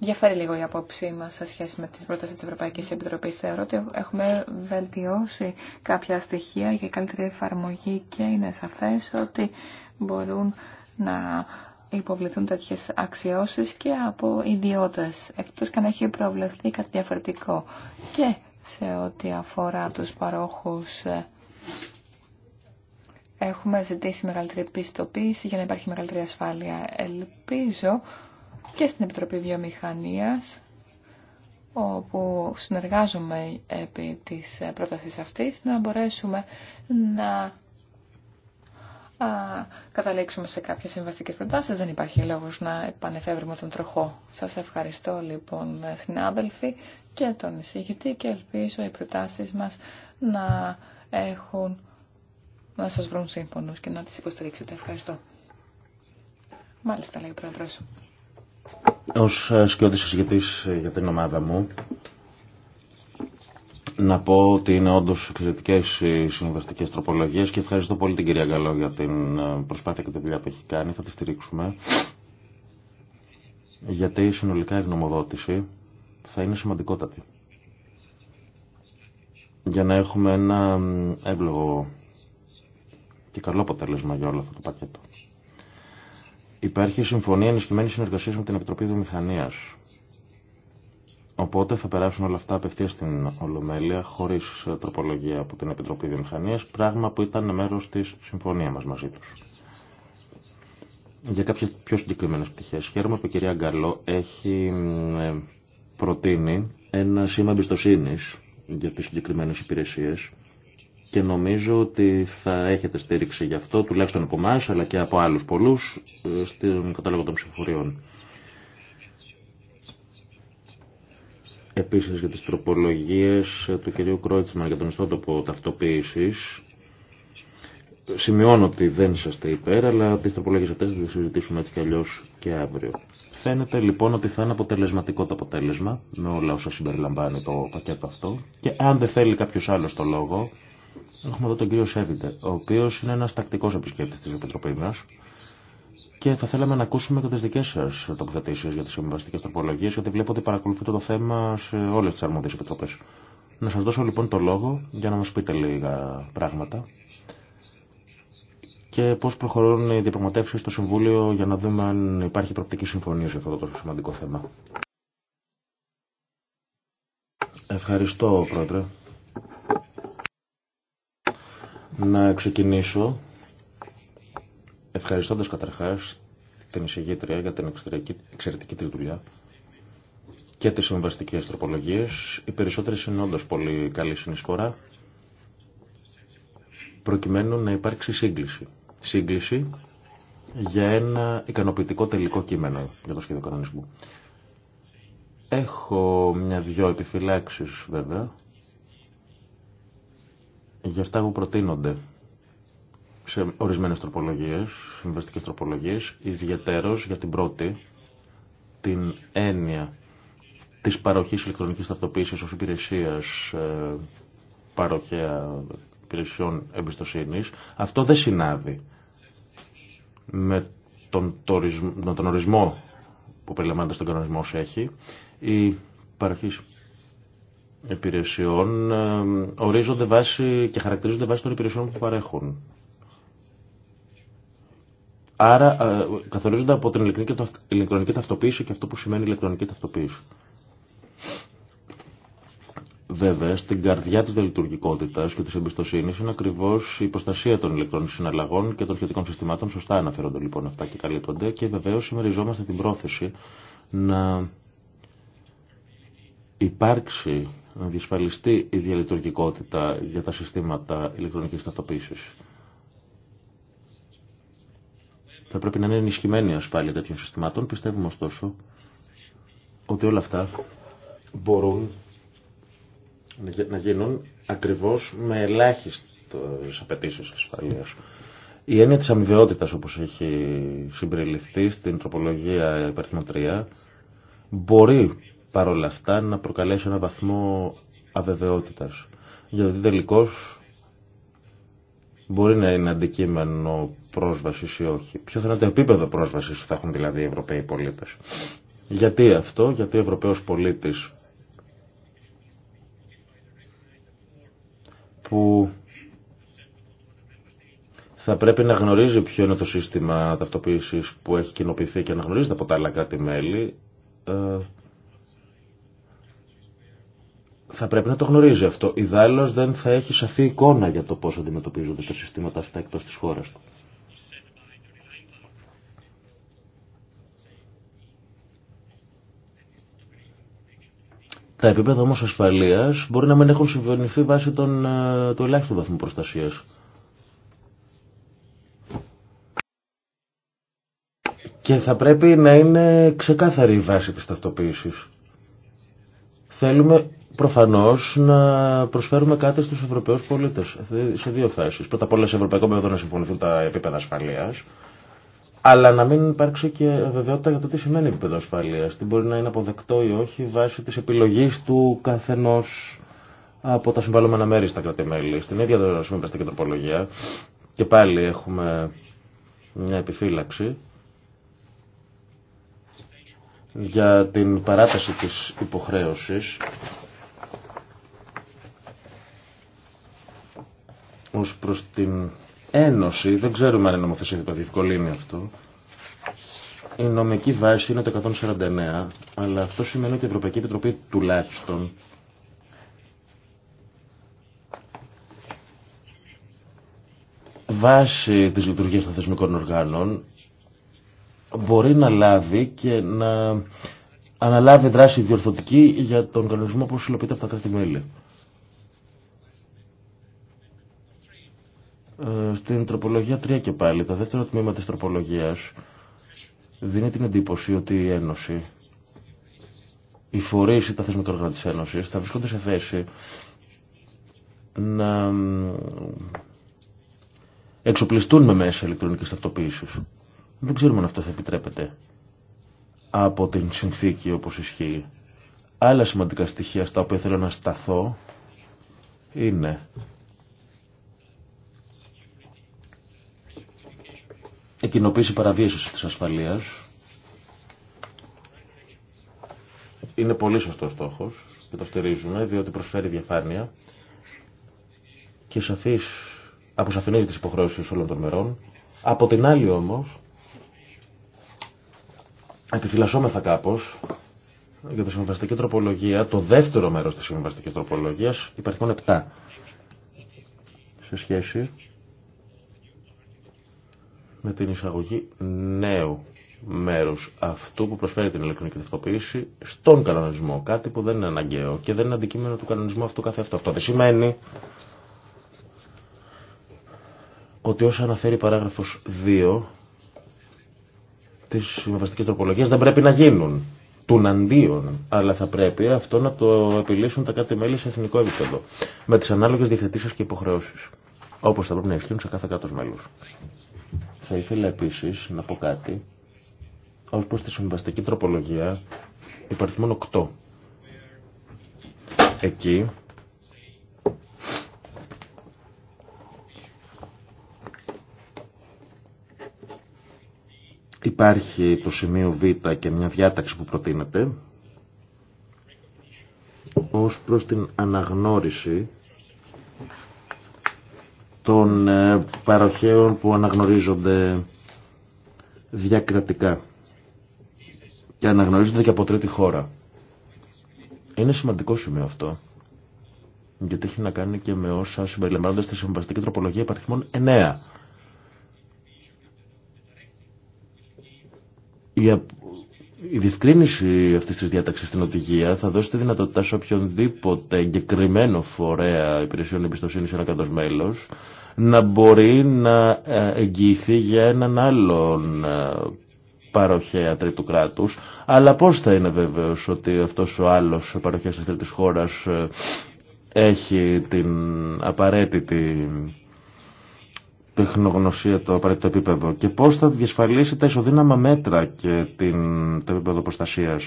Διαφέρει λίγο η απόψή μα σε σχέση με τι πρόταση τη Ευρωπαϊκή Επιτροπή. Θεωρώ ότι έχουμε βελτιώσει κάποια στοιχεία για καλύτερη εφαρμογή και είναι σαφέ ότι μπορούν να υποβληθούν τέτοιε αξιώσει και από ιδιώτε, εκτό και αν έχει προβλεφθεί κάτι διαφορετικό. Και σε ό,τι αφορά του παρόχου, ε, έχουμε ζητήσει μεγαλύτερη πιστοποίηση για να υπάρχει μεγαλύτερη ασφάλεια. Ελπίζω και στην Επιτροπή Βιομηχανίας όπου συνεργάζομαι επί της πρότασης αυτής να μπορέσουμε να καταλήξουμε σε κάποιες συμβαστικές προτάσεις. Δεν υπάρχει λόγος να επανεφεύρουμε τον τροχό. Σας ευχαριστώ λοιπόν συνάδελφοι και τον εισηγητή και ελπίζω οι προτάσεις μας να έχουν να σας βρουν σύμφωνους και να τις υποστηρίξετε. Ευχαριστώ. Μάλιστα λέει ο Πρόεδρος. Ως ε, σκιώδης εισηγητής ε, για την ομάδα μου, να πω ότι είναι όντω εξαιρετικέ οι συμβαστικέ τροπολογίε και ευχαριστώ πολύ την κυρία Γκαλό για την ε, προσπάθεια και τη δουλειά που έχει κάνει. Θα τη στηρίξουμε. Γιατί συνολικά η γνωμοδότηση θα είναι σημαντικότατη. Για να έχουμε ένα εύλογο και καλό αποτέλεσμα για όλο αυτό το πακέτο. Υπάρχει συμφωνία ενισχυμένη συνεργασία με την Επιτροπή Βιομηχανία. Οπότε θα περάσουν όλα αυτά απευθεία στην Ολομέλεια, χωρί ε, τροπολογία από την Επιτροπή Βιομηχανία, πράγμα που ήταν μέρο τη συμφωνία μα μαζί του. Για κάποιε πιο συγκεκριμένε πτυχέ, χαίρομαι που η κυρία Γκαλό έχει ε, προτείνει ένα σήμα εμπιστοσύνη για τι συγκεκριμένε υπηρεσίε και νομίζω ότι θα έχετε στήριξη γι' αυτό, τουλάχιστον από εμά, αλλά και από άλλους πολλούς, ε, στον κατάλογο των ψηφοριών. Επίσης για τις τροπολογίες του κυρίου Κρότσμαν για τον ιστότοπο ταυτοποίησης, σημειώνω ότι δεν είσαστε υπέρ, αλλά τις τροπολογίες αυτές θα τις συζητήσουμε έτσι κι αλλιώς και αύριο. Φαίνεται λοιπόν ότι θα είναι αποτελεσματικό το αποτέλεσμα με όλα όσα συμπεριλαμβάνει το πακέτο αυτό και αν δεν θέλει κάποιο άλλο το λόγο, Έχουμε εδώ τον κύριο Σέβιντε, ο οποίο είναι ένα τακτικός επισκέπτη τη Επιτροπή μα. και θα θέλαμε να ακούσουμε και τι δικέ σα τοποθετήσεις για τι συμβαστικές τροπολογίε, γιατί βλέπω ότι παρακολουθείτε το θέμα σε όλε τι αρμόδιες επιτροπές. Να σα δώσω λοιπόν το λόγο για να μα πείτε λίγα πράγματα και πώ προχωρούν οι διαπραγματεύσει στο Συμβούλιο για να δούμε αν υπάρχει προπτική συμφωνία σε αυτό το τόσο σημαντικό θέμα. Ευχαριστώ, Πρόεδρε. Να ξεκινήσω ευχαριστώντας καταρχάς την εισηγήτρια για την εξαιρετική της δουλειά και τις συμβαστικές τροπολογίες. Οι περισσότερες είναι όντως πολύ καλή συνεισφορά προκειμένου να υπάρξει σύγκληση. Σύγκληση για ένα ικανοποιητικό τελικό κείμενο για το σχέδιο κανονισμού. Έχω μια-δυο επιφυλάξεις βέβαια για αυτά που προτείνονται σε ορισμένες τροπολογίες, συμβαστικέ τροπολογίε, ιδιαίτερω για την πρώτη, την έννοια της παροχής ηλεκτρονικής ταυτοποίησης ω υπηρεσία ε, παροχέα υπηρεσιών εμπιστοσύνης, αυτό δεν συνάδει με τον, με τον ορισμό που περιλαμβάνεται στον κανονισμό έχει. Η παροχή υπηρεσιών ορίζονται βάσει και χαρακτηρίζονται βάσει των υπηρεσιών που παρέχουν. Άρα ε, καθορίζονται από την ηλεκτρονική ταυτοποίηση και αυτό που σημαίνει ηλεκτρονική ταυτοποίηση. Βέβαια, στην καρδιά της δελειτουργικότητας και της εμπιστοσύνης είναι ακριβώς η προστασία των ηλεκτρονικών συναλλαγών και των σχετικών συστημάτων. Σωστά αναφέρονται λοιπόν αυτά και καλύπτονται και βεβαίως σημεριζόμαστε την πρόθεση να υπάρξει να διασφαλιστεί η διαλειτουργικότητα για τα συστήματα ηλεκτρονικής ταυτοποίησης. Θα πρέπει να είναι ενισχυμένη η ασφάλεια τέτοιων συστημάτων. Πιστεύουμε ωστόσο ότι όλα αυτά μπορούν να γίνουν ακριβώς με ελάχιστες απαιτήσει ασφαλείας. Η έννοια της αμοιβαιότητας όπως έχει συμπεριληφθεί στην τροπολογία υπερθυνοτρία μπορεί παρόλα αυτά να προκαλέσει ένα βαθμό αβεβαιότητας. Γιατί τελικώ μπορεί να είναι αντικείμενο πρόσβαση ή όχι. Ποιο θα είναι το επίπεδο πρόσβαση που θα έχουν δηλαδή οι Ευρωπαίοι πολίτε. Γιατί αυτό, γιατί ο Ευρωπαίο πολίτη που θα πρέπει να γνωρίζει ποιο είναι το σύστημα ταυτοποίηση που έχει κοινοποιηθεί και να γνωρίζεται από τα άλλα κράτη-μέλη, ε, θα πρέπει να το γνωρίζει αυτό. Ιδάλλως δεν θα έχει σαφή εικόνα για το πώ αντιμετωπίζονται τα συστήματα αυτά εκτό τη χώρα του. Τα επίπεδα όμω ασφαλείας μπορεί να μην έχουν συμφωνηθεί βάσει των, ε, του ελάχιστου βαθμού προστασίας. Και θα πρέπει να είναι ξεκάθαρη η βάση της ταυτοποίησης. Θέλουμε προφανώς να προσφέρουμε κάτι στους Ευρωπαίους πολίτες σε δύο θέσεις. Πρώτα απ' όλα σε ευρωπαϊκό επίπεδο να συμφωνηθούν τα επίπεδα ασφαλείας, αλλά να μην υπάρξει και βεβαιότητα για το τι σημαίνει επίπεδο ασφαλείας, τι μπορεί να είναι αποδεκτό ή όχι βάσει της επιλογής του καθενός από τα συμβαλλόμενα μέρη στα κρατημέλη. Στην ίδια συμβαστική τροπολογία και πάλι έχουμε μια επιφύλαξη για την παράταση της υποχρέωσης ως προς την Ένωση, δεν ξέρουμε αν η νομοθεσία θα διευκολύνει αυτό, η νομική βάση είναι το 149, αλλά αυτό σημαίνει ότι η Ευρωπαϊκή Επιτροπή τουλάχιστον βάση της λειτουργίας των θεσμικών οργάνων μπορεί να λάβει και να αναλάβει δράση διορθωτική για τον κανονισμό που συλλοποιείται από τα κράτη-μέλη. Ε, στην τροπολογία 3 και πάλι, το δεύτερο τμήμα της τροπολογίας δίνει την εντύπωση ότι η Ένωση, οι φορείς ή τα θεσμικά όργανα της Ένωσης θα βρίσκονται σε θέση να εξοπλιστούν με μέσα ηλεκτρονικής ταυτοποίησης. Δεν ξέρουμε αν αυτό θα επιτρέπεται από την συνθήκη όπως ισχύει. Άλλα σημαντικά στοιχεία στα οποία θέλω να σταθώ είναι Εκκοινοποίηση παραβίασης της ασφαλείας. Είναι πολύ σωστό στόχος και το στηρίζουμε διότι προσφέρει διαφάνεια και σαφής, αποσαφηνίζει τις υποχρεώσεις όλων των μερών. Από την άλλη όμως, επιφυλασσόμεθα κάπως για τη συμβαστική τροπολογία, το δεύτερο μέρος της συμβαστικής τροπολογίας, υπάρχουν 7 σε σχέση με την εισαγωγή νέου μέρους αυτού που προσφέρει την ηλεκτρονική ταυτοποίηση στον κανονισμό. Κάτι που δεν είναι αναγκαίο και δεν είναι αντικείμενο του κανονισμού αυτού καθε αυτό. Αυτό δεν σημαίνει ότι όσα αναφέρει παράγραφος 2 της συμβαστικής τροπολογίας δεν πρέπει να γίνουν των αντίον, αλλά θα πρέπει αυτό να το επιλύσουν τα κάτι μέλη σε εθνικό επίπεδο, με τις ανάλογες διευθετήσεις και υποχρεώσεις, όπως θα πρέπει να ισχύουν σε κάθε κράτος μέλους. Θα ήθελα επίσης να πω κάτι ως προς τη συμβαστική τροπολογία υπαριθμών 8. Εκεί υπάρχει το σημείο Β και μια διάταξη που προτείνεται ως προς την αναγνώριση των ε, παροχέων που αναγνωρίζονται διακρατικά και αναγνωρίζονται και από τρίτη χώρα. Είναι σημαντικό σημείο αυτό, γιατί έχει να κάνει και με όσα συμπεριλαμβάνονται στη συμβαστική τροπολογία υπαριθμών 9. Η η διευκρίνηση αυτή τη διάταξη στην οδηγία θα δώσει τη δυνατότητα σε οποιονδήποτε εγκεκριμένο φορέα υπηρεσιών εμπιστοσύνη ένα κράτο μέλο να μπορεί να ε, εγγυηθεί για έναν άλλον ε, παροχέα τρίτου κράτου. Αλλά πώ θα είναι βέβαιο ότι αυτό ο άλλο παροχέα τη τρίτη χώρα ε, έχει την απαραίτητη τεχνογνωσία το απαραίτητο επίπεδο και πώς θα διασφαλίσει τα ισοδύναμα μέτρα και την, το επίπεδο προστασία.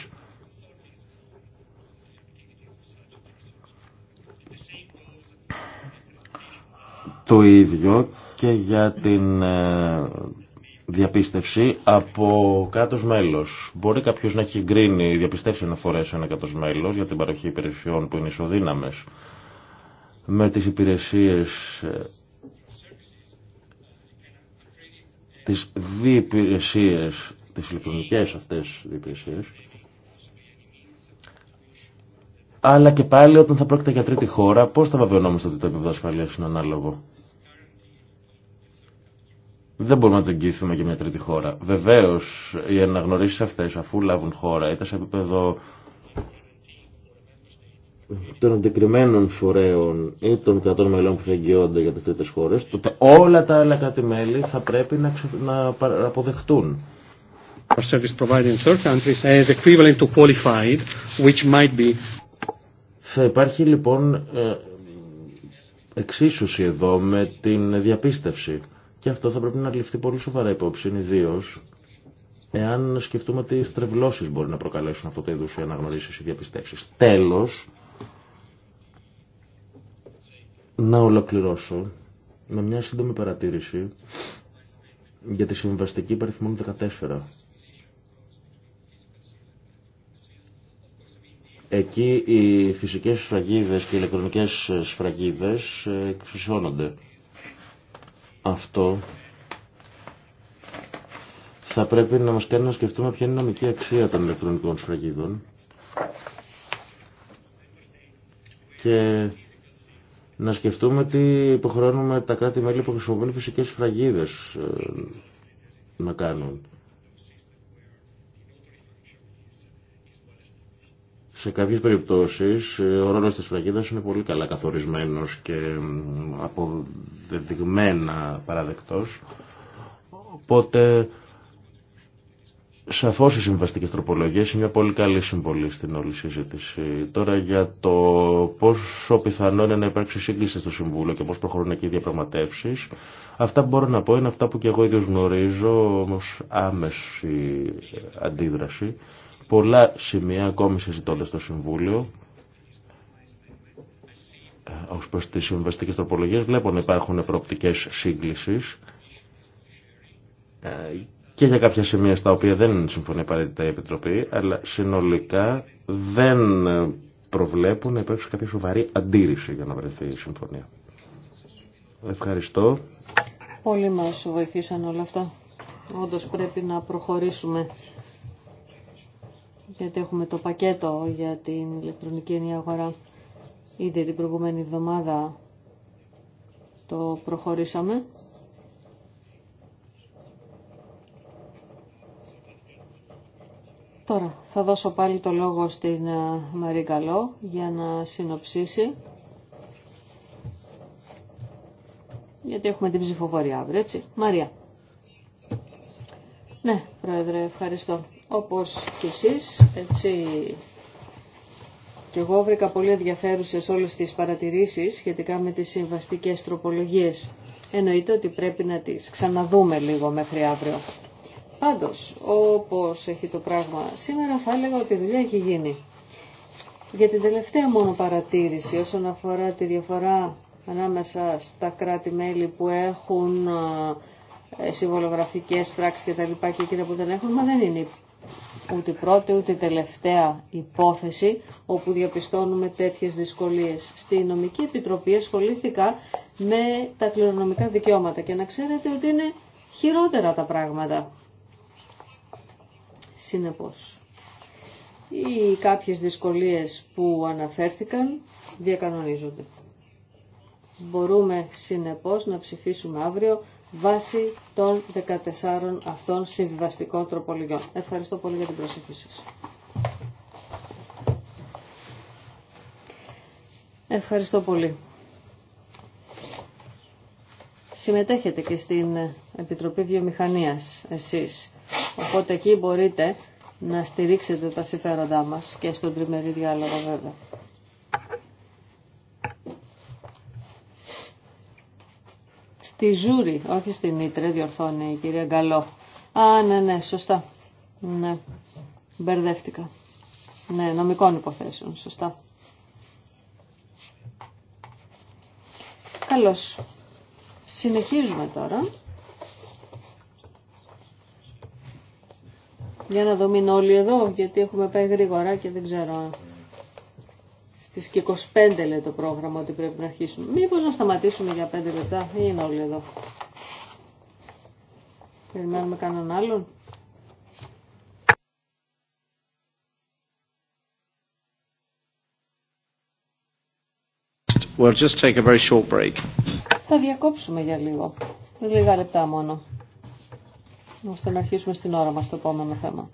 Το ίδιο και για την ε, διαπίστευση από κάτω μέλος. Μπορεί κάποιος να έχει γκρίνει διαπιστεύσει να σε ένα κάτω μέλος για την παροχή υπηρεσιών που είναι ισοδύναμες με τις υπηρεσίες ε, τις διπηρεσίες, τις ηλεκτρονικές αυτές διπηρεσίες, αλλά και πάλι όταν θα πρόκειται για τρίτη χώρα, πώς θα βαβαιωνόμαστε ότι το επίπεδο ασφαλείας είναι ανάλογο. Δεν μπορούμε να το εγγύθουμε για μια τρίτη χώρα. Βεβαίω, οι αναγνωρίσει αυτέ, αφού λάβουν χώρα, είτε σε επίπεδο των αντικριμένων φορέων ή των κρατών μελών που θα εγγυώνται για τις τρίτες χώρες, όλα τα άλλα κράτη-μέλη θα πρέπει να, ξε... να αποδεχτούν. Θα υπάρχει λοιπόν ε, εξίσωση εδώ με την διαπίστευση και αυτό θα πρέπει να ληφθεί πολύ σοβαρά υπόψη, ιδίω εάν σκεφτούμε τι στρεβλώσεις μπορεί να προκαλέσουν αυτό το είδους οι αναγνωρίσεις ή διαπιστεύσεις. Τέλος, να ολοκληρώσω με μια σύντομη παρατήρηση για τη συμβαστική παριθμών 14. Εκεί οι φυσικές σφραγίδες και οι ηλεκτρονικές σφραγίδες ε, εξουσιώνονται. Αυτό θα πρέπει να μας κάνει να σκεφτούμε ποια είναι η νομική αξία των ηλεκτρονικών σφραγίδων και να σκεφτούμε τι υποχρεώνουμε τα κράτη-μέλη που χρησιμοποιούν φυσικές φραγίδες ε, να κάνουν. σε κάποιες περιπτώσεις ε, ο ρόλος της φραγίδας είναι πολύ καλά καθορισμένος και αποδεδειγμένα παραδεκτός. Οπότε Σαφώς οι συμβαστικές τροπολογίες είναι μια πολύ καλή συμβολή στην όλη συζήτηση. Τώρα για το πόσο πιθανό είναι να υπάρξει σύγκληση στο Συμβούλιο και πώς προχωρούν εκεί οι διαπραγματεύσεις, αυτά που μπορώ να πω είναι αυτά που και εγώ ίδιος γνωρίζω όμως άμεση αντίδραση. Πολλά σημεία ακόμη συζητώνται στο Συμβούλιο, Ω προς τις συμβαστικές τροπολογίες, βλέπω να υπάρχουν προοπτικές σύγκλησης και για κάποια σημεία στα οποία δεν συμφωνεί απαραίτητα η Επιτροπή, αλλά συνολικά δεν προβλέπουν να υπάρξει κάποια σοβαρή αντίρρηση για να βρεθεί η συμφωνία. Ευχαριστώ. Πολύ μας βοηθήσαν όλα αυτά. Όντως πρέπει να προχωρήσουμε γιατί έχουμε το πακέτο για την ηλεκτρονική ενιαία αγορά. Ήδη την προηγούμενη εβδομάδα το προχωρήσαμε. Τώρα θα δώσω πάλι το λόγο στην ε, Μαρή Καλό για να συνοψίσει. Γιατί έχουμε την ψηφοφορία αύριο, έτσι. Μαρία. Ναι, Πρόεδρε, ευχαριστώ. Όπως και εσείς, έτσι και εγώ βρήκα πολύ ενδιαφέρουσες όλες τις παρατηρήσεις σχετικά με τις συμβαστικές τροπολογίες. Εννοείται ότι πρέπει να τις ξαναδούμε λίγο μέχρι αύριο. Πάντως, όπως έχει το πράγμα σήμερα, θα έλεγα ότι η δουλειά έχει γίνει. Για την τελευταία μόνο παρατήρηση όσον αφορά τη διαφορά ανάμεσα στα κράτη-μέλη που έχουν ε, συμβολογραφικές πράξεις και τα λοιπά και εκείνα που δεν έχουν, μα δεν είναι ούτε η πρώτη ούτε η τελευταία υπόθεση όπου διαπιστώνουμε τέτοιες δυσκολίες. Στη Νομική Επιτροπή ασχολήθηκα με τα κληρονομικά δικαιώματα και να ξέρετε ότι είναι χειρότερα τα πράγματα. Συνεπώς, οι κάποιες δυσκολίες που αναφέρθηκαν διακανονίζονται. Μπορούμε συνεπώς να ψηφίσουμε αύριο βάσει των 14 αυτών συμβιβαστικών τροπολογιών. Ευχαριστώ πολύ για την προσοχή σας. Ευχαριστώ πολύ. Συμμετέχετε και στην Επιτροπή Βιομηχανίας εσείς. Οπότε εκεί μπορείτε να στηρίξετε τα συμφέροντά μας και στον τριμερή διάλογο βέβαια. Στη Ζούρη, όχι στην Ήτρε, διορθώνει η κυρία Γκαλό. Α, ναι, ναι, σωστά. Ναι, μπερδεύτηκα. Ναι, νομικών υποθέσεων, σωστά. Καλώς. Συνεχίζουμε τώρα. Για να δω είναι όλοι εδώ, γιατί έχουμε πάει γρήγορα και δεν ξέρω. Στις 25 λέει το πρόγραμμα ότι πρέπει να αρχίσουμε. Μήπως να σταματήσουμε για 5 λεπτά ή είναι όλοι εδώ. Περιμένουμε κανέναν άλλον. We'll just take a very short break. Θα διακόψουμε για λίγο. Λίγα λεπτά μόνο ώστε να αρχίσουμε στην ώρα μας το επόμενο θέμα.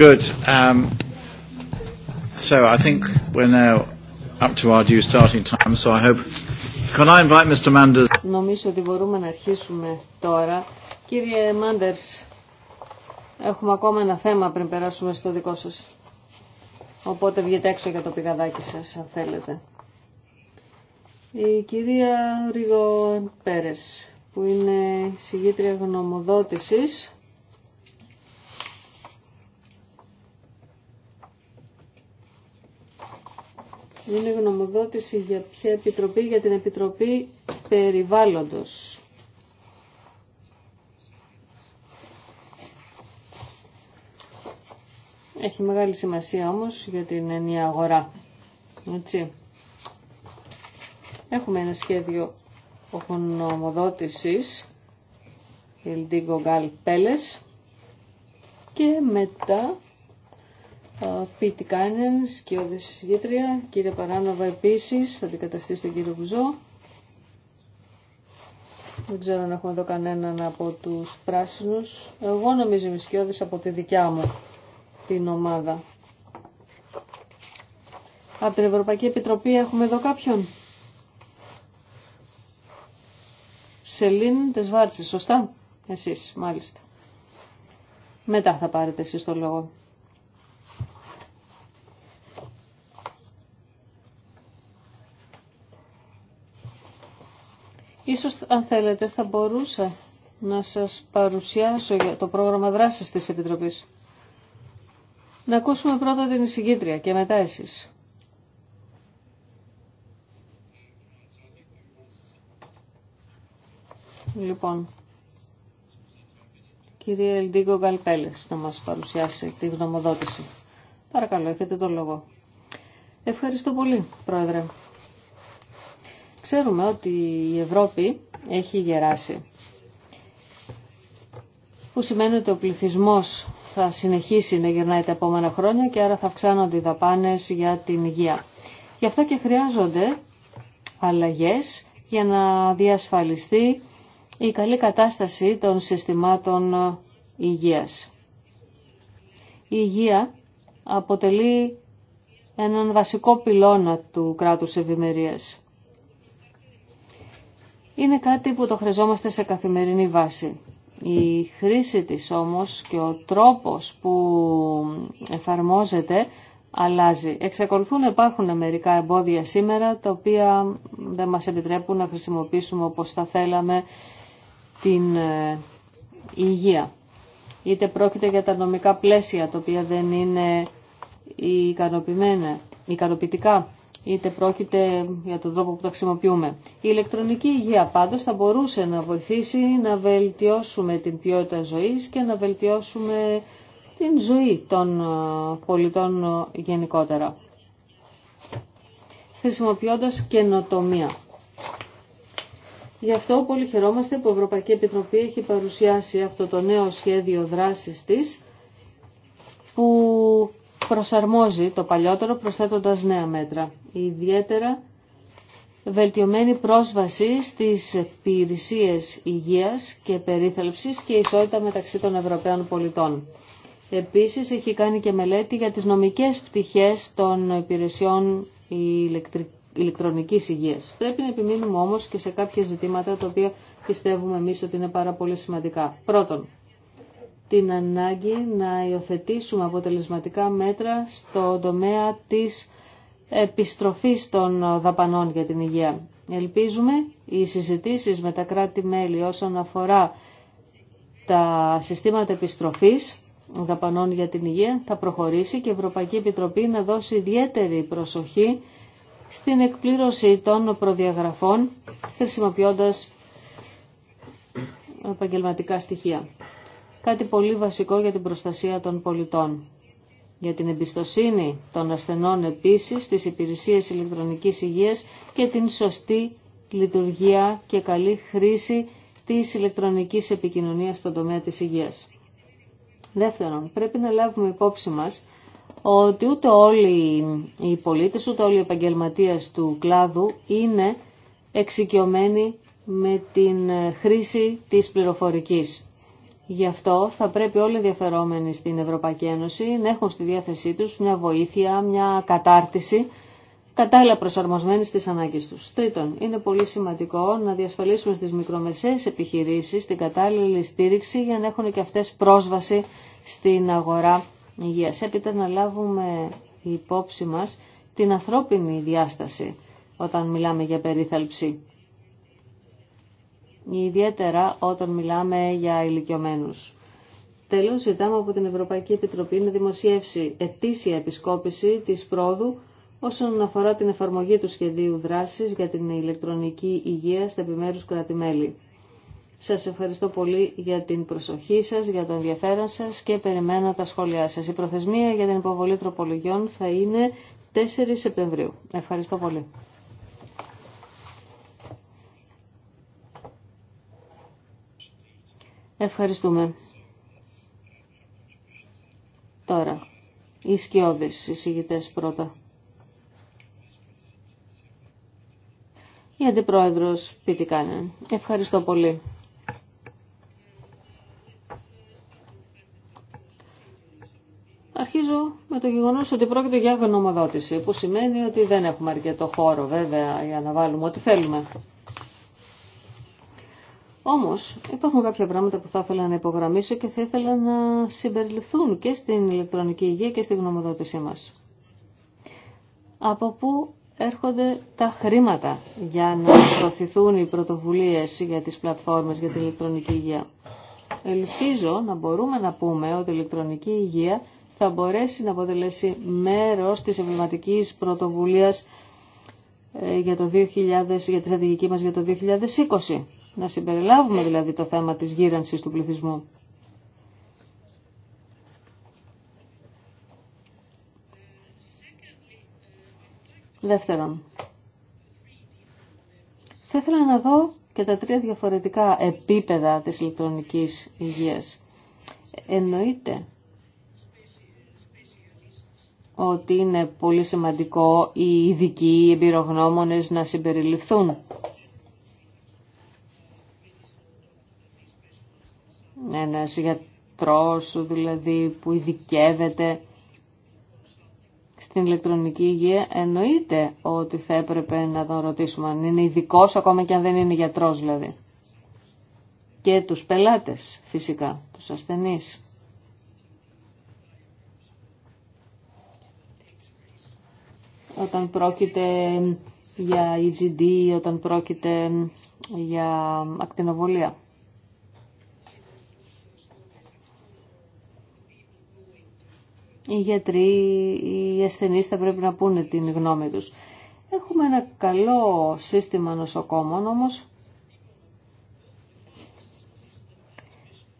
to starting time, hope... Νομίζω ότι μπορούμε να αρχίσουμε τώρα. Κύριε Μάντερς, έχουμε ακόμα ένα θέμα πριν περάσουμε στο δικό σας. Οπότε βγείτε έξω για το πηγαδάκι σας, αν θέλετε. Η κυρία Ρίγο Πέρες, που είναι συγγήτρια γνωμοδότησης Είναι γνωμοδότηση για ποια επιτροπή, για την Επιτροπή Περιβάλλοντος. Έχει μεγάλη σημασία όμως για την ενιαία αγορά. Έτσι. Έχουμε ένα σχέδιο γνωμοδότησης, Ιλντίγκο Γκάλ και μετά ε, Κάνεν, σκιώδη συγγήτρια, κύριε Παράνοβα επίσης, θα αντικαταστήσει τον κύριο Βουζό. Δεν ξέρω αν έχουμε εδώ κανέναν από τους πράσινους. Εγώ νομίζω είμαι σκιώδη από τη δικιά μου την ομάδα. Από την Ευρωπαϊκή Επιτροπή έχουμε εδώ κάποιον. Σελήν Τεσβάρτσι; σωστά. Εσείς, μάλιστα. Μετά θα πάρετε εσείς το λόγο. Ίσως αν θέλετε θα μπορούσα να σας παρουσιάσω για το πρόγραμμα δράσης της Επιτροπής. Να ακούσουμε πρώτα την εισηγήτρια και μετά εσείς. Λοιπόν, κυρία Ελντίγκο Γκαλπέλες να μας παρουσιάσει τη γνωμοδότηση. Παρακαλώ, έχετε το λόγο. Ευχαριστώ πολύ, Πρόεδρε. Ξέρουμε ότι η Ευρώπη έχει γεράσει. Που σημαίνει ότι ο πληθυσμός θα συνεχίσει να γυρνάει τα επόμενα χρόνια και άρα θα αυξάνονται οι δαπάνες για την υγεία. Γι' αυτό και χρειάζονται αλλαγές για να διασφαλιστεί η καλή κατάσταση των συστημάτων υγείας. Η υγεία αποτελεί έναν βασικό πυλώνα του κράτους ευημερίας είναι κάτι που το χρειαζόμαστε σε καθημερινή βάση. Η χρήση της όμως και ο τρόπος που εφαρμόζεται αλλάζει. Εξακολουθούν να υπάρχουν μερικά εμπόδια σήμερα τα οποία δεν μας επιτρέπουν να χρησιμοποιήσουμε όπως θα θέλαμε την ε, υγεία. Είτε πρόκειται για τα νομικά πλαίσια τα οποία δεν είναι ικανοποιημένα, ικανοποιητικά είτε πρόκειται για τον τρόπο που τα χρησιμοποιούμε. Η ηλεκτρονική υγεία πάντως θα μπορούσε να βοηθήσει να βελτιώσουμε την ποιότητα ζωής και να βελτιώσουμε την ζωή των πολιτών γενικότερα. Χρησιμοποιώντας καινοτομία. Γι' αυτό πολύ χαιρόμαστε που η Ευρωπαϊκή Επιτροπή έχει παρουσιάσει αυτό το νέο σχέδιο δράσης της προσαρμόζει το παλιότερο προσθέτοντας νέα μέτρα. Ιδιαίτερα βελτιωμένη πρόσβαση στις υπηρεσίε υγείας και περίθαλψης και ισότητα μεταξύ των Ευρωπαίων πολιτών. Επίσης έχει κάνει και μελέτη για τις νομικές πτυχές των υπηρεσιών ηλεκτρονικής υγείας. Πρέπει να επιμείνουμε όμως και σε κάποια ζητήματα τα οποία πιστεύουμε εμείς ότι είναι πάρα πολύ σημαντικά. Πρώτον, την ανάγκη να υιοθετήσουμε αποτελεσματικά μέτρα στο τομέα της επιστροφής των δαπανών για την υγεία. Ελπίζουμε οι συζητήσεις με τα κράτη-μέλη όσον αφορά τα συστήματα επιστροφής δαπανών για την υγεία θα προχωρήσει και η Ευρωπαϊκή Επιτροπή να δώσει ιδιαίτερη προσοχή στην εκπλήρωση των προδιαγραφών χρησιμοποιώντας επαγγελματικά στοιχεία κάτι πολύ βασικό για την προστασία των πολιτών. Για την εμπιστοσύνη των ασθενών επίσης, τις υπηρεσίες ηλεκτρονικής υγείας και την σωστή λειτουργία και καλή χρήση της ηλεκτρονικής επικοινωνίας στον τομέα της υγείας. Δεύτερον, πρέπει να λάβουμε υπόψη μας ότι ούτε όλοι οι πολίτες, ούτε όλοι οι επαγγελματίες του κλάδου είναι εξοικειωμένοι με την χρήση της πληροφορικής. Γι' αυτό θα πρέπει όλοι οι ενδιαφερόμενοι στην Ευρωπαϊκή Ένωση να έχουν στη διάθεσή τους μια βοήθεια, μια κατάρτιση κατάλληλα προσαρμοσμένη στις ανάγκες τους. Τρίτον, είναι πολύ σημαντικό να διασφαλίσουμε στις μικρομεσαίες επιχειρήσεις την κατάλληλη στήριξη για να έχουν και αυτές πρόσβαση στην αγορά υγείας. Έπειτα να λάβουμε υπόψη μας την ανθρώπινη διάσταση όταν μιλάμε για περίθαλψη ιδιαίτερα όταν μιλάμε για ηλικιωμένους. Τέλος, ζητάμε από την Ευρωπαϊκή Επιτροπή να δημοσιεύσει ετήσια επισκόπηση της πρόοδου όσον αφορά την εφαρμογή του σχεδίου δράσης για την ηλεκτρονική υγεία στα επιμέρους κράτη-μέλη. Σας ευχαριστώ πολύ για την προσοχή σας, για το ενδιαφέρον σας και περιμένω τα σχόλιά σας. Η προθεσμία για την υποβολή τροπολογιών θα είναι 4 Σεπτεμβρίου. Ευχαριστώ πολύ. Ευχαριστούμε. Τώρα, οι σκιώδεις εισηγητές πρώτα. Η Αντιπρόεδρος κάνει. Ευχαριστώ πολύ. Αρχίζω με το γεγονός ότι πρόκειται για γνωμοδότηση, που σημαίνει ότι δεν έχουμε αρκετό χώρο βέβαια για να βάλουμε ό,τι θέλουμε. Όμως υπάρχουν κάποια πράγματα που θα ήθελα να υπογραμμίσω και θα ήθελα να συμπεριληφθούν και στην ηλεκτρονική υγεία και στη γνωμοδότησή μας. Από πού έρχονται τα χρήματα για να προωθηθούν οι πρωτοβουλίες για τις πλατφόρμες για την ηλεκτρονική υγεία. Ελπίζω να μπορούμε να πούμε ότι η ηλεκτρονική υγεία θα μπορέσει να αποτελέσει μέρος της εμβληματική πρωτοβουλίας ε, για, για τη στρατηγική μας για το 2020. Να συμπεριλάβουμε δηλαδή το θέμα της γύρανσης του πληθυσμού. Δεύτερον, θα ήθελα να δω και τα τρία διαφορετικά επίπεδα της ηλεκτρονικής υγείας. Εννοείται ότι είναι πολύ σημαντικό οι ειδικοί, οι εμπειρογνώμονες να συμπεριληφθούν ένας γιατρός δηλαδή που ειδικεύεται στην ηλεκτρονική υγεία, εννοείται ότι θα έπρεπε να τον ρωτήσουμε αν είναι ειδικό ακόμα και αν δεν είναι γιατρός δηλαδή. Και τους πελάτες φυσικά, τους ασθενείς. Όταν πρόκειται για EGD, όταν πρόκειται για ακτινοβολία. οι γιατροί, οι ασθενείς θα πρέπει να πούνε την γνώμη τους. Έχουμε ένα καλό σύστημα νοσοκόμων όμως.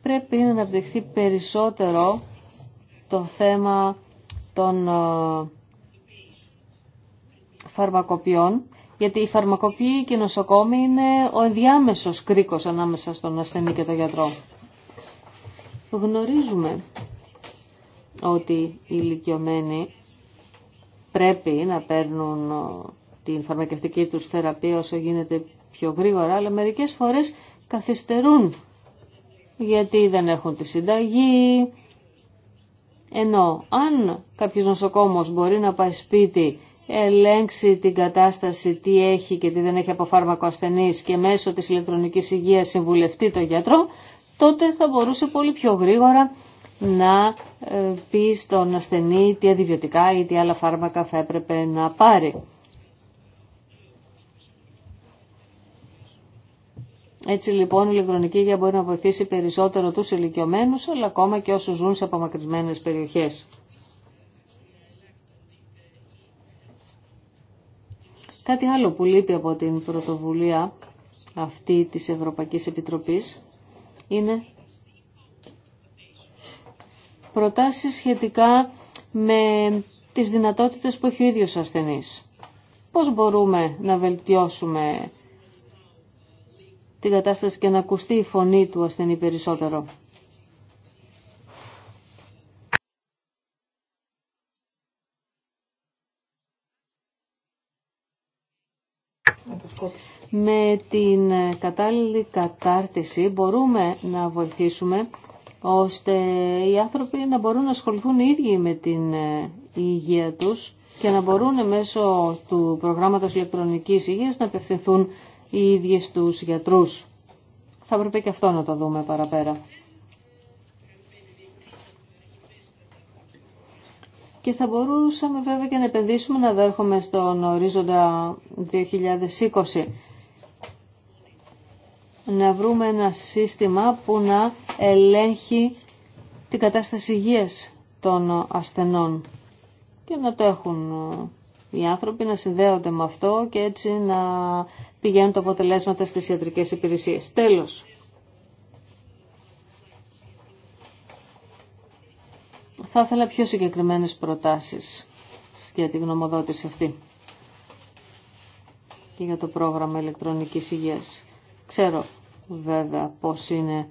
Πρέπει να αναπτυχθεί περισσότερο το θέμα των ε, φαρμακοποιών, γιατί οι φαρμακοποιοί και οι νοσοκόμοι είναι ο ενδιάμεσος κρίκος ανάμεσα στον ασθενή και τον γιατρό. Γνωρίζουμε ότι οι ηλικιωμένοι πρέπει να παίρνουν ε, την φαρμακευτική τους θεραπεία όσο γίνεται πιο γρήγορα, αλλά μερικές φορές καθυστερούν γιατί δεν έχουν τη συνταγή. Ενώ αν κάποιος νοσοκόμος μπορεί να πάει σπίτι, ελέγξει την κατάσταση, τι έχει και τι δεν έχει από φάρμακο ασθενής και μέσω της ηλεκτρονικής υγείας συμβουλευτεί το γιατρό, τότε θα μπορούσε πολύ πιο γρήγορα να ε, πει στον ασθενή τι αντιβιωτικά ή τι άλλα φάρμακα θα έπρεπε να πάρει. Έτσι λοιπόν η ηλεκτρονική υγεία μπορεί να βοηθήσει περισσότερο τους ηλικιωμένους αλλά ακόμα και όσους ζουν σε απομακρυσμένες περιοχές. Κάτι άλλο που λείπει από την πρωτοβουλία αυτή της Ευρωπαϊκής Επιτροπής είναι προτάσεις σχετικά με τις δυνατότητες που έχει ο ίδιος ασθενής. Πώς μπορούμε να βελτιώσουμε την κατάσταση και να ακουστεί η φωνή του ασθενή περισσότερο. Με την κατάλληλη κατάρτιση μπορούμε να βοηθήσουμε ώστε οι άνθρωποι να μπορούν να ασχοληθούν οι ίδιοι με την ε, υγεία τους και να μπορούν μέσω του προγράμματος ηλεκτρονικής υγείας να απευθυνθούν οι ίδιοι στους γιατρούς. Θα έπρεπε και αυτό να το δούμε παραπέρα. Και θα μπορούσαμε βέβαια και να επενδύσουμε να δέρχομαι στον ορίζοντα 2020 να βρούμε ένα σύστημα που να ελέγχει την κατάσταση υγείας των ασθενών και να το έχουν ε, οι άνθρωποι να συνδέονται με αυτό και έτσι να πηγαίνουν τα αποτελέσματα στις ιατρικές υπηρεσίες. Τέλος. Θα ήθελα πιο συγκεκριμένες προτάσεις για τη γνωμοδότηση αυτή και για το πρόγραμμα ηλεκτρονικής υγείας. Ξέρω βέβαια πώς είναι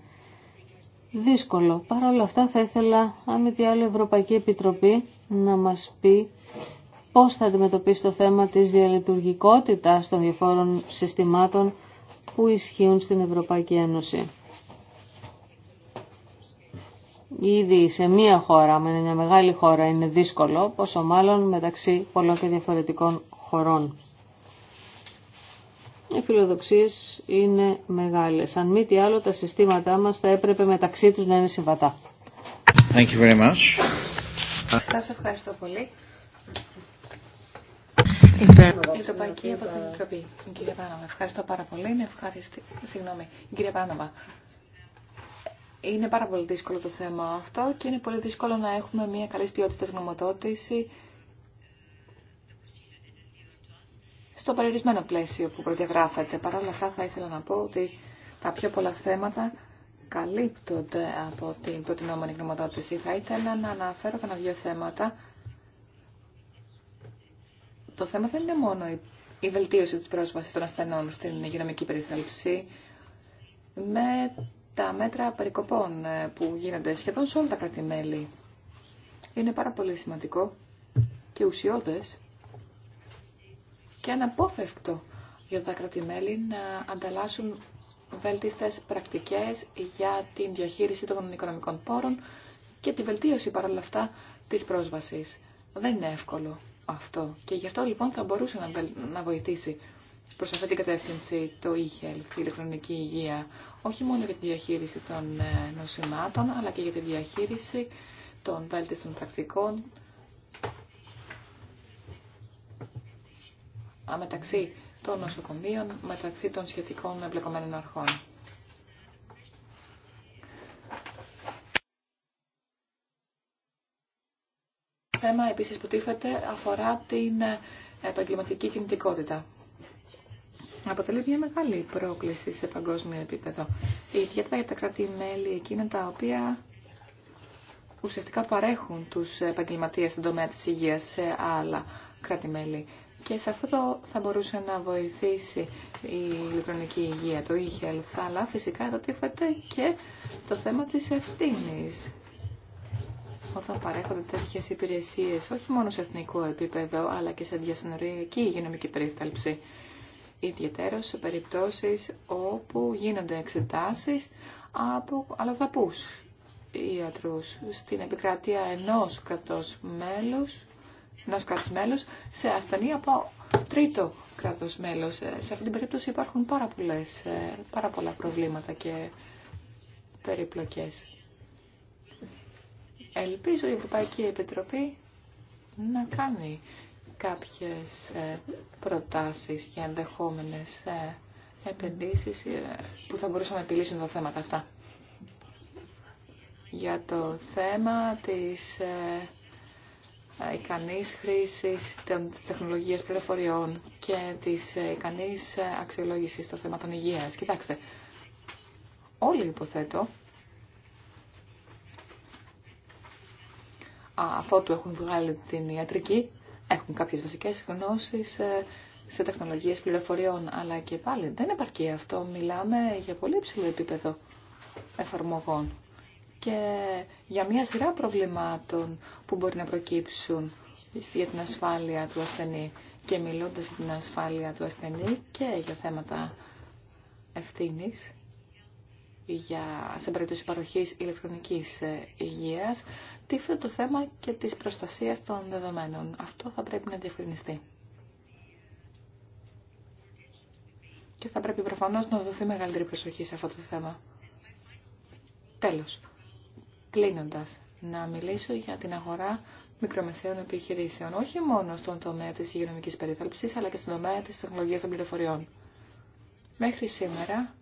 δύσκολο. Παρ' όλα αυτά θα ήθελα, αν μη τι άλλο, Ευρωπαϊκή Επιτροπή να μας πει πώς θα αντιμετωπίσει το θέμα της διαλειτουργικότητας των διαφόρων συστημάτων που ισχύουν στην Ευρωπαϊκή Ένωση. Ήδη σε μία χώρα, με μια μεγάλη χώρα, είναι δύσκολο, πόσο μάλλον μεταξύ πολλών και διαφορετικών χωρών φιλοδοξίες είναι μεγάλες. Αν μη τι άλλο, τα συστήματά μας θα έπρεπε μεταξύ τους να είναι συμβατά. Thank you very much. Σας ευχαριστώ πολύ. Η τοπαϊκή από την Επιτροπή. Κύριε Πάνομα, ευχαριστώ πάρα πολύ. Ευχαριστή. Συγγνώμη. Κύριε Πάνομα, είναι πάρα πολύ δύσκολο το θέμα αυτό και είναι πολύ δύσκολο να έχουμε μια καλή ποιότητα γνωμοδότηση στο περιορισμένο πλαίσιο που προδιαγράφεται. Παρ' όλα αυτά θα ήθελα να πω ότι τα πιο πολλά θέματα καλύπτονται από την προτινόμενη γνωμοδότηση. Θα ήθελα να αναφέρω κανένα δύο θέματα. Το θέμα δεν είναι μόνο η βελτίωση της πρόσβασης των ασθενών στην υγειονομική περιθάλψη με τα μέτρα περικοπών ε, που γίνονται σχεδόν σε όλα τα κρατημέλη. Είναι πάρα πολύ σημαντικό και ουσιώδες και αναπόφευκτο για τα κρατημέλη να ανταλλάσσουν βέλτιστες πρακτικές για την διαχείριση των οικονομικών πόρων και τη βελτίωση παρόλα αυτά της πρόσβασης. Δεν είναι εύκολο αυτό και γι' αυτό λοιπόν θα μπορούσε να βοηθήσει προς αυτή την κατεύθυνση το e-health, η ηλεκτρονική υγεία, όχι μόνο για τη διαχείριση των ε, νοσημάτων, αλλά και για τη διαχείριση των βέλτιστων πρακτικών μεταξύ των νοσοκομείων, μεταξύ των σχετικών εμπλεκομένων αρχών. Το Θέμα επίσης που τίθεται αφορά την επαγγελματική κινητικότητα. Αποτελεί μια μεγάλη πρόκληση σε παγκόσμιο επίπεδο. Ιδιαίτερα για τα κράτη-μέλη εκείνα τα οποία ουσιαστικά παρέχουν τους επαγγελματίες στον τομέα της υγείας σε άλλα κράτη-μέλη. Και σε αυτό θα μπορούσε να βοηθήσει η ηλεκτρονική υγεία, το e-health, αλλά φυσικά εδώ τίθεται και το θέμα της ευθύνης. Όταν παρέχονται τέτοιες υπηρεσίες, όχι μόνο σε εθνικό επίπεδο, αλλά και σε διασυνοριακή υγειονομική περίθαλψη, Ιδιαίτερα σε περιπτώσεις όπου γίνονται εξετάσεις από αλλοδαπούς ιατρούς στην επικράτεια ενός κρατός μέλους ενό κράτου σε ασθενή από τρίτο κράτο μέλο. Ε, σε αυτή την περίπτωση υπάρχουν πάρα, πολλές, ε, πολλά προβλήματα και περιπλοκές. Ελπίζω η Ευρωπαϊκή Επιτροπή να κάνει κάποιες ε, προτάσεις και ενδεχόμενες επενδύσεις που θα μπορούσαν να επιλύσουν τα θέματα αυτά. Για το θέμα της ικανής χρήσης των τεχνολογίας πληροφοριών και της ικανής αξιολόγησης των θέματων υγείας. Κοιτάξτε, όλοι υποθέτω αφότου έχουν βγάλει την ιατρική, έχουν κάποιες βασικές γνώσεις ε, σε τεχνολογίες πληροφοριών, αλλά και πάλι δεν επαρκεί αυτό. Μιλάμε για πολύ ψηλό επίπεδο εφαρμογών και για μια σειρά προβλημάτων που μπορεί να προκύψουν για την ασφάλεια του ασθενή και μιλώντας για την ασφάλεια του ασθενή και για θέματα ευθύνης για, σε περίπτωση παροχής ηλεκτρονικής ε, υγείας, τίθεται το θέμα και της προστασίας των δεδομένων. Αυτό θα πρέπει να διευκρινιστεί. Και θα πρέπει προφανώς να δοθεί μεγαλύτερη προσοχή σε αυτό το θέμα. Τέλος, κλείνοντας, να μιλήσω για την αγορά μικρομεσαίων επιχειρήσεων, όχι μόνο στον τομέα της υγειονομικής περίθαλψης, αλλά και στον τομέα της τεχνολογίας των πληροφοριών. Μέχρι σήμερα,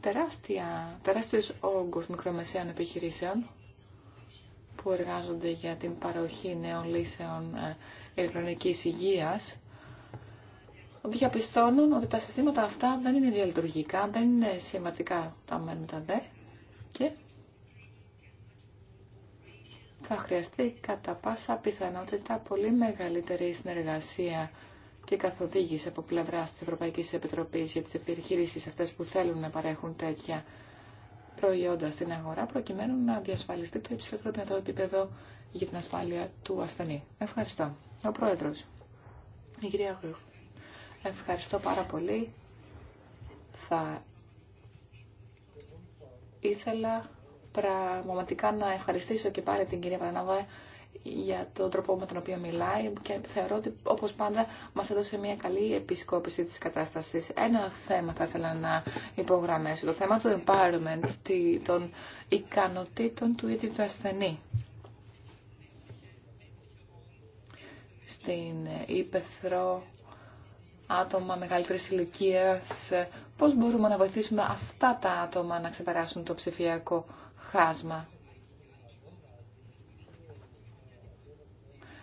τεράστια, τεράστιος όγκος μικρομεσαίων επιχειρήσεων που εργάζονται για την παροχή νέων λύσεων ε, ηλεκτρονικής υγείας, διαπιστώνουν ότι τα συστήματα αυτά δεν είναι διαλειτουργικά, δεν είναι σημαντικά τα μέντα δε θα χρειαστεί κατά πάσα πιθανότητα πολύ μεγαλύτερη συνεργασία και καθοδήγηση από πλευρά τη Ευρωπαϊκή Επιτροπή για τι επιχειρήσει αυτέ που θέλουν να παρέχουν τέτοια προϊόντα στην αγορά, προκειμένου να διασφαλιστεί το υψηλότερο δυνατό επίπεδο για την ασφάλεια του ασθενή. Ευχαριστώ. Ο Πρόεδρο. Η κυρία Ευχαριστώ πάρα πολύ. Θα ήθελα πραγματικά να ευχαριστήσω και πάλι την κυρία Παραναβά για τον τρόπο με τον οποίο μιλάει και θεωρώ ότι όπως πάντα μας έδωσε μια καλή επισκόπηση της κατάστασης. Ένα θέμα θα ήθελα να υπογραμμέσω, το θέμα του empowerment, των ικανοτήτων του ίδιου του ασθενή. Στην Ήπεθρο άτομα μεγαλύτερης ηλικία, πώς μπορούμε να βοηθήσουμε αυτά τα άτομα να ξεπεράσουν το ψηφιακό χάσμα.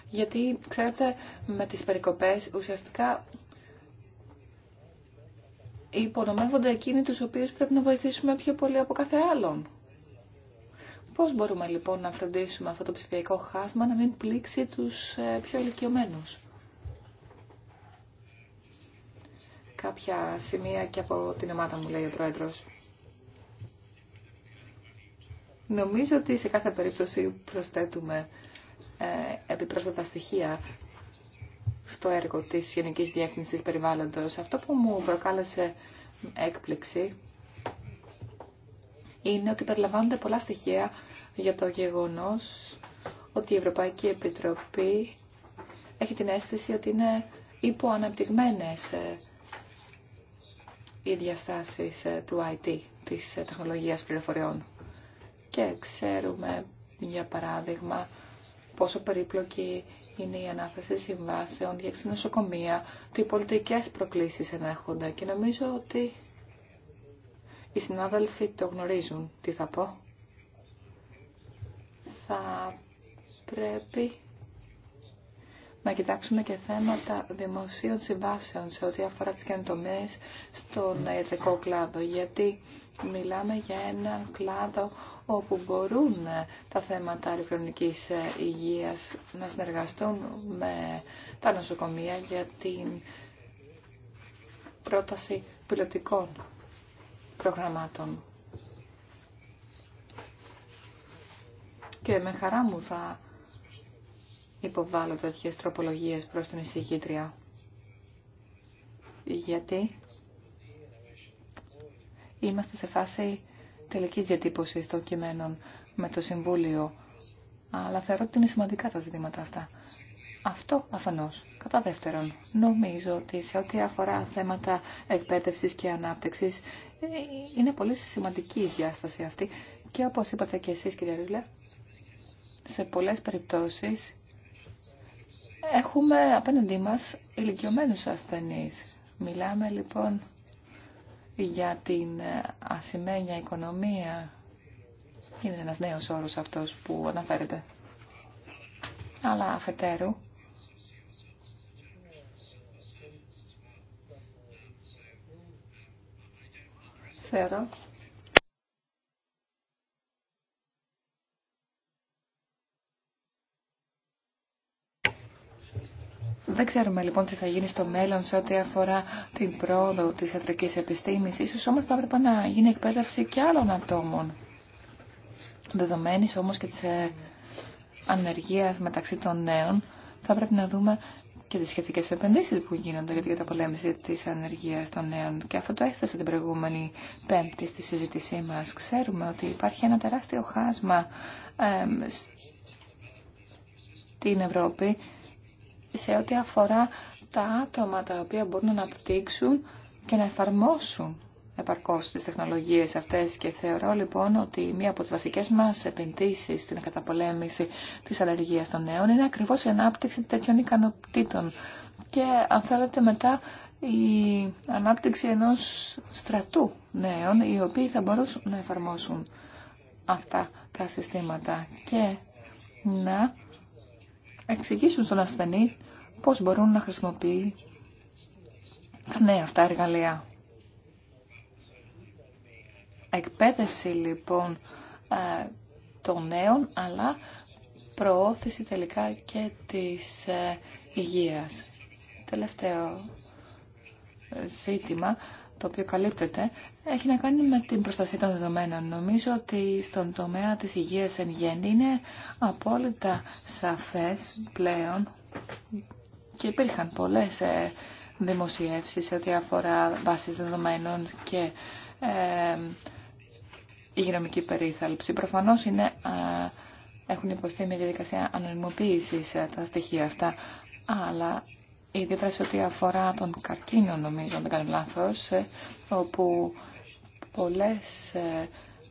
Γιατί, ξέρετε, με τις περικοπές ουσιαστικά υπονομεύονται εκείνοι τους οποίους πρέπει να βοηθήσουμε πιο πολύ από κάθε άλλον. Πώς μπορούμε λοιπόν να φροντίσουμε αυτό το ψηφιακό χάσμα να μην πλήξει τους ε, πιο ηλικιωμένους. Κάποια σημεία και από την ομάδα μου λέει ο Πρόεδρος. Νομίζω ότι σε κάθε περίπτωση προσθέτουμε ε, επιπρόσθετα στοιχεία στο έργο της Γενικής Διεύθυνσης Περιβάλλοντος. Αυτό που μου προκάλεσε έκπληξη είναι ότι περιλαμβάνονται πολλά στοιχεία για το γεγονός ότι η Ευρωπαϊκή Επιτροπή έχει την αίσθηση ότι είναι υποαναπτυγμένες ε, οι διαστάσεις ε, του IT, της ε, τεχνολογίας πληροφοριών και ξέρουμε, για παράδειγμα, πόσο περίπλοκη είναι η ανάθεση συμβάσεων για ξενοσοκομεία, τι πολιτικέ προκλήσεις ενέχονται και νομίζω ότι οι συνάδελφοι το γνωρίζουν. Τι θα πω. Θα πρέπει να κοιτάξουμε και θέματα δημοσίων συμβάσεων σε ό,τι αφορά τις καινοτομίες στον ιατρικό κλάδο, γιατί Μιλάμε για ένα κλάδο όπου μπορούν τα θέματα ηλεκτρονικής υγείας να συνεργαστούν με τα νοσοκομεία για την πρόταση πιλωτικών προγραμμάτων. Και με χαρά μου θα υποβάλλω τέτοιες τροπολογίες προς την εισηγήτρια. Γιατί Είμαστε σε φάση τελικής διατύπωσης των κειμένων με το Συμβούλιο, αλλά θεωρώ ότι είναι σημαντικά τα ζητήματα αυτά. Αυτό αφενός. Κατά δεύτερον, νομίζω ότι σε ό,τι αφορά θέματα εκπαίδευσης και ανάπτυξης, είναι πολύ σημαντική η διάσταση αυτή και όπως είπατε και εσείς κύριε Ρούλε, σε πολλές περιπτώσεις έχουμε απέναντί μας ηλικιωμένους ασθενείς. Μιλάμε λοιπόν για την ασημένια οικονομία. Είναι ένας νέος όρος αυτός που αναφέρεται. Αλλά αφετέρου, θεωρώ Δεν ξέρουμε λοιπόν τι θα γίνει στο μέλλον σε ό,τι αφορά την πρόοδο της ιατρικής επιστήμης. Ίσως όμως θα έπρεπε να γίνει εκπαίδευση και άλλων ατόμων. Δεδομένης όμως και της ε, ανεργίας μεταξύ των νέων, θα πρέπει να δούμε και τις σχετικές επενδύσεις που γίνονται για την καταπολέμηση της ανεργίας των νέων. Και αυτό το έφτασε την προηγούμενη πέμπτη στη συζήτησή μας. Ξέρουμε ότι υπάρχει ένα τεράστιο χάσμα στην Ευρώπη σε ό,τι αφορά τα άτομα τα οποία μπορούν να αναπτύξουν και να εφαρμόσουν επαρκώς τις τεχνολογίες αυτές και θεωρώ λοιπόν ότι μία από τις βασικές μας επενδύσεις στην καταπολέμηση της αλλεργίας των νέων είναι ακριβώς η ανάπτυξη τέτοιων ικανοτήτων και αν θέλετε μετά η ανάπτυξη ενός στρατού νέων οι οποίοι θα μπορούσαν να εφαρμόσουν αυτά τα συστήματα και να εξηγήσουν στον ασθενή πώς μπορούν να χρησιμοποιεί τα νέα αυτά εργαλεία. Εκπαίδευση λοιπόν ε, των νέων, αλλά προώθηση τελικά και της ε, υγείας. Τελευταίο ε, ζήτημα, το οποίο καλύπτεται, έχει να κάνει με την προστασία των δεδομένων. Νομίζω ότι στον τομέα της υγείας εν γέννη απόλυτα σαφές πλέον και υπήρχαν πολλές ε, δημοσιεύσεις σε ό,τι αφορά βάσεις δεδομένων και ε, υγειονομική περίθαλψη. Προφανώς είναι, έχουν υποστεί μια διαδικασία ανωνυμοποίησης ε, τα στοιχεία αυτά, αλλά η αντίδραση ό,τι αφορά τον καρκίνο, νομίζω, αν δεν κάνω λάθος, ε, όπου πολλές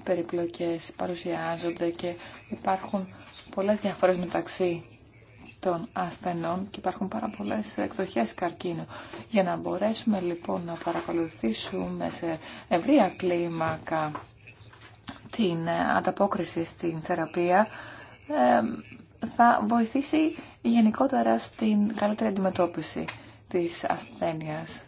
περιπλοκές παρουσιάζονται και υπάρχουν πολλές διαφορές μεταξύ των ασθενών και υπάρχουν πάρα πολλές εκδοχές καρκίνου. Για να μπορέσουμε λοιπόν να παρακολουθήσουμε σε ευρία κλίμακα την ε, ανταπόκριση στην θεραπεία θα βοηθήσει γενικότερα στην καλύτερη αντιμετώπιση της ασθένειας.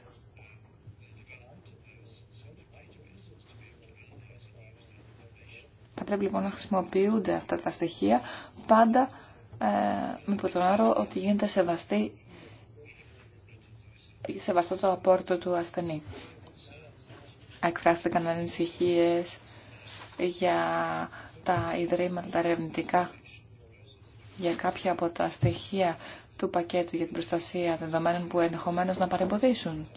Θα πρέπει λοιπόν να χρησιμοποιούνται αυτά τα στοιχεία πάντα ε, με το άρο ότι γίνεται σεβαστή, σεβαστό το απόρτο του ασθενή. Εκφράστηκαν ανησυχίε για τα ιδρύματα, τα ερευνητικά, για κάποια από τα στοιχεία του πακέτου για την προστασία δεδομένων που ενδεχομένω να παρεμποδίσουν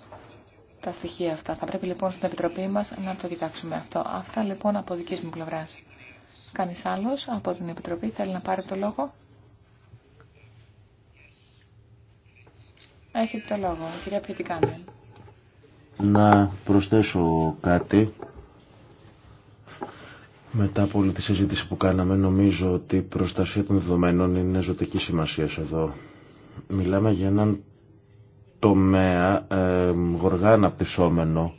τα στοιχεία αυτά. Θα πρέπει λοιπόν στην Επιτροπή μα να το κοιτάξουμε αυτό. Αυτά λοιπόν από δική μου πλευρά. Κανεί άλλο από την Επιτροπή θέλει να πάρει το λόγο. Έχετε το λόγο, κυρία Να προσθέσω κάτι. Μετά από όλη τη συζήτηση που κάναμε, νομίζω ότι η προστασία των δεδομένων είναι ζωτική σημασία εδώ. Μιλάμε για έναν τομέα ε, γοργά αναπτυσσόμενο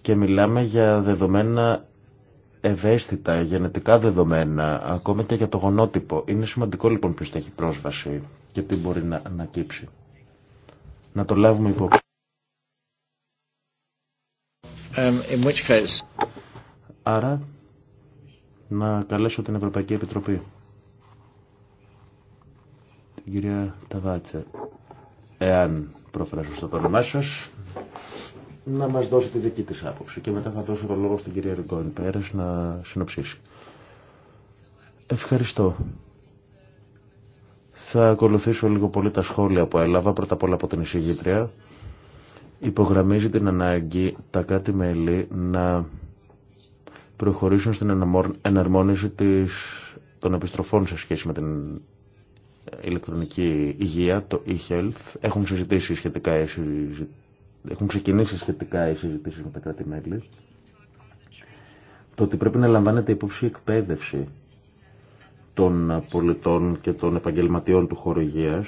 και μιλάμε για δεδομένα ευαίσθητα, γενετικά δεδομένα, ακόμα και για το γονότυπο. Είναι σημαντικό λοιπόν ποιος έχει πρόσβαση και τι μπορεί να ανακύψει να το λάβουμε υπόψη. Um, Άρα, να καλέσω την Ευρωπαϊκή Επιτροπή. Την κυρία Ταβάτσε, εάν προφράσω στο το όνομά σα, να μας δώσει τη δική της άποψη και μετά θα δώσω το λόγο στην κυρία Ριγκόνη Πέρες να συνοψίσει. Ευχαριστώ. Θα ακολουθήσω λίγο πολύ τα σχόλια που έλαβα, πρώτα απ' όλα από την εισηγήτρια. Υπογραμμίζει την ανάγκη τα κράτη-μέλη να προχωρήσουν στην εναρμόνιση της, των επιστροφών σε σχέση με την ηλεκτρονική υγεία, το e-health. Έχουν, έχουν ξεκινήσει σχετικά οι συζητήσεις με τα κράτη-μέλη. Το ότι πρέπει να λαμβάνεται υπόψη εκπαίδευση των πολιτών και των επαγγελματιών του χορηγίας.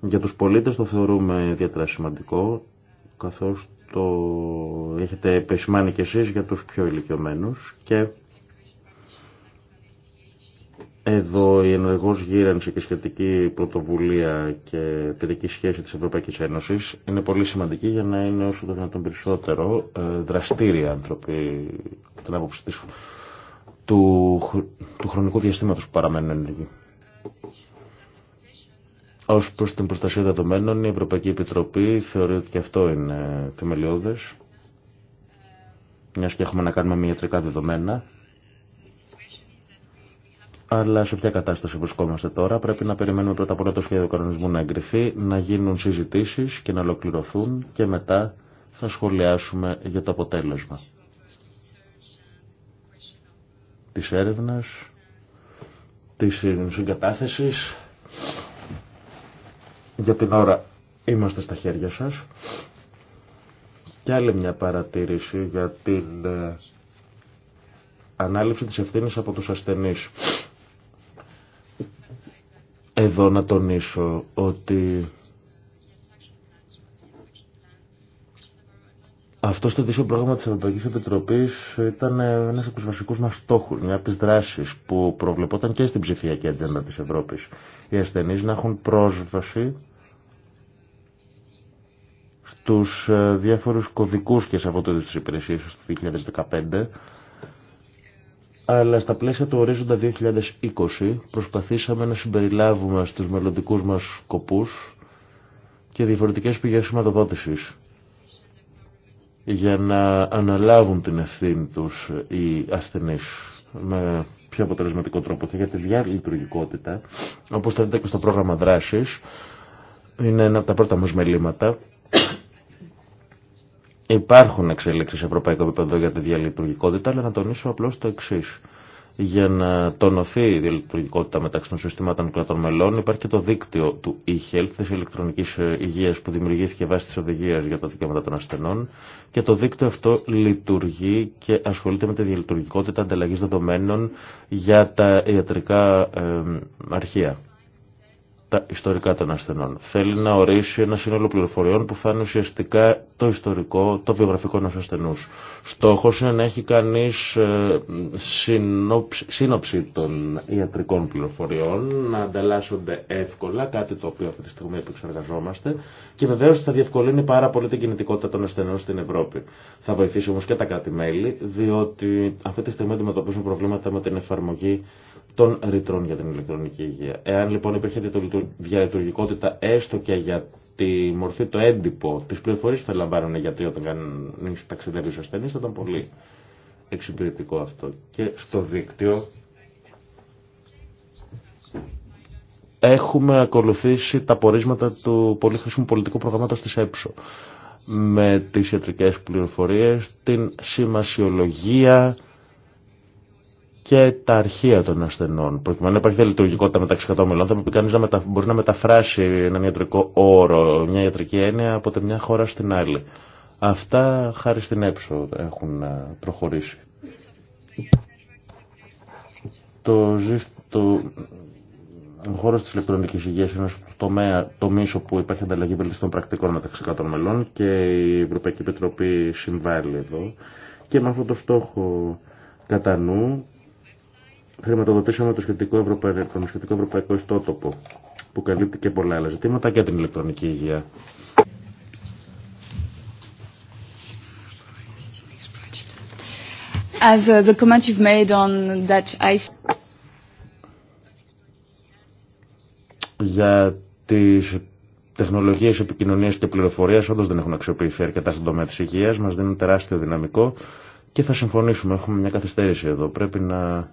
Για τους πολίτες το θεωρούμε ιδιαίτερα σημαντικό, καθώς το έχετε επισημάνει και εσείς για τους πιο ηλικιωμένους και εδώ η ενεργός γύρανση και σχετική πρωτοβουλία και τελική σχέση της Ευρωπαϊκής Ένωσης είναι πολύ σημαντική για να είναι όσο το δυνατόν περισσότερο ε, δραστήρια άνθρωποι την άποψη της του, του χρονικού διαστήματος που παραμένουν ενεργοί. Ω προ την προστασία δεδομένων, η Ευρωπαϊκή Επιτροπή θεωρεί ότι και αυτό είναι θεμελιώδε, μια και έχουμε να κάνουμε με ιατρικά δεδομένα. Αλλά σε ποια κατάσταση βρισκόμαστε τώρα, πρέπει να περιμένουμε πρώτα απ' όλα το σχέδιο κανονισμού να εγκριθεί, να γίνουν συζητήσει και να ολοκληρωθούν και μετά θα σχολιάσουμε για το αποτέλεσμα της έρευνας, της συγκατάθεσης. Για την ώρα είμαστε στα χέρια σας. Και άλλη μια παρατήρηση για την ε, ανάληψη της ευθύνης από τους ασθενείς. Εδώ να τονίσω ότι Αυτό στο δίσιο πρόγραμμα της Ευρωπαϊκής Επιτροπής ήταν ένας από τους βασικούς μας στόχους, μια από τις δράσεις που προβλεπόταν και στην ψηφιακή ατζέντα της Ευρώπης. Οι ασθενείς να έχουν πρόσβαση στους ε, διάφορους κωδικούς και σε αυτό το της του 2015, αλλά στα πλαίσια του ορίζοντα 2020 προσπαθήσαμε να συμπεριλάβουμε στους μελλοντικού μας σκοπούς και διαφορετικές πηγές σηματοδότησης για να αναλάβουν την ευθύνη τους οι ασθενείς με πιο αποτελεσματικό τρόπο και για τη διαλειτουργικότητα όπως θα δείτε και στο πρόγραμμα δράσης είναι ένα από τα πρώτα μας μελήματα υπάρχουν εξελίξεις σε ευρωπαϊκό επίπεδο για τη διαλειτουργικότητα αλλά να τονίσω απλώς το εξής για να τονωθεί η διαλειτουργικότητα μεταξύ των συστημάτων κρατών μελών υπάρχει και το δίκτυο του e-health, της ηλεκτρονικής ε, υγείας που δημιουργήθηκε βάσει τη οδηγία για τα δικαιώματα των ασθενών και το δίκτυο αυτό λειτουργεί και ασχολείται με τη διαλειτουργικότητα ανταλλαγή δεδομένων για τα ιατρικά ε, αρχεία τα ιστορικά των ασθενών. Θέλει να ορίσει ένα σύνολο πληροφοριών που θα είναι ουσιαστικά το ιστορικό, το βιογραφικό ενό ασθενού. Στόχο είναι να έχει κανεί ε, σύνοψη των ιατρικών πληροφοριών, να ανταλλάσσονται εύκολα, κάτι το οποίο αυτή τη στιγμή επεξεργαζόμαστε και βεβαίω θα διευκολύνει πάρα πολύ την κινητικότητα των ασθενών στην Ευρώπη. Θα βοηθήσει όμω και τα κράτη-μέλη, διότι αυτή τη στιγμή αντιμετωπίζουν προβλήματα με την εφαρμογή των ρητρών για την ηλεκτρονική υγεία. Εάν λοιπόν υπήρχε διαλειτουργικότητα έστω και για τη μορφή, το έντυπο, τις πληροφορίες που θα λαμβάνουν οι γιατροί όταν κανείς ταξιδεύει στους ασθενείς, θα ήταν πολύ εξυπηρετικό αυτό. Και στο δίκτυο έχουμε ακολουθήσει τα πορίσματα του πολύ χρήσιμου πολιτικού προγραμμάτος της ΕΠΣΟ με τις ιατρικές πληροφορίες, την σημασιολογία, και τα αρχεία των ασθενών. Προκειμένου να υπάρχει διαλειτουργικότητα μεταξύ κατώμελων, θα πρέπει κανεί να μπορεί να μεταφράσει έναν ιατρικό όρο, μια ιατρική έννοια από τη μια χώρα στην άλλη. Αυτά χάρη στην έψω έχουν ε, προχωρήσει. Το, το, ο χώρο τη ηλεκτρονική υγεία είναι ένα τομέα, που υπάρχει ανταλλαγή βελτιστών πρακτικών μεταξύ κρατών μελών και η Ευρωπαϊκή Επιτροπή συμβάλλει εδώ. Και με αυτό το στόχο κατά νου χρηματοδοτήσαμε το σχετικό, ευρωπαϊκό, ευρωπαϊκό ιστότοπο που καλύπτει και πολλά άλλα ζητήματα και την ηλεκτρονική υγεία. As uh, the comment you've made on that I... Για τι τεχνολογίε επικοινωνία και πληροφορία, όντω δεν έχουν αξιοποιηθεί αρκετά στον τομέα τη υγεία, μα δίνουν τεράστιο δυναμικό και θα συμφωνήσουμε, έχουμε μια καθυστέρηση εδώ, πρέπει να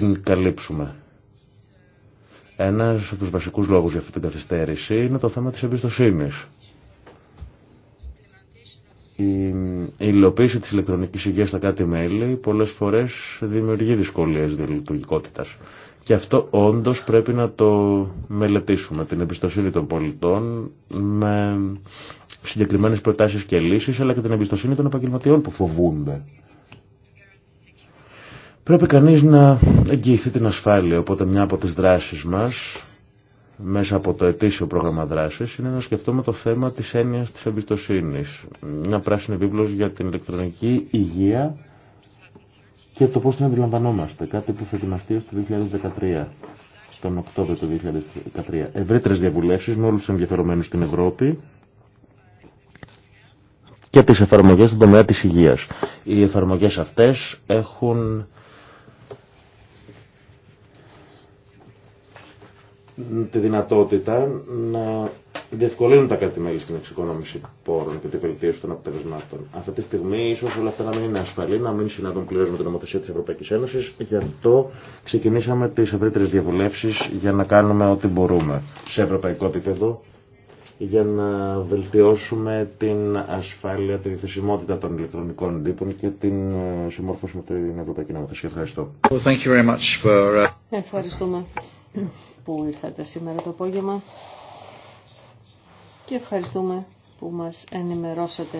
την καλύψουμε. Ένας από τους βασικούς λόγους για αυτή την καθυστέρηση είναι το θέμα της εμπιστοσύνης. Η υλοποίηση της ηλεκτρονικής υγείας στα κάτι μέλη πολλές φορές δημιουργεί δυσκολίες διαλειτουργικότητα. Και αυτό όντως πρέπει να το μελετήσουμε, την εμπιστοσύνη των πολιτών με συγκεκριμένες προτάσεις και λύσεις, αλλά και την εμπιστοσύνη των επαγγελματιών που φοβούνται Πρέπει κανείς να εγγυηθεί την ασφάλεια, οπότε μια από τις δράσεις μας, μέσα από το ετήσιο πρόγραμμα δράσης, είναι να σκεφτούμε το θέμα της έννοιας της εμπιστοσύνης. Μια πράσινη βίβλος για την ηλεκτρονική υγεία και το πώς την αντιλαμβανόμαστε. Κάτι που θα ετοιμαστεί το 2013, τον Οκτώβριο του 2013. Ευρύτερες διαβουλεύσεις με όλους τους ενδιαφερομένους στην Ευρώπη και τις εφαρμογές στον τομέα της υγείας. Οι εφαρμογέ αυτές έχουν τη δυνατότητα να διευκολύνουν τα κράτη-μέλη στην εξοικονόμηση πόρων και τη βελτίωση των αποτελεσμάτων. Αυτή τη στιγμή ίσω όλα αυτά να μην είναι ασφαλή, να μην συναντούν πλήρω με την νομοθεσία τη Ευρωπαϊκή Ένωση. Γι' αυτό ξεκινήσαμε τι ευρύτερε διαβουλεύσει για να κάνουμε ό,τι μπορούμε σε ευρωπαϊκό επίπεδο για να βελτιώσουμε την ασφάλεια, τη διθεσιμότητα των ηλεκτρονικών τύπων και την ε, συμμόρφωση με την Ευρωπαϊκή Νομοθεσία. Ευχαριστώ. Uh, Ευχαριστούμε που ήρθατε σήμερα το απόγευμα και ευχαριστούμε που μας ενημερώσατε.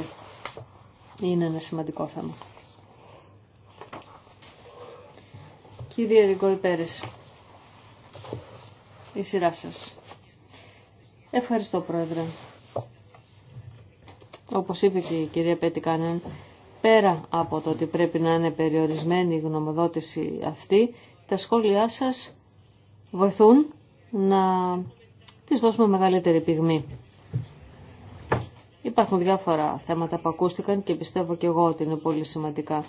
Είναι ένα σημαντικό θέμα. Κύριε Ρικό η σειρά σας. Ευχαριστώ Πρόεδρε. Όπως είπε και η κυρία Πέτικανεν, πέρα από το ότι πρέπει να είναι περιορισμένη η γνωμοδότηση αυτή, τα σχόλιά σας βοηθούν να τις δώσουμε μεγαλύτερη πυγμή. Υπάρχουν διάφορα θέματα που ακούστηκαν και πιστεύω και εγώ ότι είναι πολύ σημαντικά.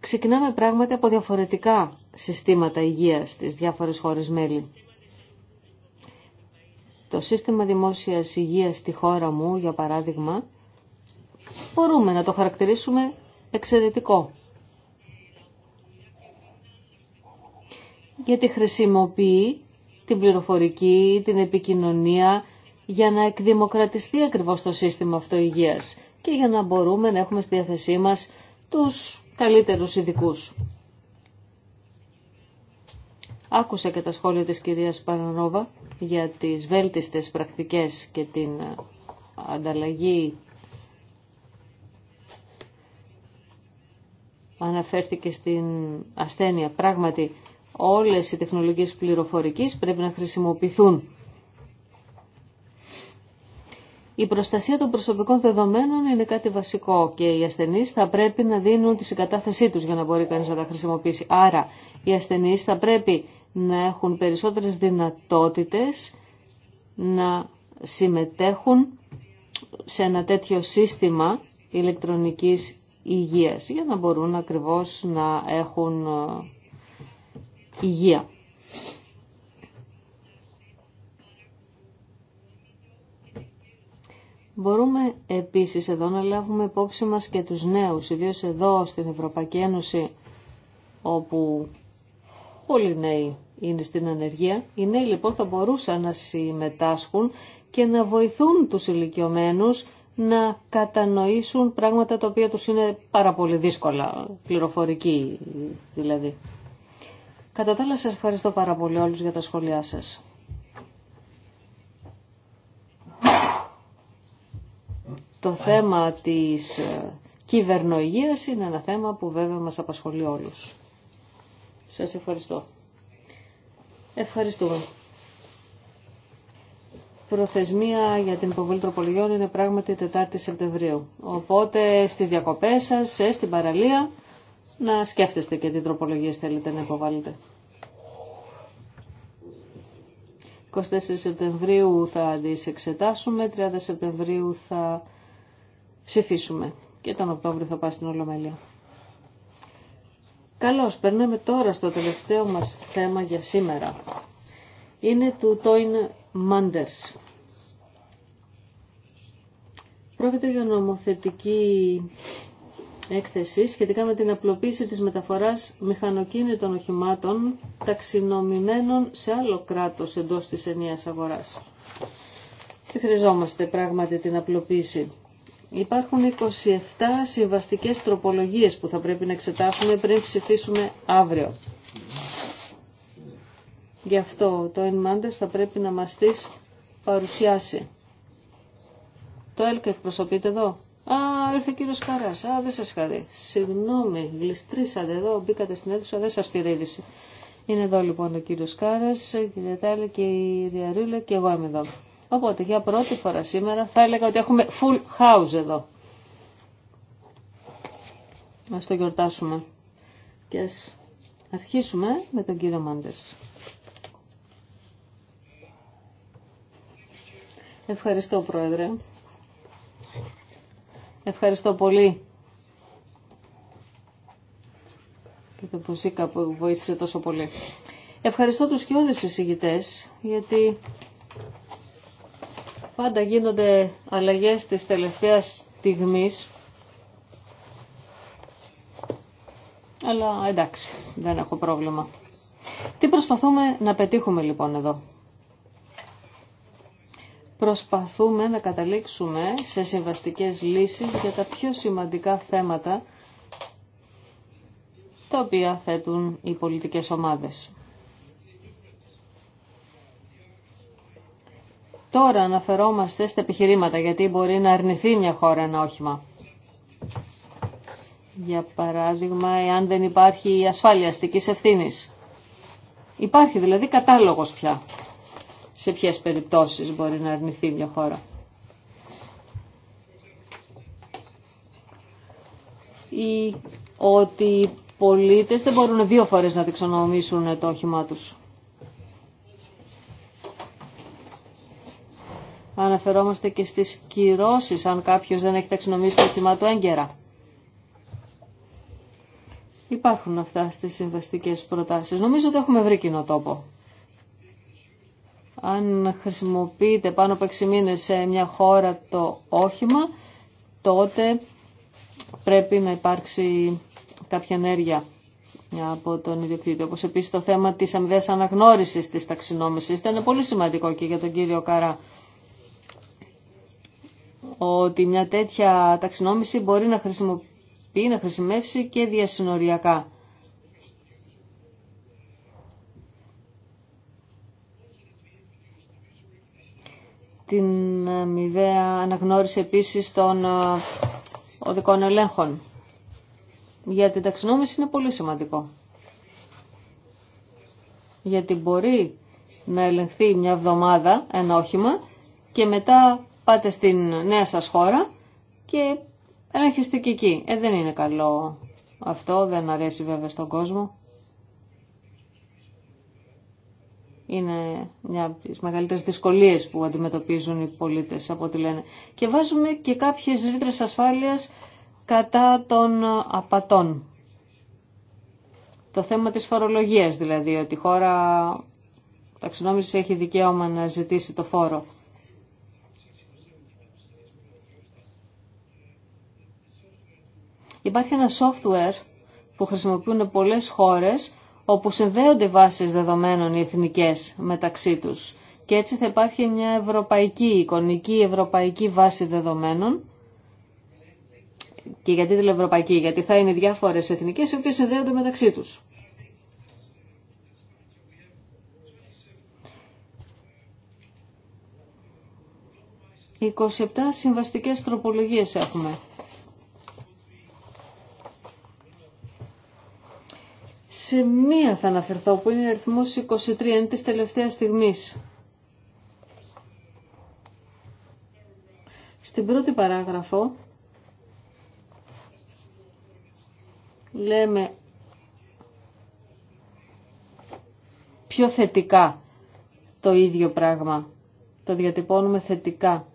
Ξεκινάμε πράγματι από διαφορετικά συστήματα υγείας στις διάφορες χώρες μέλη. Το σύστημα δημόσιας υγείας στη χώρα μου, για παράδειγμα, μπορούμε να το χαρακτηρίσουμε εξαιρετικό. γιατί χρησιμοποιεί την πληροφορική, την επικοινωνία για να εκδημοκρατιστεί ακριβώς το σύστημα αυτό και για να μπορούμε να έχουμε στη διάθεσή μας τους καλύτερους ειδικού. Άκουσα και τα σχόλια της κυρίας Παρανόβα για τις βέλτιστες πρακτικές και την ανταλλαγή αναφέρθηκε στην ασθένεια. Πράγματι, όλες οι τεχνολογίες πληροφορικής πρέπει να χρησιμοποιηθούν. Η προστασία των προσωπικών δεδομένων είναι κάτι βασικό και οι ασθενείς θα πρέπει να δίνουν τη συγκατάθεσή τους για να μπορεί κανείς να τα χρησιμοποιήσει. Άρα οι ασθενείς θα πρέπει να έχουν περισσότερες δυνατότητες να συμμετέχουν σε ένα τέτοιο σύστημα ηλεκτρονικής υγείας για να μπορούν ακριβώς να έχουν ε, υγεία. Μπορούμε επίσης εδώ να λάβουμε υπόψη μας και τους νέους, ιδίως εδώ στην Ευρωπαϊκή Ένωση, όπου πολλοί νέοι είναι στην ανεργία. Οι νέοι λοιπόν θα μπορούσαν να συμμετάσχουν και να βοηθούν τους ηλικιωμένου να κατανοήσουν πράγματα τα οποία τους είναι πάρα πολύ δύσκολα, πληροφορική δηλαδή. Κατά τα σας ευχαριστώ πάρα πολύ όλους για τα σχόλιά σας. Το θέμα της ε, κυβερνοϊγείας είναι ένα θέμα που βέβαια μας απασχολεί όλους. Σας ευχαριστώ. Ευχαριστούμε. Προθεσμία για την υποβολή τροπολογιών είναι πράγματι 4η Σεπτεμβρίου. Οπότε στις διακοπές σας, ε, στην παραλία να σκέφτεστε και τι τροπολογίες θέλετε να υποβάλλετε. 24 Σεπτεμβρίου θα τις εξετάσουμε, 30 Σεπτεμβρίου θα ψηφίσουμε και τον Οκτώβριο θα πάει στην Ολομέλεια. Καλώς, περνάμε τώρα στο τελευταίο μας θέμα για σήμερα. Είναι του Τόιν Μάντερς. Πρόκειται για νομοθετική έκθεση σχετικά με την απλοποίηση της μεταφοράς μηχανοκίνητων οχημάτων ταξινομημένων σε άλλο κράτος εντός της ενίας αγοράς. Τι χρειαζόμαστε πράγματι την απλοποίηση. Υπάρχουν 27 συμβαστικές τροπολογίες που θα πρέπει να εξετάσουμε πριν ψηφίσουμε αύριο. Γι' αυτό το ΕΝΜΑΝΤΕΣ θα πρέπει να μας τις παρουσιάσει. Το ΕΛΚΕΚ προσωπείται εδώ. Α, ήρθε ο κύριο Κάρα, Α, δεν σας χαρεί. Συγγνώμη, γλιστρήσατε εδώ, μπήκατε στην αίθουσα, δεν σα πηρίλησε. Είναι εδώ λοιπόν ο κύριο Κάρα, η κυρία και η Διαρούλα και εγώ είμαι εδώ. Οπότε για πρώτη φορά σήμερα θα έλεγα ότι έχουμε full house εδώ. Α το γιορτάσουμε. Και α αρχίσουμε με τον κύριο Μάντερς. Ευχαριστώ πρόεδρε. Ευχαριστώ πολύ. Και το Ποσίκα που βοήθησε τόσο πολύ. Ευχαριστώ τους κοιόδες εισηγητές, γιατί πάντα γίνονται αλλαγές της τελευταίας στιγμής. Αλλά εντάξει, δεν έχω πρόβλημα. Τι προσπαθούμε να πετύχουμε λοιπόν εδώ προσπαθούμε να καταλήξουμε σε συμβαστικές λύσεις για τα πιο σημαντικά θέματα τα οποία θέτουν οι πολιτικές ομάδες. Τώρα αναφερόμαστε στα επιχειρήματα, γιατί μπορεί να αρνηθεί μια χώρα ένα όχημα. Για παράδειγμα, εάν δεν υπάρχει ασφάλεια αστικής ευθύνης. Υπάρχει δηλαδή κατάλογος πια σε ποιες περιπτώσεις μπορεί να αρνηθεί μια χώρα. Ή ότι οι πολίτες δεν μπορούν δύο φορές να διξονομήσουν το όχημά τους. Αναφερόμαστε και στις κυρώσεις αν κάποιος δεν έχει ταξινομήσει το όχημά του έγκαιρα. Υπάρχουν αυτά στις συμβαστικές προτάσεις. Νομίζω ότι έχουμε βρει κοινό τόπο αν χρησιμοποιείται πάνω από 6 μήνες σε μια χώρα το όχημα, τότε πρέπει να υπάρξει κάποια ενέργεια από τον ιδιοκτήτη. Όπως επίσης το θέμα της αμοιβαίας αναγνώρισης της ταξινόμησης ήταν πολύ σημαντικό και για τον κύριο Καρά ότι μια τέτοια ταξινόμηση μπορεί να χρησιμοποιεί, να χρησιμεύσει και διασυνοριακά. την ε, μηδέα αναγνώριση επίσης των ε, οδικών ελέγχων. Γιατί την ταξινόμηση είναι πολύ σημαντικό. Γιατί μπορεί να ελεγχθεί μια εβδομάδα ένα όχημα και μετά πάτε στην νέα σας χώρα και ελέγχεστε και εκεί. Ε, δεν είναι καλό αυτό, δεν αρέσει βέβαια στον κόσμο. είναι μια από τις μεγαλύτερες δυσκολίες που αντιμετωπίζουν οι πολίτες από ό,τι λένε. Και βάζουμε και κάποιες ρήτρες ασφάλειας κατά των απατών. Το θέμα της φορολογίας δηλαδή, ότι η χώρα ταξινόμησης έχει δικαίωμα να ζητήσει το φόρο. Υπάρχει ένα software που χρησιμοποιούν πολλές χώρες όπου συνδέονται βάσεις δεδομένων οι εθνικές μεταξύ τους. Και έτσι θα υπάρχει μια ευρωπαϊκή, εικονική ευρωπαϊκή βάση δεδομένων. Και γιατί την ευρωπαϊκή, γιατί θα είναι διάφορες εθνικές οι οποίες συνδέονται μεταξύ τους. 27 συμβαστικές τροπολογίες έχουμε. σε μία θα αναφερθώ που είναι αριθμός 23, είναι της τελευταίας στιγμής. Στην πρώτη παράγραφο λέμε πιο θετικά το ίδιο πράγμα. Το διατυπώνουμε θετικά.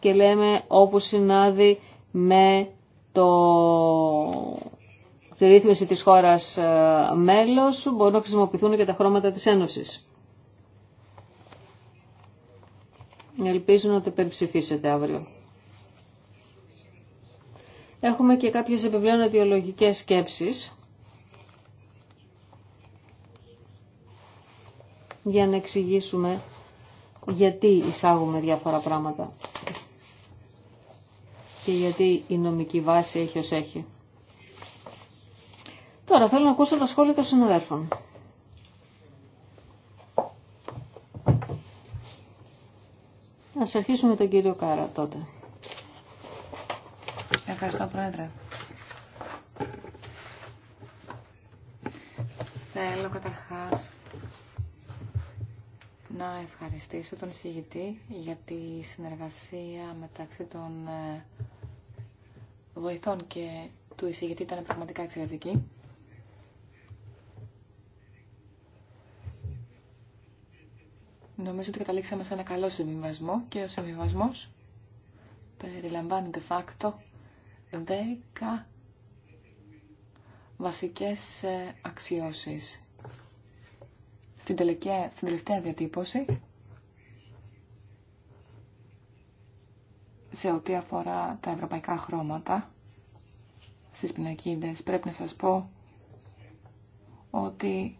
Και λέμε όπου συνάδει με το τη ρύθμιση της χώρας ε, μέλος μπορούν να χρησιμοποιηθούν και τα χρώματα της Ένωσης. Ελπίζω να το υπερψηφίσετε αύριο. Έχουμε και κάποιες επιπλέον αιτιολογικές σκέψεις για να εξηγήσουμε γιατί εισάγουμε διάφορα πράγματα και γιατί η νομική βάση έχει ως έχει. Τώρα θέλω να ακούσω τα σχόλια των συναδέρφων. Ας αρχίσουμε τον κύριο Κάρα τότε. Ευχαριστώ Πρόεδρε. Θέλω καταρχάς να ευχαριστήσω τον εισηγητή για τη συνεργασία μεταξύ των ε, βοηθών και του εισηγητή ήταν πραγματικά εξαιρετική. Νομίζω ότι καταλήξαμε σε ένα καλό συμβιβασμό και ο συμβιβασμό περιλαμβάνει de facto 10 βασικές ε, αξιώσεις. Στην τελευταία, στην τελευταία διατύπωση, σε ό,τι αφορά τα ευρωπαϊκά χρώματα στις πινακίδες, πρέπει να σας πω ότι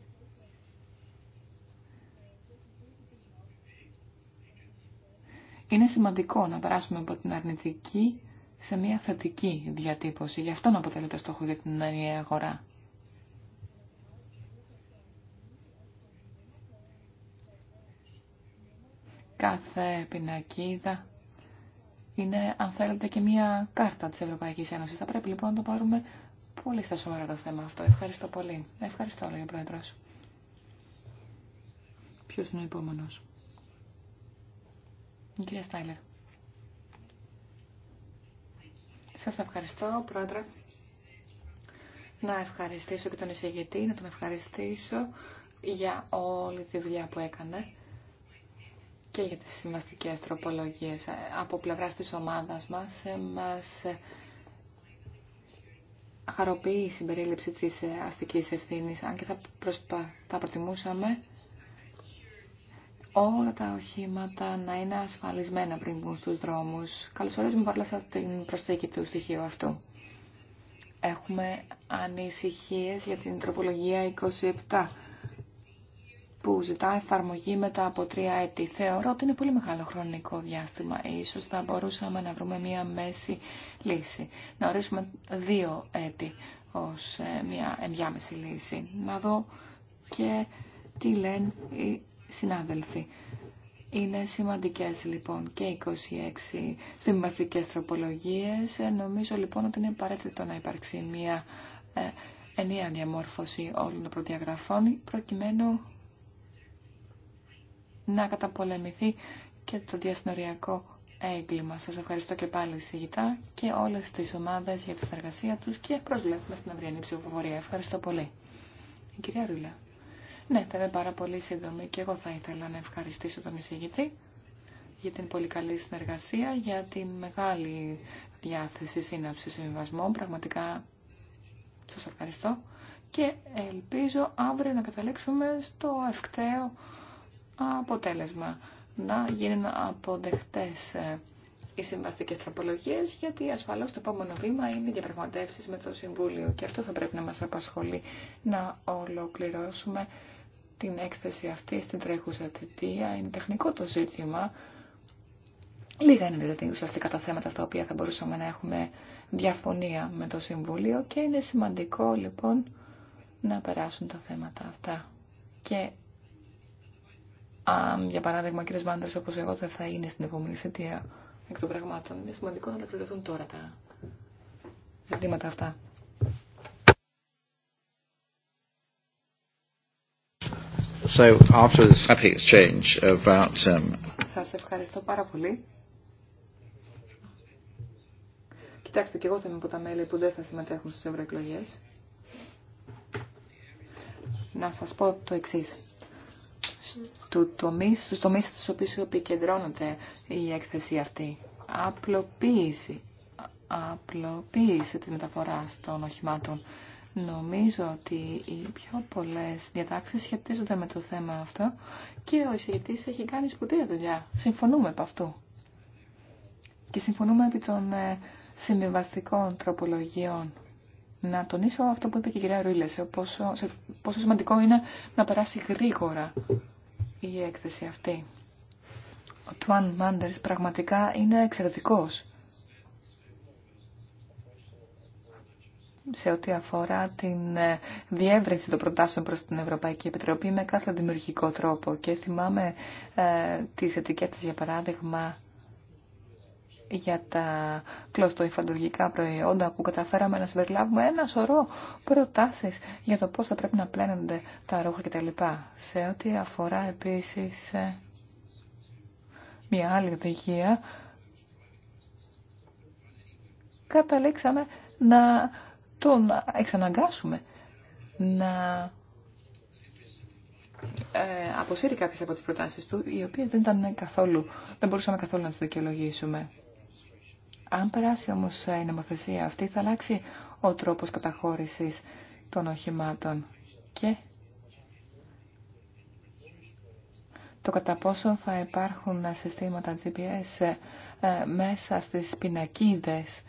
Είναι σημαντικό να περάσουμε από την αρνητική σε μια θετική διατύπωση. Γι' αυτό αποτελεί το στόχο για την ενιαία αγορά. Κάθε πινακίδα είναι, αν θέλετε, και μια κάρτα της Ευρωπαϊκής Ένωσης. Θα πρέπει λοιπόν να το πάρουμε πολύ στα σοβαρά το θέμα αυτό. Ευχαριστώ πολύ. Ευχαριστώ, λέει ο Πρόεδρος. Ποιος είναι ο επόμενος. Κυρία Στάιλερ. Σας ευχαριστώ, Πρόεδρε. Να ευχαριστήσω και τον εισηγητή, να τον ευχαριστήσω για όλη τη δουλειά που έκανε και για τις συμβαστικές τροπολογίες. Από πλευράς της ομάδας μας, ε, μας ε, χαροποιεί η συμπερίληψη της αστικής ευθύνης, αν και θα, προσπα... θα προτιμούσαμε όλα τα οχήματα να είναι ασφαλισμένα πριν μπουν στους δρόμους. Καλωσορίζουμε παρ' αυτά την προσθήκη του στοιχείου αυτού. Έχουμε ανησυχίες για την τροπολογία 27 που ζητά εφαρμογή μετά από τρία έτη. Θεωρώ ότι είναι πολύ μεγάλο χρονικό διάστημα. Ίσως θα μπορούσαμε να βρούμε μία μέση λύση. Να ορίσουμε δύο έτη ως ε, μία ενδιάμεση λύση. Να δω και τι λένε οι συνάδελφοι. Είναι σημαντικές λοιπόν και 26 συμβαστικές τροπολογίες. Ε, νομίζω λοιπόν ότι είναι απαραίτητο να υπάρξει μια ε, ενιαία διαμόρφωση όλων των προδιαγραφών προκειμένου να καταπολεμηθεί και το διασυνοριακό έγκλημα. Σας ευχαριστώ και πάλι συγητά και όλες τις ομάδες για τη συνεργασία τους και προσβλέπουμε στην αυριανή ψηφοφορία. Ευχαριστώ πολύ. Η κυρία Ρούλα. Ναι, θα είμαι πάρα πολύ σύντομη και εγώ θα ήθελα να ευχαριστήσω τον εισηγητή για την πολύ καλή συνεργασία, για την μεγάλη διάθεση σύναψης συμβιβασμών. Πραγματικά σας ευχαριστώ και ελπίζω αύριο να καταλήξουμε στο ευκταίο αποτέλεσμα. Να γίνουν αποδεχτές ε, οι συμβαστικές τροπολογίες, γιατί ασφαλώς το επόμενο βήμα είναι οι διαπραγματεύσει με το Συμβούλιο. Και αυτό θα πρέπει να μα απασχολεί να ολοκληρώσουμε την έκθεση αυτή στην τρέχουσα θετία Είναι τεχνικό το ζήτημα. Λίγα είναι δηλαδή ουσιαστικά τα θέματα στα οποία θα μπορούσαμε να έχουμε διαφωνία με το Συμβούλιο και είναι σημαντικό λοιπόν να περάσουν τα θέματα αυτά. Και αν για παράδειγμα ο κ. όπως εγώ δεν θα είναι στην επόμενη θετία εκ των πραγμάτων, είναι σημαντικό να ολοκληρωθούν τώρα τα ζητήματα αυτά. So um, Σας ευχαριστώ πάρα πολύ. Κοιτάξτε, και εγώ θα είμαι από τα μέλη που δεν θα συμμετέχουν στις ευρωεκλογέ. Να σας πω το εξής. Στου τομείς, στους τομείς στους οποίους επικεντρώνεται η έκθεση αυτή. Απλοποίηση. Απλοποίηση της μεταφοράς των οχημάτων Νομίζω ότι οι πιο πολλές διατάξεις σχετίζονται με το θέμα αυτό και ο εισηγητής έχει κάνει σπουδαία δουλειά. Συμφωνούμε από αυτού. Και συμφωνούμε επί των ε, συμβιβαστικών τροπολογιών. Να τονίσω αυτό που είπε και η κυρία Ρούιλε, πόσο, πόσο σημαντικό είναι να περάσει γρήγορα η έκθεση αυτή. Ο Τουάν Μάντερς πραγματικά είναι εξαιρετικός σε ό,τι αφορά την ε, διεύρυνση των προτάσεων προς την Ευρωπαϊκή Επιτροπή με κάθε δημιουργικό τρόπο. Και θυμάμαι ε, τις ετικέτες, για παράδειγμα, για τα κλωστοϊφαντουργικά προϊόντα που καταφέραμε να συμπεριλάβουμε ένα σωρό προτάσεις για το πώς θα πρέπει να πλένονται τα ρούχα κτλ. Σε ό,τι αφορά επίσης ε, μια άλλη οδηγία, καταλήξαμε να τον εξαναγκάσουμε να ε, αποσύρει κάποιες από τις προτάσεις του, οι οποίες δεν ήταν καθόλου, δεν μπορούσαμε καθόλου να τις δικαιολογήσουμε. Αν περάσει όμως η νομοθεσία αυτή, θα αλλάξει ο τρόπος καταχώρησης των οχημάτων και το κατά πόσο θα υπάρχουν συστήματα GPS ε, μέσα στις πινακίδες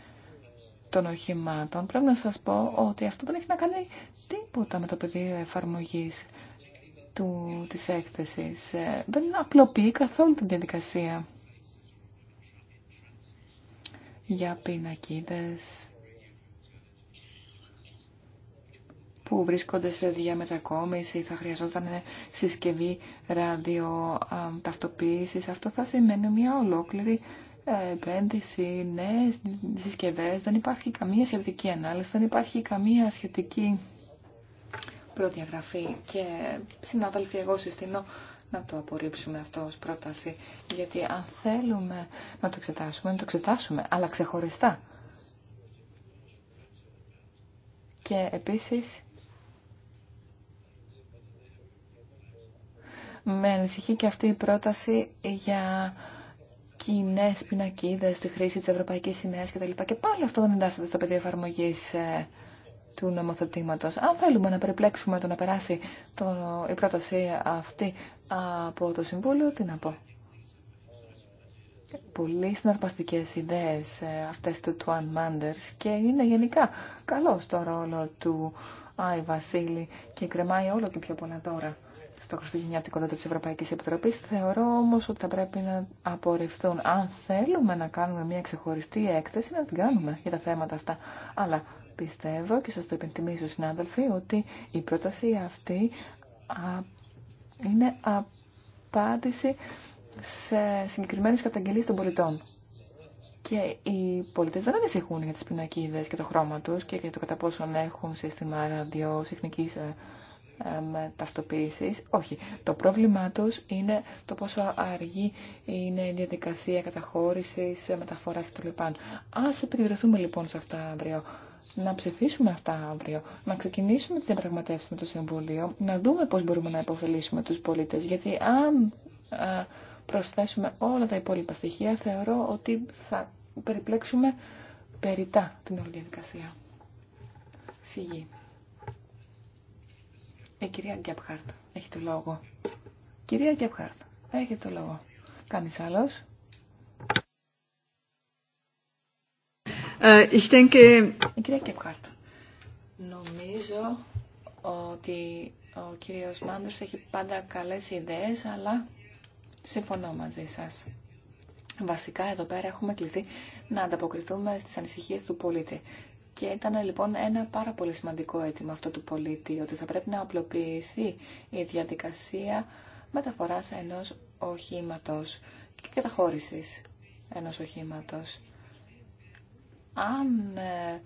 των οχημάτων, πρέπει να σας πω ότι αυτό δεν έχει να κάνει τίποτα με το πεδίο εφαρμογής του, της έκθεσης. Ε, δεν απλοποιεί καθόλου την διαδικασία. Για πινακίδες που βρίσκονται σε διαμετακόμιση, θα χρειαζόταν συσκευή ραδιοταυτοποίησης. Αυτό θα σημαίνει μια ολόκληρη ε, επένδυση, νέες ναι, συσκευές, δεν υπάρχει καμία σχετική ανάλυση, δεν υπάρχει καμία σχετική προδιαγραφή και συνάδελφοι εγώ συστήνω να το απορρίψουμε αυτό ως πρόταση γιατί αν θέλουμε να το εξετάσουμε, να το εξετάσουμε αλλά ξεχωριστά και επίσης με ανησυχεί και αυτή η πρόταση για κοινέ πινακίδε, τη χρήση τη Ευρωπαϊκή Σημαία κτλ. Και πάλι αυτό δεν εντάσσεται στο πεδίο εφαρμογή ε, του νομοθετήματο. Αν θέλουμε να περιπλέξουμε το να περάσει το, η πρόταση αυτή από το Συμβούλιο, τι να πω. Πολύ συναρπαστικέ ιδέε αυτέ του Τουάν Μάντερ και είναι γενικά καλό το ρόλο του Άι Βασίλη και κρεμάει όλο και πιο πολλά τώρα στο χριστουγεννιάτικο δέντρο τη Ευρωπαϊκή Επιτροπή. Θεωρώ όμω ότι θα πρέπει να απορριφθούν. Αν θέλουμε να κάνουμε μια ξεχωριστή έκθεση, να την κάνουμε για τα θέματα αυτά. Αλλά πιστεύω και σα το υπενθυμίζω συνάδελφοι ότι η πρόταση αυτή είναι απάντηση σε συγκεκριμένε καταγγελίε των πολιτών. Και οι πολιτέ δεν ανησυχούν για τι πινακίδε και το χρώμα του και για το κατά πόσον έχουν σύστημα ραδιοσυχνική ε, ταυτοποίησης. Όχι. Το πρόβλημά τους είναι το πόσο αργή είναι η διαδικασία καταχώρησης, μεταφοράς κτλ. Ας επικεντρωθούμε λοιπόν σε αυτά αύριο. Να ψηφίσουμε αυτά αύριο, να ξεκινήσουμε την διαπραγματεύση με το Συμβούλιο, να δούμε πώς μπορούμε να υποφελήσουμε τους πολίτες, γιατί αν ε, προσθέσουμε όλα τα υπόλοιπα στοιχεία, θεωρώ ότι θα περιπλέξουμε περιτά την όλη διαδικασία. Η ε, κυρία Γκέπχαρτ έχει το λόγο. Κυρία Γκέπχαρτ, έχει το λόγο. Κανείς άλλος. Uh, ε, Η ε, κυρία Γκέπχαρτ. Νομίζω ότι ο κύριος Μάντερς έχει πάντα καλές ιδέες, αλλά συμφωνώ μαζί σας. Βασικά εδώ πέρα έχουμε κληθεί να ανταποκριθούμε στις ανησυχίες του πολίτη. Και ήταν λοιπόν ένα πάρα πολύ σημαντικό αίτημα αυτό του πολίτη, ότι θα πρέπει να απλοποιηθεί η διαδικασία μεταφοράς ενός οχήματος και καταχώρησης ενός οχήματος. Αν ε,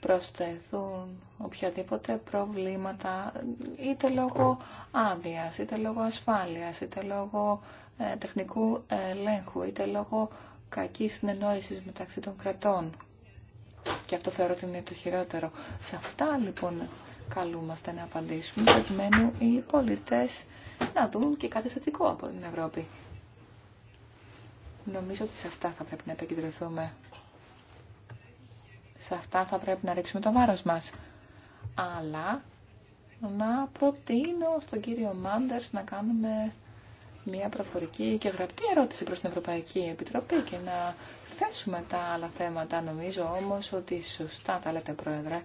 προσθεθούν οποιαδήποτε προβλήματα, είτε λόγω άδεια, είτε λόγω ασφάλειας, είτε λόγω ε, τεχνικού ελέγχου, είτε λόγω κακής συνεννόησης μεταξύ των κρατών και αυτό θεωρώ ότι είναι το χειρότερο. Σε αυτά λοιπόν καλούμαστε να απαντήσουμε, προκειμένου οι πολίτες να δουν και κάτι θετικό από την Ευρώπη. Νομίζω ότι σε αυτά θα πρέπει να επικεντρωθούμε. Σε αυτά θα πρέπει να ρίξουμε το βάρος μας. Αλλά να προτείνω στον κύριο Μάντερς να κάνουμε μια προφορική και γραπτή ερώτηση προς την Ευρωπαϊκή Επιτροπή και να θέσουμε τα άλλα θέματα. Νομίζω όμως ότι σωστά τα λέτε Πρόεδρε,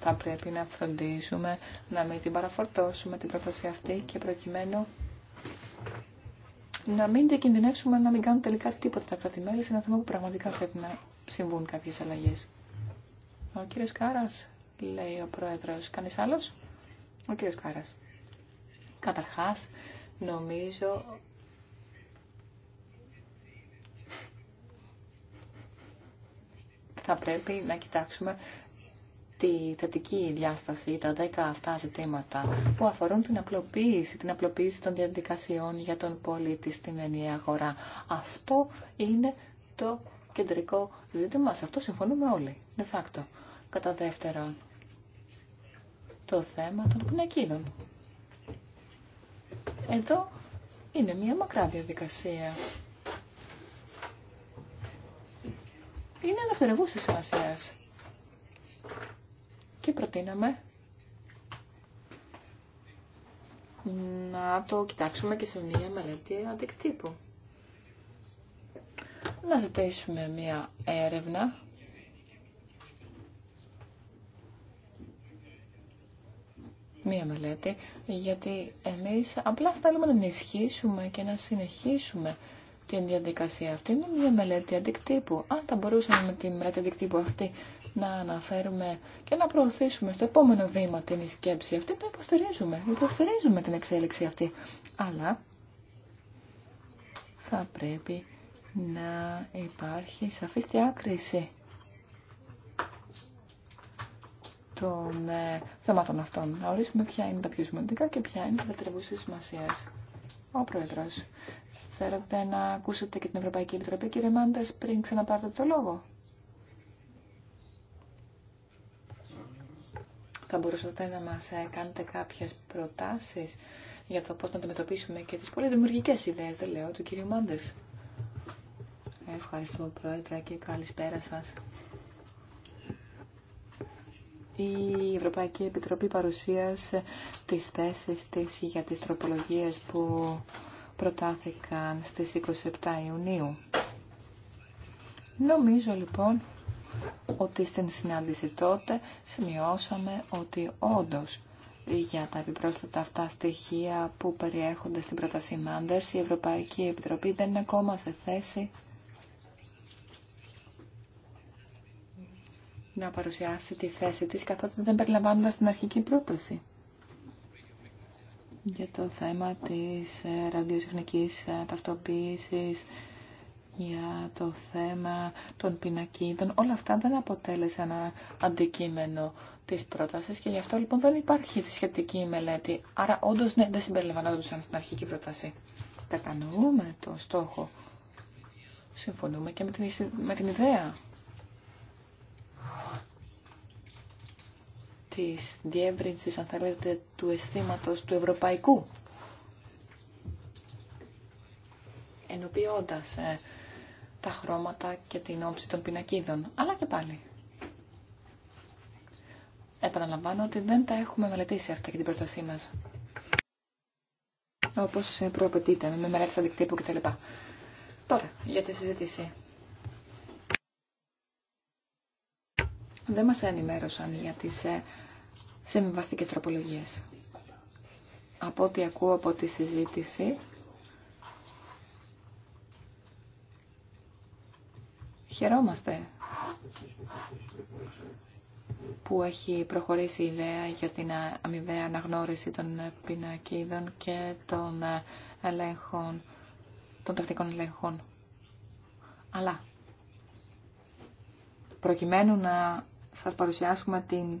θα πρέπει να φροντίσουμε να μην την παραφορτώσουμε την πρόταση αυτή και προκειμένου να μην διακινδυνεύσουμε να μην κάνουν τελικά τίποτα τα κρατημέλη σε ένα θέμα που πραγματικά πρέπει να συμβούν κάποιες αλλαγές. Ο κύριος Κάρας, λέει ο Πρόεδρο, κανεί άλλο. Ο κύριο Κάρα. Καταρχά, νομίζω θα πρέπει να κοιτάξουμε τη θετική διάσταση, τα 10 αυτά ζητήματα που αφορούν την απλοποίηση, την απλοποίηση των διαδικασιών για τον πολίτη στην ενιαία αγορά. Αυτό είναι το κεντρικό ζήτημα, σε αυτό συμφωνούμε όλοι, de facto. Κατά δεύτερον, το θέμα των πινακίδων. Εδώ είναι μια μακρά διαδικασία είναι της σημασία. Και προτείναμε να το κοιτάξουμε και σε μία μελέτη αντικτύπου. Να ζητήσουμε μία έρευνα μία μελέτη, γιατί εμείς απλά θέλουμε να ενισχύσουμε και να συνεχίσουμε την διαδικασία αυτή είναι μια μελέτη αντικτύπου. Αν θα μπορούσαμε με τη μελέτη αντικτύπου αυτή να αναφέρουμε και να προωθήσουμε στο επόμενο βήμα την σκέψη αυτή, το υποστηρίζουμε. Υποστηρίζουμε την εξέλιξη αυτή. Αλλά θα πρέπει να υπάρχει σαφής διάκριση των ε, θεμάτων αυτών. Να ορίσουμε ποια είναι τα πιο σημαντικά και ποια είναι τα τρεβούσια σημασία. Ο Πρόεδρος. Θέλετε να ακούσετε και την Ευρωπαϊκή Επιτροπή, κύριε Μάντερς, πριν ξαναπάρτε το λόγο. Θα μπορούσατε να μας ε, κάνετε κάποιες προτάσεις για το πώς να αντιμετωπίσουμε και τις πολύ δημιουργικές ιδέες, δεν λέω, του κύριου Μάντερς. Ευχαριστώ, Πρόεδρε, και καλησπέρα σας. Η Ευρωπαϊκή Επιτροπή παρουσίασε τις θέσεις της για τις τροπολογίες που προτάθηκαν στις 27 Ιουνίου. Νομίζω λοιπόν ότι στην συνάντηση τότε σημειώσαμε ότι όντως για τα επιπρόσθετα αυτά στοιχεία που περιέχονται στην πρόταση Μάντερς η Ευρωπαϊκή Επιτροπή δεν είναι ακόμα σε θέση να παρουσιάσει τη θέση της καθότι δεν περιλαμβάνοντας στην αρχική πρόταση για το θέμα της ε, ραδιοτεχνικής ε, ταυτοποίησης, για το θέμα των πινακίδων. Όλα αυτά δεν αποτέλεσαν ε, αντικείμενο της πρότασης και γι' αυτό λοιπόν δεν υπάρχει σχετική μελέτη. Άρα όντως ναι, δεν συμπεριλαμβανόντουσαν στην αρχική πρόταση. Κατανοούμε το στόχο. Συμφωνούμε και με την, με την ιδέα της διεύρυνσης, αν θέλετε, του αισθήματο του ευρωπαϊκού. Ενοποιώντας ε, τα χρώματα και την όψη των πινακίδων. Αλλά και πάλι. Επαναλαμβάνω ότι δεν τα έχουμε μελετήσει αυτά και την πρότασή μας. Όπως ε, προαπαιτείται, με μελέτες αντικτύπου κτλ. Τώρα, για τη συζήτηση. δεν μας ενημέρωσαν για τις ε, σε μεμβαστικές τροπολογίες. Από ό,τι ακούω από τη συζήτηση, χαιρόμαστε που έχει προχωρήσει η ιδέα για την αμοιβαία αναγνώριση των πινακίδων και των ελέγχων, των τεχνικών ελέγχων. Αλλά προκειμένου να σας παρουσιάσουμε την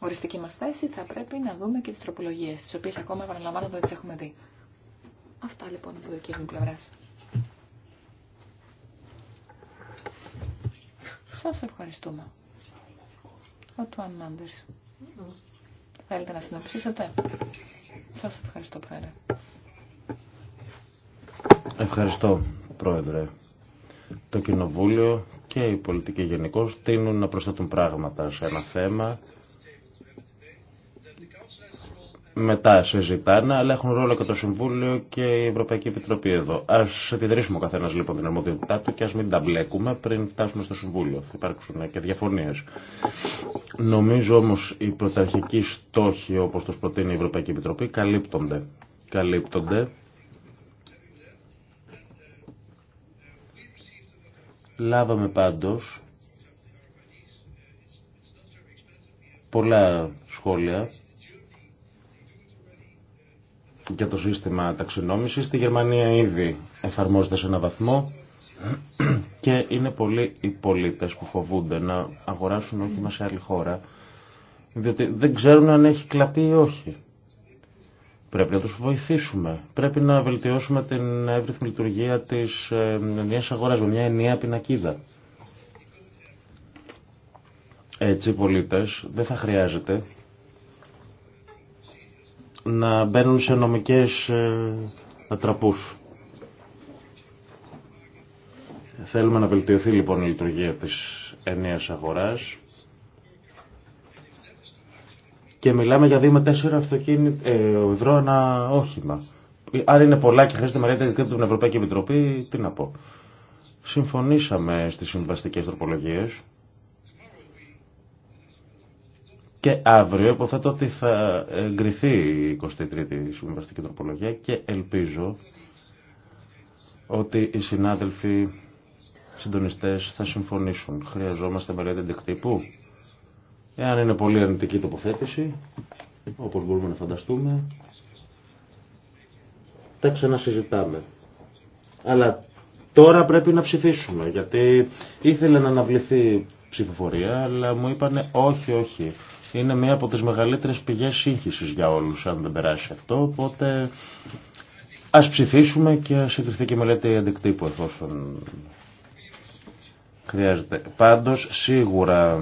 οριστική μας θέση, θα πρέπει να δούμε και τις τροπολογίες, τις οποίες ακόμα επαναλαμβάνω δεν τις έχουμε δει. Αυτά λοιπόν από δική μου πλευρά. Σας ευχαριστούμε. Ο Τουάν Μάντερς. Θέλετε να συνοψίσετε. Σας ευχαριστώ, Πρόεδρε. Ευχαριστώ, Πρόεδρε. Το Κοινοβούλιο και οι πολιτικοί γενικώ τείνουν να προσθέτουν πράγματα σε ένα θέμα. Μετά συζητάνε, αλλά έχουν ρόλο και το Συμβούλιο και η Ευρωπαϊκή Επιτροπή εδώ. Α συντηρήσουμε ο καθένα λοιπόν την αρμοδιότητά του και α μην τα μπλέκουμε πριν φτάσουμε στο Συμβούλιο. Θα υπάρξουν και διαφωνίε. Νομίζω όμω οι πρωταρχικοί στόχοι όπω του προτείνει η Ευρωπαϊκή Επιτροπή καλύπτονται. Καλύπτονται Λάβαμε πάντως πολλά σχόλια για το σύστημα ταξινόμησης. Στη Γερμανία ήδη εφαρμόζεται σε ένα βαθμό και είναι πολλοί οι πολίτες που φοβούνται να αγοράσουν όχημα σε άλλη χώρα διότι δεν ξέρουν αν έχει κλαπεί ή όχι. Πρέπει να τους βοηθήσουμε. Πρέπει να βελτιώσουμε την εύρυθμη λειτουργία της ε, ενιαίας αγοράς με μια ενιαία πινακίδα. Έτσι οι πολίτες δεν θα χρειάζεται να μπαίνουν σε νομικές ε, ατραπούς. Θέλουμε να βελτιωθεί λοιπόν η λειτουργία της ενιαίας αγοράς και μιλάμε για δύο με 4 αυτοκίνητα, ε, ευρώ ένα όχημα. Άρα είναι πολλά και χρειάζεται μελέτη από την Ευρωπαϊκή Επιτροπή, τι να πω. Συμφωνήσαμε στι συμβαστικέ τροπολογίες και αύριο υποθέτω ότι θα εγκριθεί η 23η συμβαστική τροπολογία και ελπίζω ότι οι συνάδελφοι συντονιστές θα συμφωνήσουν. Χρειαζόμαστε μελέτη αντικτύπου Εάν είναι πολύ αρνητική τοποθέτηση, όπως μπορούμε να φανταστούμε, τα ξανασυζητάμε. Αλλά τώρα πρέπει να ψηφίσουμε, γιατί ήθελε να αναβληθεί ψηφοφορία, αλλά μου είπανε όχι, όχι. Είναι μία από τις μεγαλύτερες πηγές σύγχυσης για όλους, αν δεν περάσει αυτό, οπότε ας ψηφίσουμε και ας συγκριθεί και μελέτη αντικτύπου, εφόσον χρειάζεται. Πάντως, σίγουρα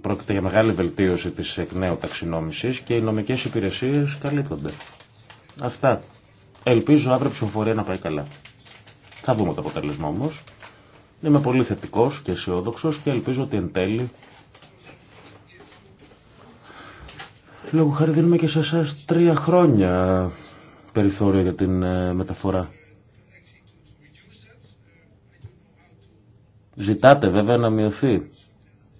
πρόκειται για μεγάλη βελτίωση της εκ νέου ταξινόμησης και οι νομικές υπηρεσίες καλύπτονται. Αυτά. Ελπίζω αύριο ψηφοφορία να πάει καλά. Θα δούμε το αποτέλεσμα όμως. Είμαι πολύ θετικός και αισιόδοξο και ελπίζω ότι εν τέλει Λόγω χάρη δίνουμε και σε εσά τρία χρόνια περιθώριο για την ε, μεταφορά. Ζητάτε βέβαια να μειωθεί.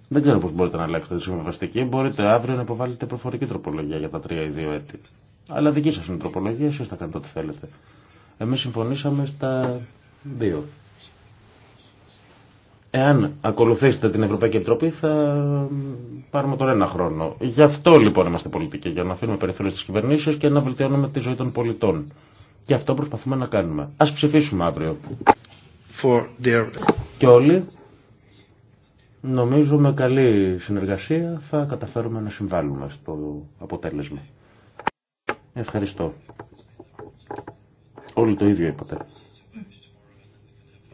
Δεν ξέρω πώ μπορείτε να αλλάξετε τη συμβιβαστική. Μπορείτε αύριο να υποβάλλετε προφορική τροπολογία για τα τρία ή δύο έτη. Αλλά δική σα είναι η τροπολογία, εσεί θα κάνετε ό,τι θέλετε. Εμεί συμφωνήσαμε στα δύο. Εάν ακολουθήσετε την Ευρωπαϊκή Επιτροπή θα πάρουμε τώρα ένα χρόνο. Γι' αυτό λοιπόν είμαστε πολιτικοί, για να αφήνουμε περιθώριο στις κυβερνήσει και να βελτιώνουμε τη ζωή των πολιτών. Και αυτό προσπαθούμε να κάνουμε. Α ψηφίσουμε αύριο. Και όλοι νομίζω με καλή συνεργασία θα καταφέρουμε να συμβάλλουμε στο αποτέλεσμα. Ευχαριστώ. Όλοι το ίδιο είπατε.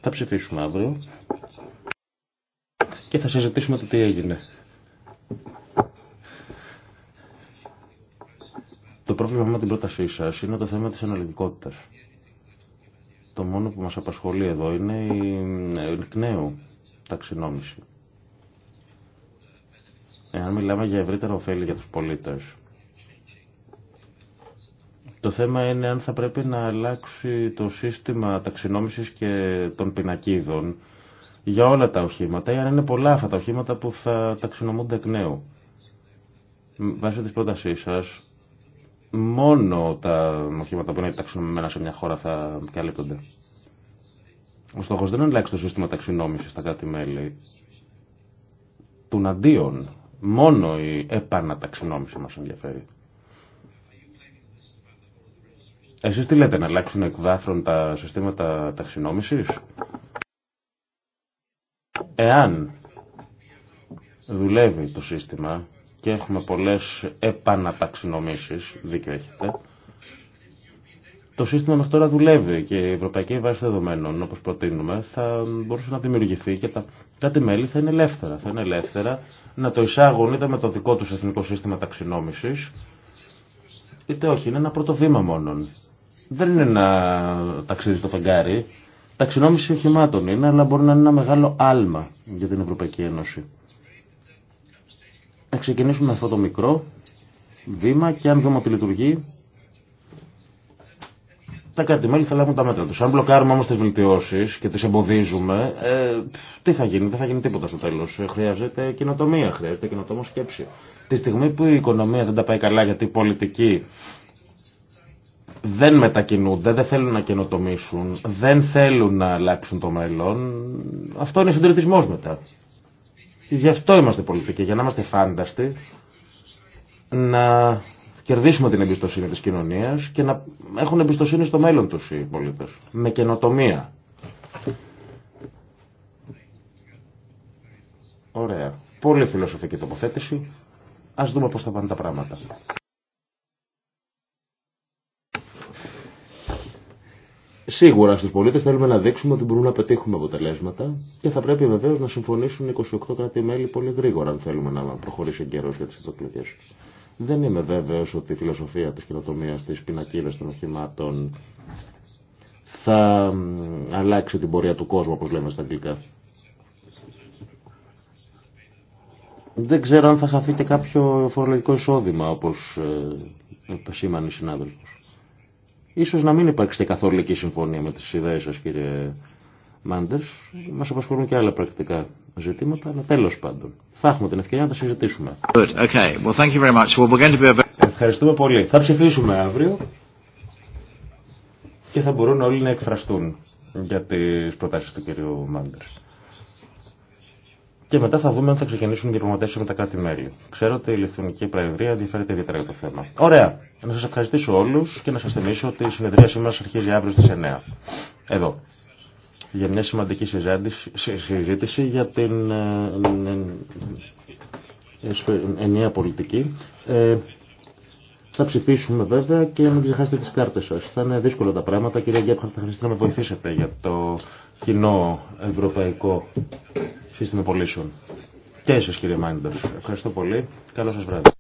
Θα ψηφίσουμε αύριο και θα συζητήσουμε το τι έγινε. Το πρόβλημα με την πρότασή σας είναι το θέμα της αναλυτικότητας. Το μόνο που μας απασχολεί εδώ είναι η εκ νέου ταξινόμηση. Εάν μιλάμε για ευρύτερα ωφέλη για τους πολίτες, το θέμα είναι αν θα πρέπει να αλλάξει το σύστημα ταξινόμησης και των πινακίδων για όλα τα οχήματα ή αν είναι πολλά αυτά τα οχήματα που θα ταξινομούνται εκ νέου. Βάσει της πρότασής σας, μόνο τα οχήματα που είναι ταξινομημένα σε μια χώρα θα καλύπτονται. Ο στόχο δεν είναι να αλλάξει το σύστημα ταξινόμηση στα κράτη-μέλη. Τουναντίον, αντίον, μόνο η επαναταξινόμηση μα ενδιαφέρει. Εσεί τι λέτε, να αλλάξουν εκ βάθρων τα συστήματα ταξινόμησης. Εάν δουλεύει το σύστημα και έχουμε πολλές επαναταξινομήσεις, δίκιο έχετε. Το σύστημα μέχρι τώρα δουλεύει και η Ευρωπαϊκή Βάση Δεδομένων, όπως προτείνουμε, θα μπορούσε να δημιουργηθεί και τα κάτι μέλη θα είναι ελεύθερα. Θα είναι ελεύθερα να το εισάγουν είτε με το δικό τους εθνικό σύστημα ταξινόμησης, είτε όχι. Είναι ένα πρώτο βήμα μόνον. Δεν είναι ένα ταξίδι στο φεγγάρι. Ταξινόμηση οχημάτων είναι, αλλά μπορεί να είναι ένα μεγάλο άλμα για την Ευρωπαϊκή Ένωση να ξεκινήσουμε με αυτό το μικρό βήμα και αν δούμε ότι λειτουργεί, τα κράτη-μέλη θα λάβουν τα μέτρα του. Αν μπλοκάρουμε όμω τι βελτιώσει και τι εμποδίζουμε, ε, τι θα γίνει, δεν θα γίνει τίποτα στο τέλος. Ε, χρειάζεται καινοτομία, χρειάζεται κοινοτόμο σκέψη. Τη στιγμή που η οικονομία δεν τα πάει καλά γιατί οι πολιτικοί δεν μετακινούνται, δεν θέλουν να καινοτομήσουν, δεν θέλουν να αλλάξουν το μέλλον, αυτό είναι συντηρητισμός μετά. Γι' αυτό είμαστε πολιτικοί, για να είμαστε φάνταστοι, να κερδίσουμε την εμπιστοσύνη της κοινωνίας και να έχουν εμπιστοσύνη στο μέλλον τους οι πολίτες, με καινοτομία. Ωραία. Πολύ φιλοσοφική τοποθέτηση. Ας δούμε πώς θα πάνε τα πράγματα. Σίγουρα στους πολίτες θέλουμε να δείξουμε ότι μπορούμε να πετύχουμε αποτελέσματα και θα πρέπει βεβαίως να συμφωνήσουν 28 κράτη-μέλη πολύ γρήγορα αν θέλουμε να προχωρήσει καιρός για τις εκλογέ. Δεν είμαι βέβαιος ότι η φιλοσοφία της κοινοτομίας, της πινακίδας των οχημάτων θα αλλάξει την πορεία του κόσμου όπως λέμε στα αγγλικά. Δεν ξέρω αν θα χαθεί και κάποιο φορολογικό εισόδημα όπως ε, σήμανε οι συνάδελφοι. Ίσως να μην υπάρξει καθολική συμφωνία με τις ιδέες σας κύριε Μάντερς. Μας απασχολούν και άλλα πρακτικά ζητήματα, αλλά τέλος πάντων. Θα έχουμε την ευκαιρία να τα συζητήσουμε. Okay. Well, thank you very much. Well, we're going to be a... Ευχαριστούμε πολύ. Θα ψηφίσουμε αύριο και θα μπορούν όλοι να εκφραστούν για τις προτάσεις του κυρίου Μάντερς. Και μετά θα δούμε αν θα ξεκινήσουν οι διαπραγματεύσει με τα κράτη-μέλη. Ξέρω ότι η Λιθουανική Προεδρία ενδιαφέρεται ιδιαίτερα για το θέμα. Ωραία. Να σα ευχαριστήσω όλου και να σα θυμίσω ότι η συνεδρία μα αρχίζει αύριο στι 9. Εδώ. Για μια σημαντική συζήτηση για την ε, ε, ε, ενιαία πολιτική. Θα ψηφίσουμε βέβαια και μην ξεχάσετε τι κάρτε σα. Θα είναι δύσκολα τα πράγματα. Κυρία Γκέπχαρτ, θα χρειαστεί να με βοηθήσετε για το κοινό ευρωπαϊκό σύστημα πωλήσεων. Και εσείς κύριε Μάιντερ. Ευχαριστώ πολύ. Καλό σας βράδυ.